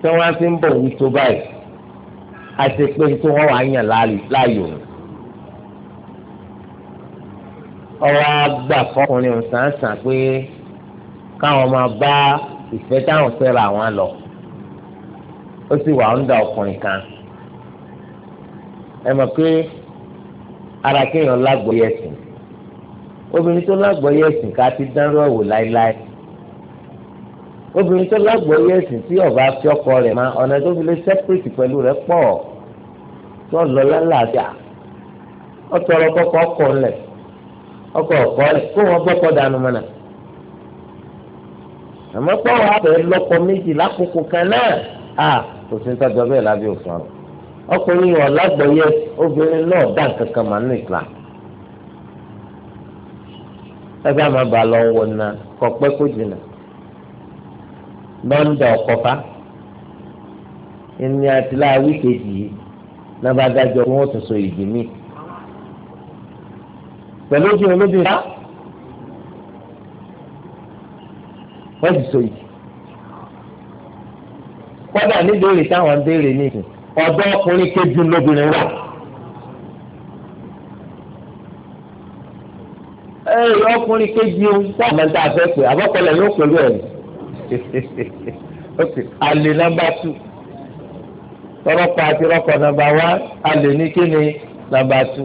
Speaker 1: tí wọ́n á fi ń bọ̀ wí tó báyìí àti pé tí wọ́n wà yàn láàyò ọwọ́ àgbà fọkùnrin sàǹsàn pé káwọn máa bá ìfẹ́ táwọn fẹ́ra wọn lọ ó sì wà ń da ọkùnrin kan ẹ mọ̀ pé ara kéèyàn lágbóyè ẹ̀sìn obìnrin tó lágbóyè ẹ̀sìn ká ti dánrọ́ wò láéláé obìnrin tó lágbóyè ẹ̀sìn tí ọba fi ọkọ rẹ̀ máa ọ̀nà tó fi lè sẹ́pẹ̀tì pẹ̀lú rẹ̀ pọ̀ tó lọ lálàáfíà ọtọrọ kọkọ ọkọ ńlẹ̀ ọkọ ọkọ rẹ̀ kó wọn gbọ́kọ dànù mọ́nà àmọ́ pọ́wọ́ abẹ́ lọ́kọ méjì lákòókò kan náà à kò sí tọ́jọ́ bẹ́ẹ̀ lábẹ́ òfin ọ̀rọ̀ ọkùnrin yìí ọ̀làgbọ̀yẹ obìnrin náà dá nǹkan kan mà nínú ìlà ẹgbẹ́ àmàbà lọ wọ̀ ná kọ̀pẹ́ kó jìnnà lọ́ńdà ọ̀kọ́fà ẹni àti láàwí kejì yìí lábàdájọ́ wọn tún so ìdí mi pẹ̀lú ojú olóbi rà wọ́n ti so ìdí kọ́dà níbèrè táwọn ń béèrè ní ìsìn ọ̀dọ́ ọkùnrin kejì lóbìnrin wà. ẹ ọkùnrin kejì ń sọ àmọ́ tá a fẹ́ pè àbọ̀kọ́lẹ̀ yóò pẹ̀lú ẹ̀rí ok alè nọ́mbà tù tọrọkọ àti rọkọ nọ́mbà wá alè ní kíni nọ́mbà tù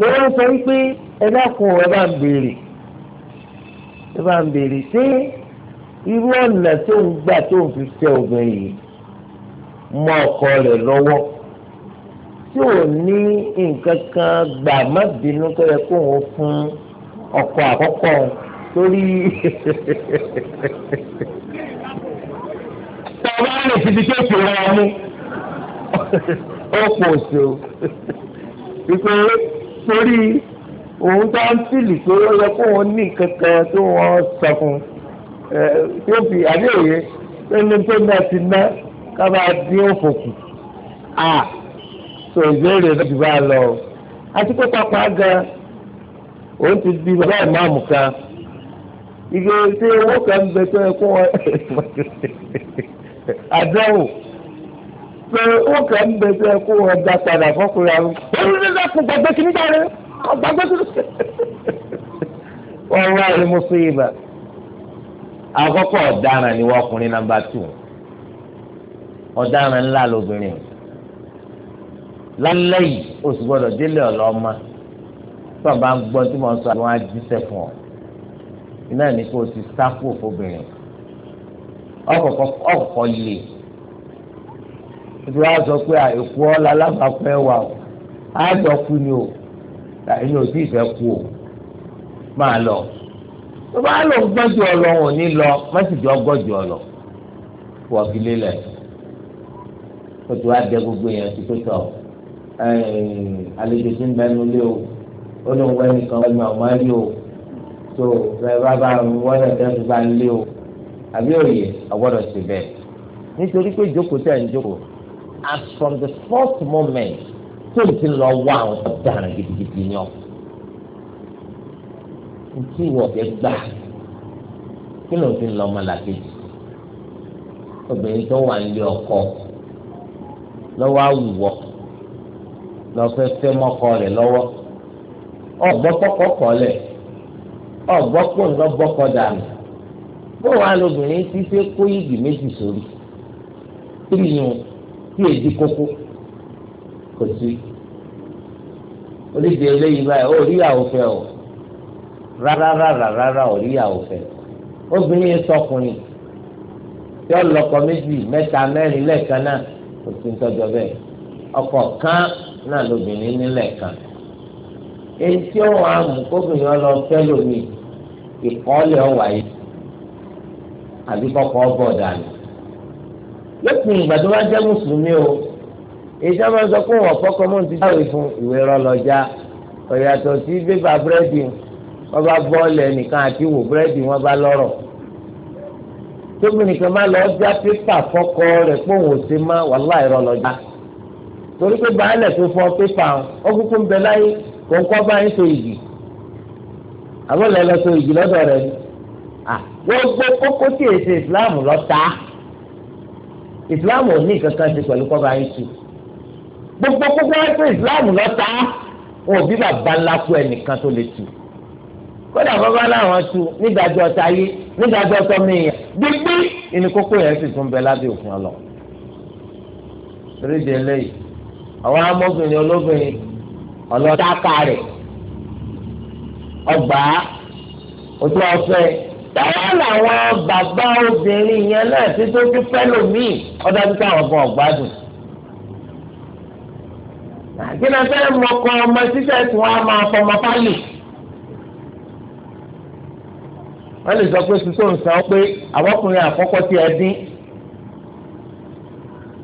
Speaker 1: lọ́wọ́ sọ wípé ẹ dákun ẹ bá ń béèrè ẹ bá ń béèrè ṣé irú ọ̀nà tó ń gbà tó ń fi tẹ obìnrin yìí mọ ọkọ rẹ̀ lọ́wọ́ tí ò ní nǹkan kan gbà má bínú tó yẹ kó òun fún ọkọ àkọ́kọ́ torí
Speaker 2: tọ́ba lè fi di kéèkì rẹ̀ mú ó pò sí o
Speaker 1: wípé torí òun tó ń tìlì pé ó yẹ kó wọn ní kankan tó wọn sọ fún yóò fi àdéhùn ẹni tó náà ti ná kábà dín òfòkù à sọ ìbéèrè náà ti bá a lọ àti pé pápá gan òun ti di bàbá ìmáàmù kan ike ṣe owó kan bẹ tó ẹ kó wọn àdéhùn ṣe owó kan bẹ tó ẹ kó wọn dá padà fọkùnrin àwọn olùdókòwò kò gbàgbé kí nígbà rẹ kò gbàgbé kí nígbà wọn wá ní mùsùlùmí àkọ́kọ́ ọ̀daràn ni wọn ọkùnrin nàmbà tù ọ̀daràn ńlá lóbìnrin lálẹ́ yìí oṣù gbọ́dọ̀ délé ọlọ́mọ tó o bá ń gbọ́ tí mo ń sọ àwọn ajíṣẹ́ fún ọ iná ní kó o ti sáfù fóbìnrin ọkọ̀ọ̀kọ̀ lè ìdúrà sọ pé èkó ọ̀la lábàápẹ́ wà ó àjọ kú ni o èmi ò tí ì fẹ́ kú o máa lọ tó bá lọ gbọ́dọ̀ ọlọ́run ò ní lọ má sì jọ gbọ́dọ̀ ọlọ wọ́n fi lélẹ̀ ó ti wá jẹ gbogbo yẹn tó tó àlejò tí ń bẹnu lé o ó lóun wẹ́nìkan wẹ́nu àwọn máa rí o tó bá bá wọlé tẹ́ fi bá lé o àbí òye ọgbọ́dọ̀ sí bẹ́ẹ̀ nítorí pé ìjókòó tẹ̀ ń jókòó as from the first moment tó ti lọ wá àwọn ọ̀daràn gidigidi ni ọ tí ìwọ ọ̀fẹ́ gbà kí ló ń fi lọ ọmọ làkejì obìnrin tó wà nílé ọkọ lọ́wọ́ àwùwọ́ lọ́fẹ́ fẹ́ mọ́kọ rẹ̀ lọ́wọ́ ọ̀gbọ́n kọ́kọ́ kọ́ lẹ̀ ọ̀gbọ́pọ̀ ńlọ bọ́kọ dànù bó wàá lóbìnrin ti ṣe kó yìgì méjì sórí tìrìyàn tí èdè kókó kò sí onídìí eléyìí báyìí ó rí àwòfẹ́ o rárá rárá rárá ò rí àwòfẹ́ obìnrin yẹn sọkùnrin tí ó lọ́kọ méjì mẹ́ta mẹ́rin lẹ́ẹ̀kan náà kò sí tọjọ bẹ́ẹ̀ ọkọ kan náà lóbìnrin nílẹ̀ kan èyí tí ó wà á mú kóbìnrin ọlọ fẹ́ lómi ìkọ́lẹ̀ ọ̀wà yìí àbí kọ́kọ́ bọ̀ dànù. lópin ìgbà tó bá jẹ́ mùsùlùmí o èyí máa ń sọ pé wọn fọkọ mọ́ ti dáwé fún ìwé rọlọ́jà ọ̀yàtọ̀ sí bébà búrẹ́dì wọn bá bọ́ọ̀lù ẹnìkan àti wò búrẹ́dì wọn bá lọ́rọ̀ tóbi nìkan máa lọ já pépà fọkọ rẹ̀ pé òun ò ṣe má wàhálà ìrọlọ́jà torí pé baálẹ̀ tó fọ pépà ó kúkú ń bẹ láyé kò ń kọ́ báyìí ṣe ìyì àbọ̀ lẹ́lẹ́sọ ìjì lọ́dọ̀ rẹ̀ ni gbogbo kókó tí èsì islam lọ ta islam ò ní kankan ṣe pẹ̀lú kọ́ba yín tu gbogbo kókó èsì islam lọ ta wọn ò bí bàbá ńlá kú ẹnìkan tó lè tu kódà bàbá làwọn tu nígbàjọ ọ̀tá yé nígbàjọ ọ̀tọ́ mi yẹn gbígbí ìní kókó yẹn sì tún bẹ lábẹ́ òfin ọlọ. torí de eléyìí àwọn amóbìnrin olóbìnrin ọlọ́dá ká ọgbà òtún ọfẹ táwọn làwọn bàbá obìnrin yẹn náà ti tó tún fẹlòmíì ọdọ tó táwọn gan ọgbádùn kí ni fẹ́ mọkọ ọmọ títẹ̀ tí wọ́n á máa fọmọ pálí wọ́n lè sọ pé sísọ nsàn pé àwọkùnrin àkọ́kọ́ tí ẹ dín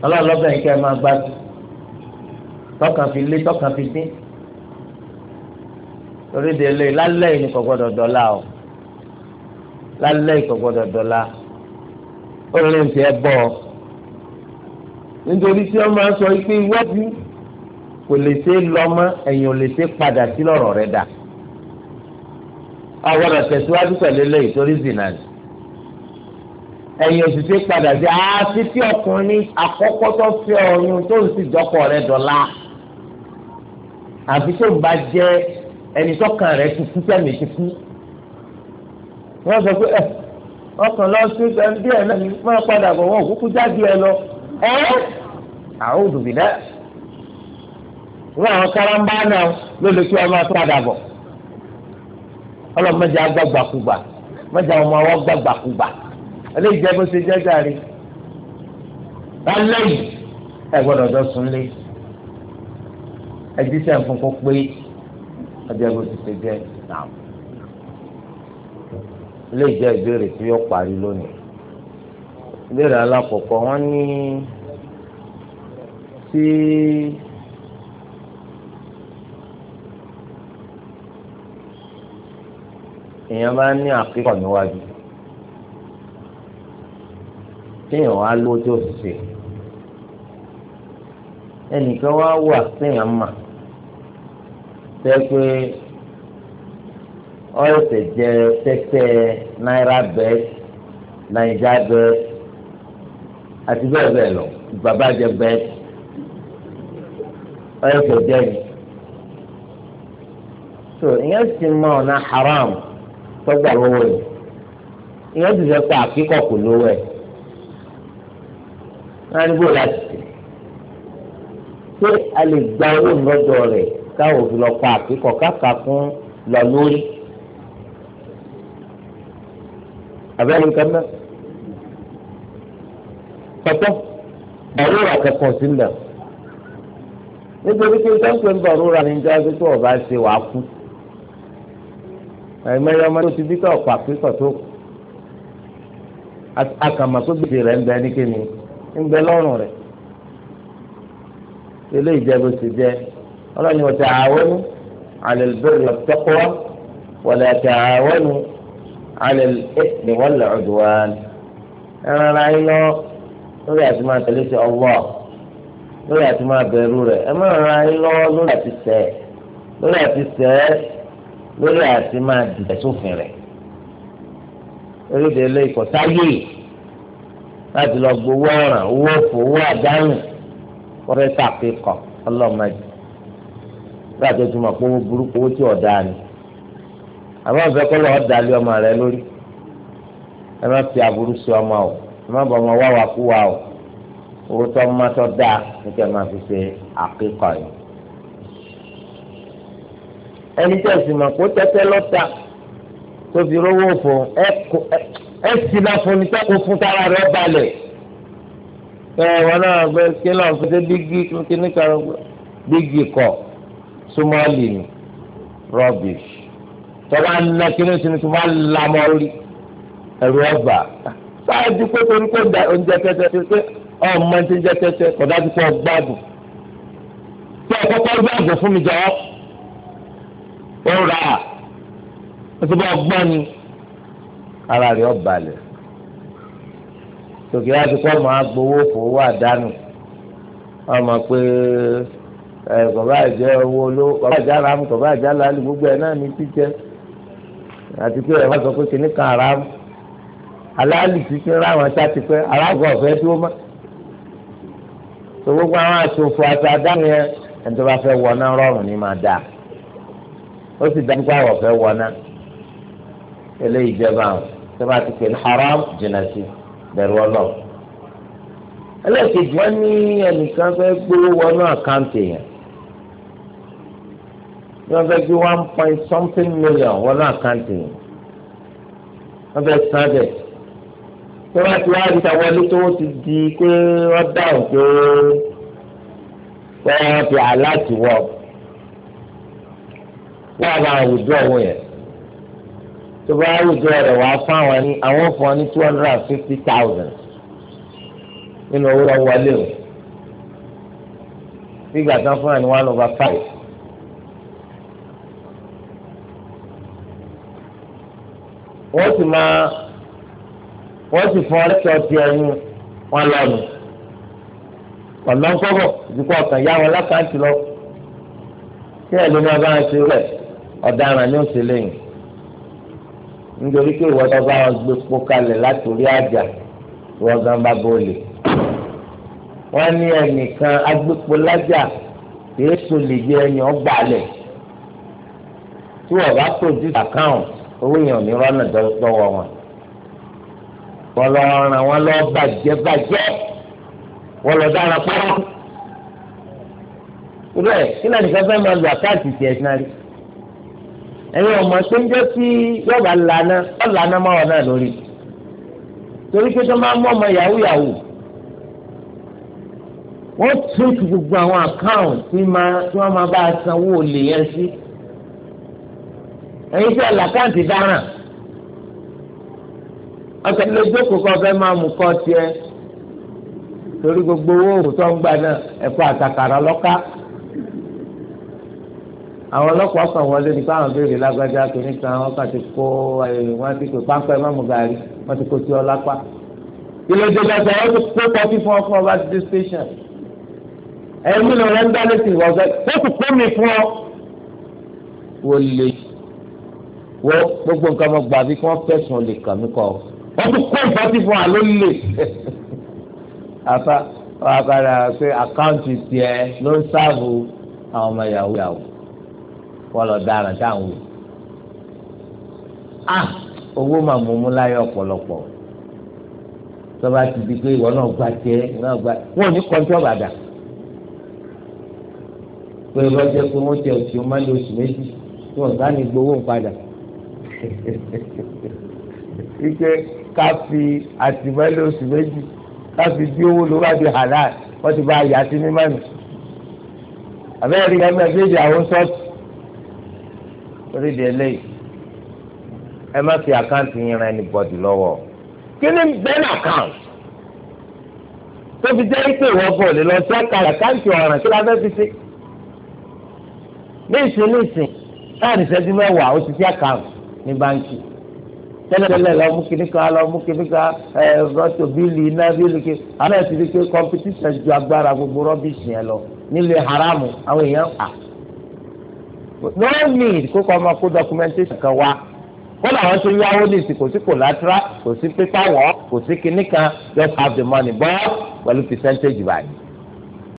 Speaker 1: ọlọ́ọ̀lọ́bẹ̀ yìí kẹ́ ẹ máa gbádùn tọkàn fi lé tọkàn fi dín torí de lè lálẹ́ yìí kò gbọ́dọ̀ dọ́là o lálẹ́ yìí kò gbọ́dọ̀ dọ́là orin tiẹ̀ bọ̀ nítorí tí wọ́n máa sọ pé iwájú kò lè ṣe lọ́mọ ẹ̀yìn ò lè ṣe padà sí lọ́rọ̀ rẹ̀ dà àwọn ọ̀tẹ̀síwájú pẹ̀lú eléyìí torí zina ni ẹ̀yìn òṣìṣẹ́ padà sí àti tí ọkùnrin àkọ́kọ́ tó fẹ́ ọyún tó sì dọ́kọ̀ rẹ̀ dọ́là àfi tó bá jẹ́ ẹni tọ́kàn rẹ̀ ti kú sẹ́mi ti kú wọ́n sọ pé ẹ ọkàn lọ sí ẹni díẹ̀ náà ní máa padà bọ̀ wọ́n òkúkú jáde ẹ lọ ẹ àwọn òdùbí náà wọ́n àwọn karambá náà ló lè kí wọ́n máa padà bọ̀ ọlọ́mọdé agbágbàkúgbà mọ́jà ọmọ àwọn agbágbàkúgbà eléyìí jẹ́ bó ṣe jẹ́ gàrí lálẹ́ yìí ẹ gbọ́dọ̀ dọ́sùn lé ẹ jíṣẹ́ fún kó pé ajẹ́bù ti ṣe jẹ́ nàám. ilé ìjẹ́ ìbéèrè tí yóò parí lónìí. ìbéèrè alákọ̀ọ́kọ́ wọ́n ní tí èèyàn bá ní àkíkọ̀ níwájú téèyàn wá lójú òṣìṣẹ́ ẹnìkan wá wà téèyàn máa. tẹ́ pé ọ̀ẹ́sẹ̀ jẹ tẹ́tẹ́ náírà bẹ́ẹ̀ nàìjà bẹ́ẹ̀ àti bẹ́ẹ̀ bẹ́ẹ̀ lọ bàbá jẹ bẹ́ẹ̀ jẹ ni. so ìyẹn sì mọ ọ̀nà haram tọ́gbà lówó yìí ìyẹn sì fẹ́ pa àkíkọ̀ lówó ẹ̀ wọ́n á ní bó láti ṣé a lè táwọn òfin lọ pa àkíkọ káka fún lọ lórí abẹ́rẹ́ nǹkan mẹ́ pẹ̀tọ́
Speaker 2: bàrúrà kẹ̀kọ́
Speaker 1: sí ń bẹ̀ nítorí pé sọ́ńpẹ̀ ń bàrúrà ní ìjọba tó tó ọba ṣe wàá kú ẹ̀mẹ́rẹ́ ọmọdé ti bí tó ọ̀pọ̀ àkíkọ̀ tó kù akàmà tó gbèsè rẹ̀ ń bẹ ní kéne ń bẹ lọ́rùn rẹ̀ eléyìí jẹ́ bó ti jẹ́ ọlọ́ni wa ta'awanu 'ala al-birri wat-taqwa wa la ta'awanu 'ala al-ithmi wal-'udwan ẹran ara yín lọ lórí àti máa tẹ̀lé sí ọwọ́ lórí àti máa bẹ̀rù rẹ̀ ẹ má ara yín lọ lórí àti ṣẹ̀ lórí àti ṣẹ̀ lórí àti máa dìbẹ̀ sófin rẹ̀ orílẹ̀ èlé ìkọ̀sáyé láti lọ gbowó ọ̀ràn owó òfò owó àdánù wọ́n fẹ́ sàpé kọ̀ ọlọ́mọdé gbàtọ́ tó máa kówó burúkú owó tí ọ̀dà ni àmọ́ ọ̀fẹ́ kọ́ lọ́ọ́ dalé ọmọ rẹ lórí ẹ má fi aburú sí ọmọ o ẹ má bọ̀ ọmọ wá wà kú wa o owó tó ọmọ tó dáa níkẹ́ máa fi ṣe àkíkọ̀ yìí. ẹni tẹ́ sì mọ̀ kó tẹ́tẹ́ lọ́ta tó fi rówó fò ẹ sì máa fún ní sẹ́kù fún tára rẹ̀ balẹ̀. ẹ wọn náà gbé kí náà fi ṣe bígì kíní kan bígì kọ̀ súnmọ́ọ̀lì ni rubbish tọ́ba ńlá kí ló ń sinmi tó bá la mọ́ lórí ẹ̀rù ọba sáájú pé torí pé oúnjẹ tẹ́tẹ́ ti pé ọmọ ti ń jẹ tẹ́tẹ́ kò dájú pé ọgbádùn tí ẹ kọ́kọ́ gbé àgbẹ̀ fún mi jọ ó rà á ó ti bá ọgbọ́n ni ara rẹ̀ ọba lẹ̀ tòkè láti kọ́ ọmọ agbowó fowó àdánù ọmọ pé ẹ bàbá àjẹ owó ló bàbá àjẹ aram bàbá àjẹ alali gbogbo ẹ náà ní jíjẹ àti pé ẹ bá sọ pé kìnnì kan aram alali títí ráwọn ṣáàtì pé alágọ ọfẹ dúró má tó gbogbo àwọn àṣòfò àti adáhùn yẹn ẹni tó bá fẹ́ wọ náà rọrùn ní máa dáa ó sì dájú pé àwọn ọfẹ wọ náà eléyìí jẹba àwọn tó bá ti pè ní haram jìnnà sí bẹ̀rù Ọlọ́run ẹlẹ́ẹ̀kejì wọn ní ẹnìkan fẹ́ gbówó wọnú àkáǹtì yẹn ní wọ́n fẹ́ gbé one point something million wọnú àkáǹtì yìí wọ́n fẹ́ san bẹ̀ tí wọ́n ti wá rí ìtàwọlé tó ti di pé wọ́n dáhùn pé wọ́n ti aláàtì wọ́ wọ́n á máa wùdú ọ̀hún yẹn tó bá wùdú ọ̀rẹ́ wàá fún àwọn ní àwọn fún ọ ní two hundred and fifty thousand nínú owó lọ wọlé o nígbà tán fún ẹ ní one over five. wọ́n sì máa wọ́n sì fún ọlẹ́kẹ̀ ọtí ẹyin wọn lọ́nu ọ̀nà ńkọ́bọ̀ ìdíkọ̀ ọ̀kan yá wọn lákàntì lọ kí ẹ̀ ló máa bá wọn ṣe rẹ̀ ọ̀daràn ní òsè lẹ́yìn nítorí pé ìwọ́n tó bá wọn gbé kalẹ̀ láti orí àjà ìwọ́n gan bá wọ́n lájà lè yẹ ẹyìn owó yẹn ò ní rọ́nà lọ́wọ́ wọn wọ́n lọ ràn wọ́n lọ bàjẹ́ bàjẹ́ wọ́n lọ dára pẹ́rẹ́ rẹ̀ kí náà nìkan fẹ́ máa lo àkáǹtì tiẹ̀ náà rí ẹ̀yin ọmọ tó ń jẹ́ sí yọ̀bà lànà ọ̀lànà máa wọ̀ náà lórí torí pé tó máa mú ọmọ yahoo yahoo wọ́n tún gbogbo àwọn àkáǹtì tí wọ́n máa bá a sanwó olè yẹn sí. Si ẹ̀yin tẹ́ làkáǹtì dáràn ọ̀sẹ̀ lè jókòó kọ́ fẹ́ máa mú kọ́ tiẹ̀ torí gbogbo owó òòrùn tó ń gbà náà ẹ̀kọ́ àtàkàrà lọ́ka àwọn ọlọ́pàá kan wọlé ní káwọn béèrè lágbájá kìíní kan wọ́n kàn ti kó wọ́n ti pè pápẹ́ mọ́mú gàrí wọ́n ti kó tí ọlápá ìlẹ́jọ́ gbàgbà wọ́n ti kó kọfí fún ọkọ̀ ọba ti dé station ẹ̀mí ló rẹ́ ń dá létí ìwọ̀gbẹ́ wọ́n ti kó fún ọ. wọ́n wo gbogbo nǹkan mo gbà bí kí wọ́n fẹ̀sùn olè kàn mí kọ́ wọ́n tún kó nǹkan tí fún wa ló lè. àfa wàá padà pé àkáǹtì tiẹ̀ ló ń sáàbù àwọn ọmọ yahoo yahoo wọ́n lọ dára dáhùn wò. a ah, owó màá mú mú láyé ọ̀pọ̀lọpọ̀ tọ́ba ti di pé ìwọ náà gba tiẹ̀ náà gba wọn ò ní kọ́ńtì ọ̀bàdà pé lọ́jọ́ pé wọ́n tẹ oṣù mọ́lẹ̀ oṣù méjì tí wọ́n bá ní gbowó ń padà wípé ká fi àtìmọ́lé oṣù méjì ká fi bí owó ló bá di halal wọ́n ti bá yà sí mímọ́ nù. àbẹ́rẹ́ rí ẹgbẹ́ méjì àwọn sọ́ọ̀tù torí di eléyìí ẹ má fi àkáǹtì yín ran ẹnìbọ̀dì lọ́wọ́
Speaker 2: kí ni bẹ́ẹ̀nì àkáǹtì
Speaker 1: tó fi jẹ́ pé ìwọ bọ̀ lè lọ sí àkàrà àkáǹtì ọ̀ràn kí la fẹ́ fi ṣe ní ìsìn ní ìsìn káàdì ìṣẹ́jú mẹ́wàá ó ti fi àkáǹtì ní báńkì tẹ́lẹ̀tẹ́lẹ̀ lọ mú kíní kan lọ mú kíní kan ẹ rọ́tò bíìlì iná bíìlì kí àwọn ẹ̀sìn ní pé kọ́mpútíṣà ju agbára gbogbo rọ́bìṣì yẹn lọ nílé haramu àwọn èèyàn à. no need kó kọ́ ọmọ kó documentation kan wá kọ́lá àwọn tó yáwó ní ìsìn kò sí collateral kò sí pépà kò sí kíní kan just have the money bọ́ pẹ̀lú percentage báyìí.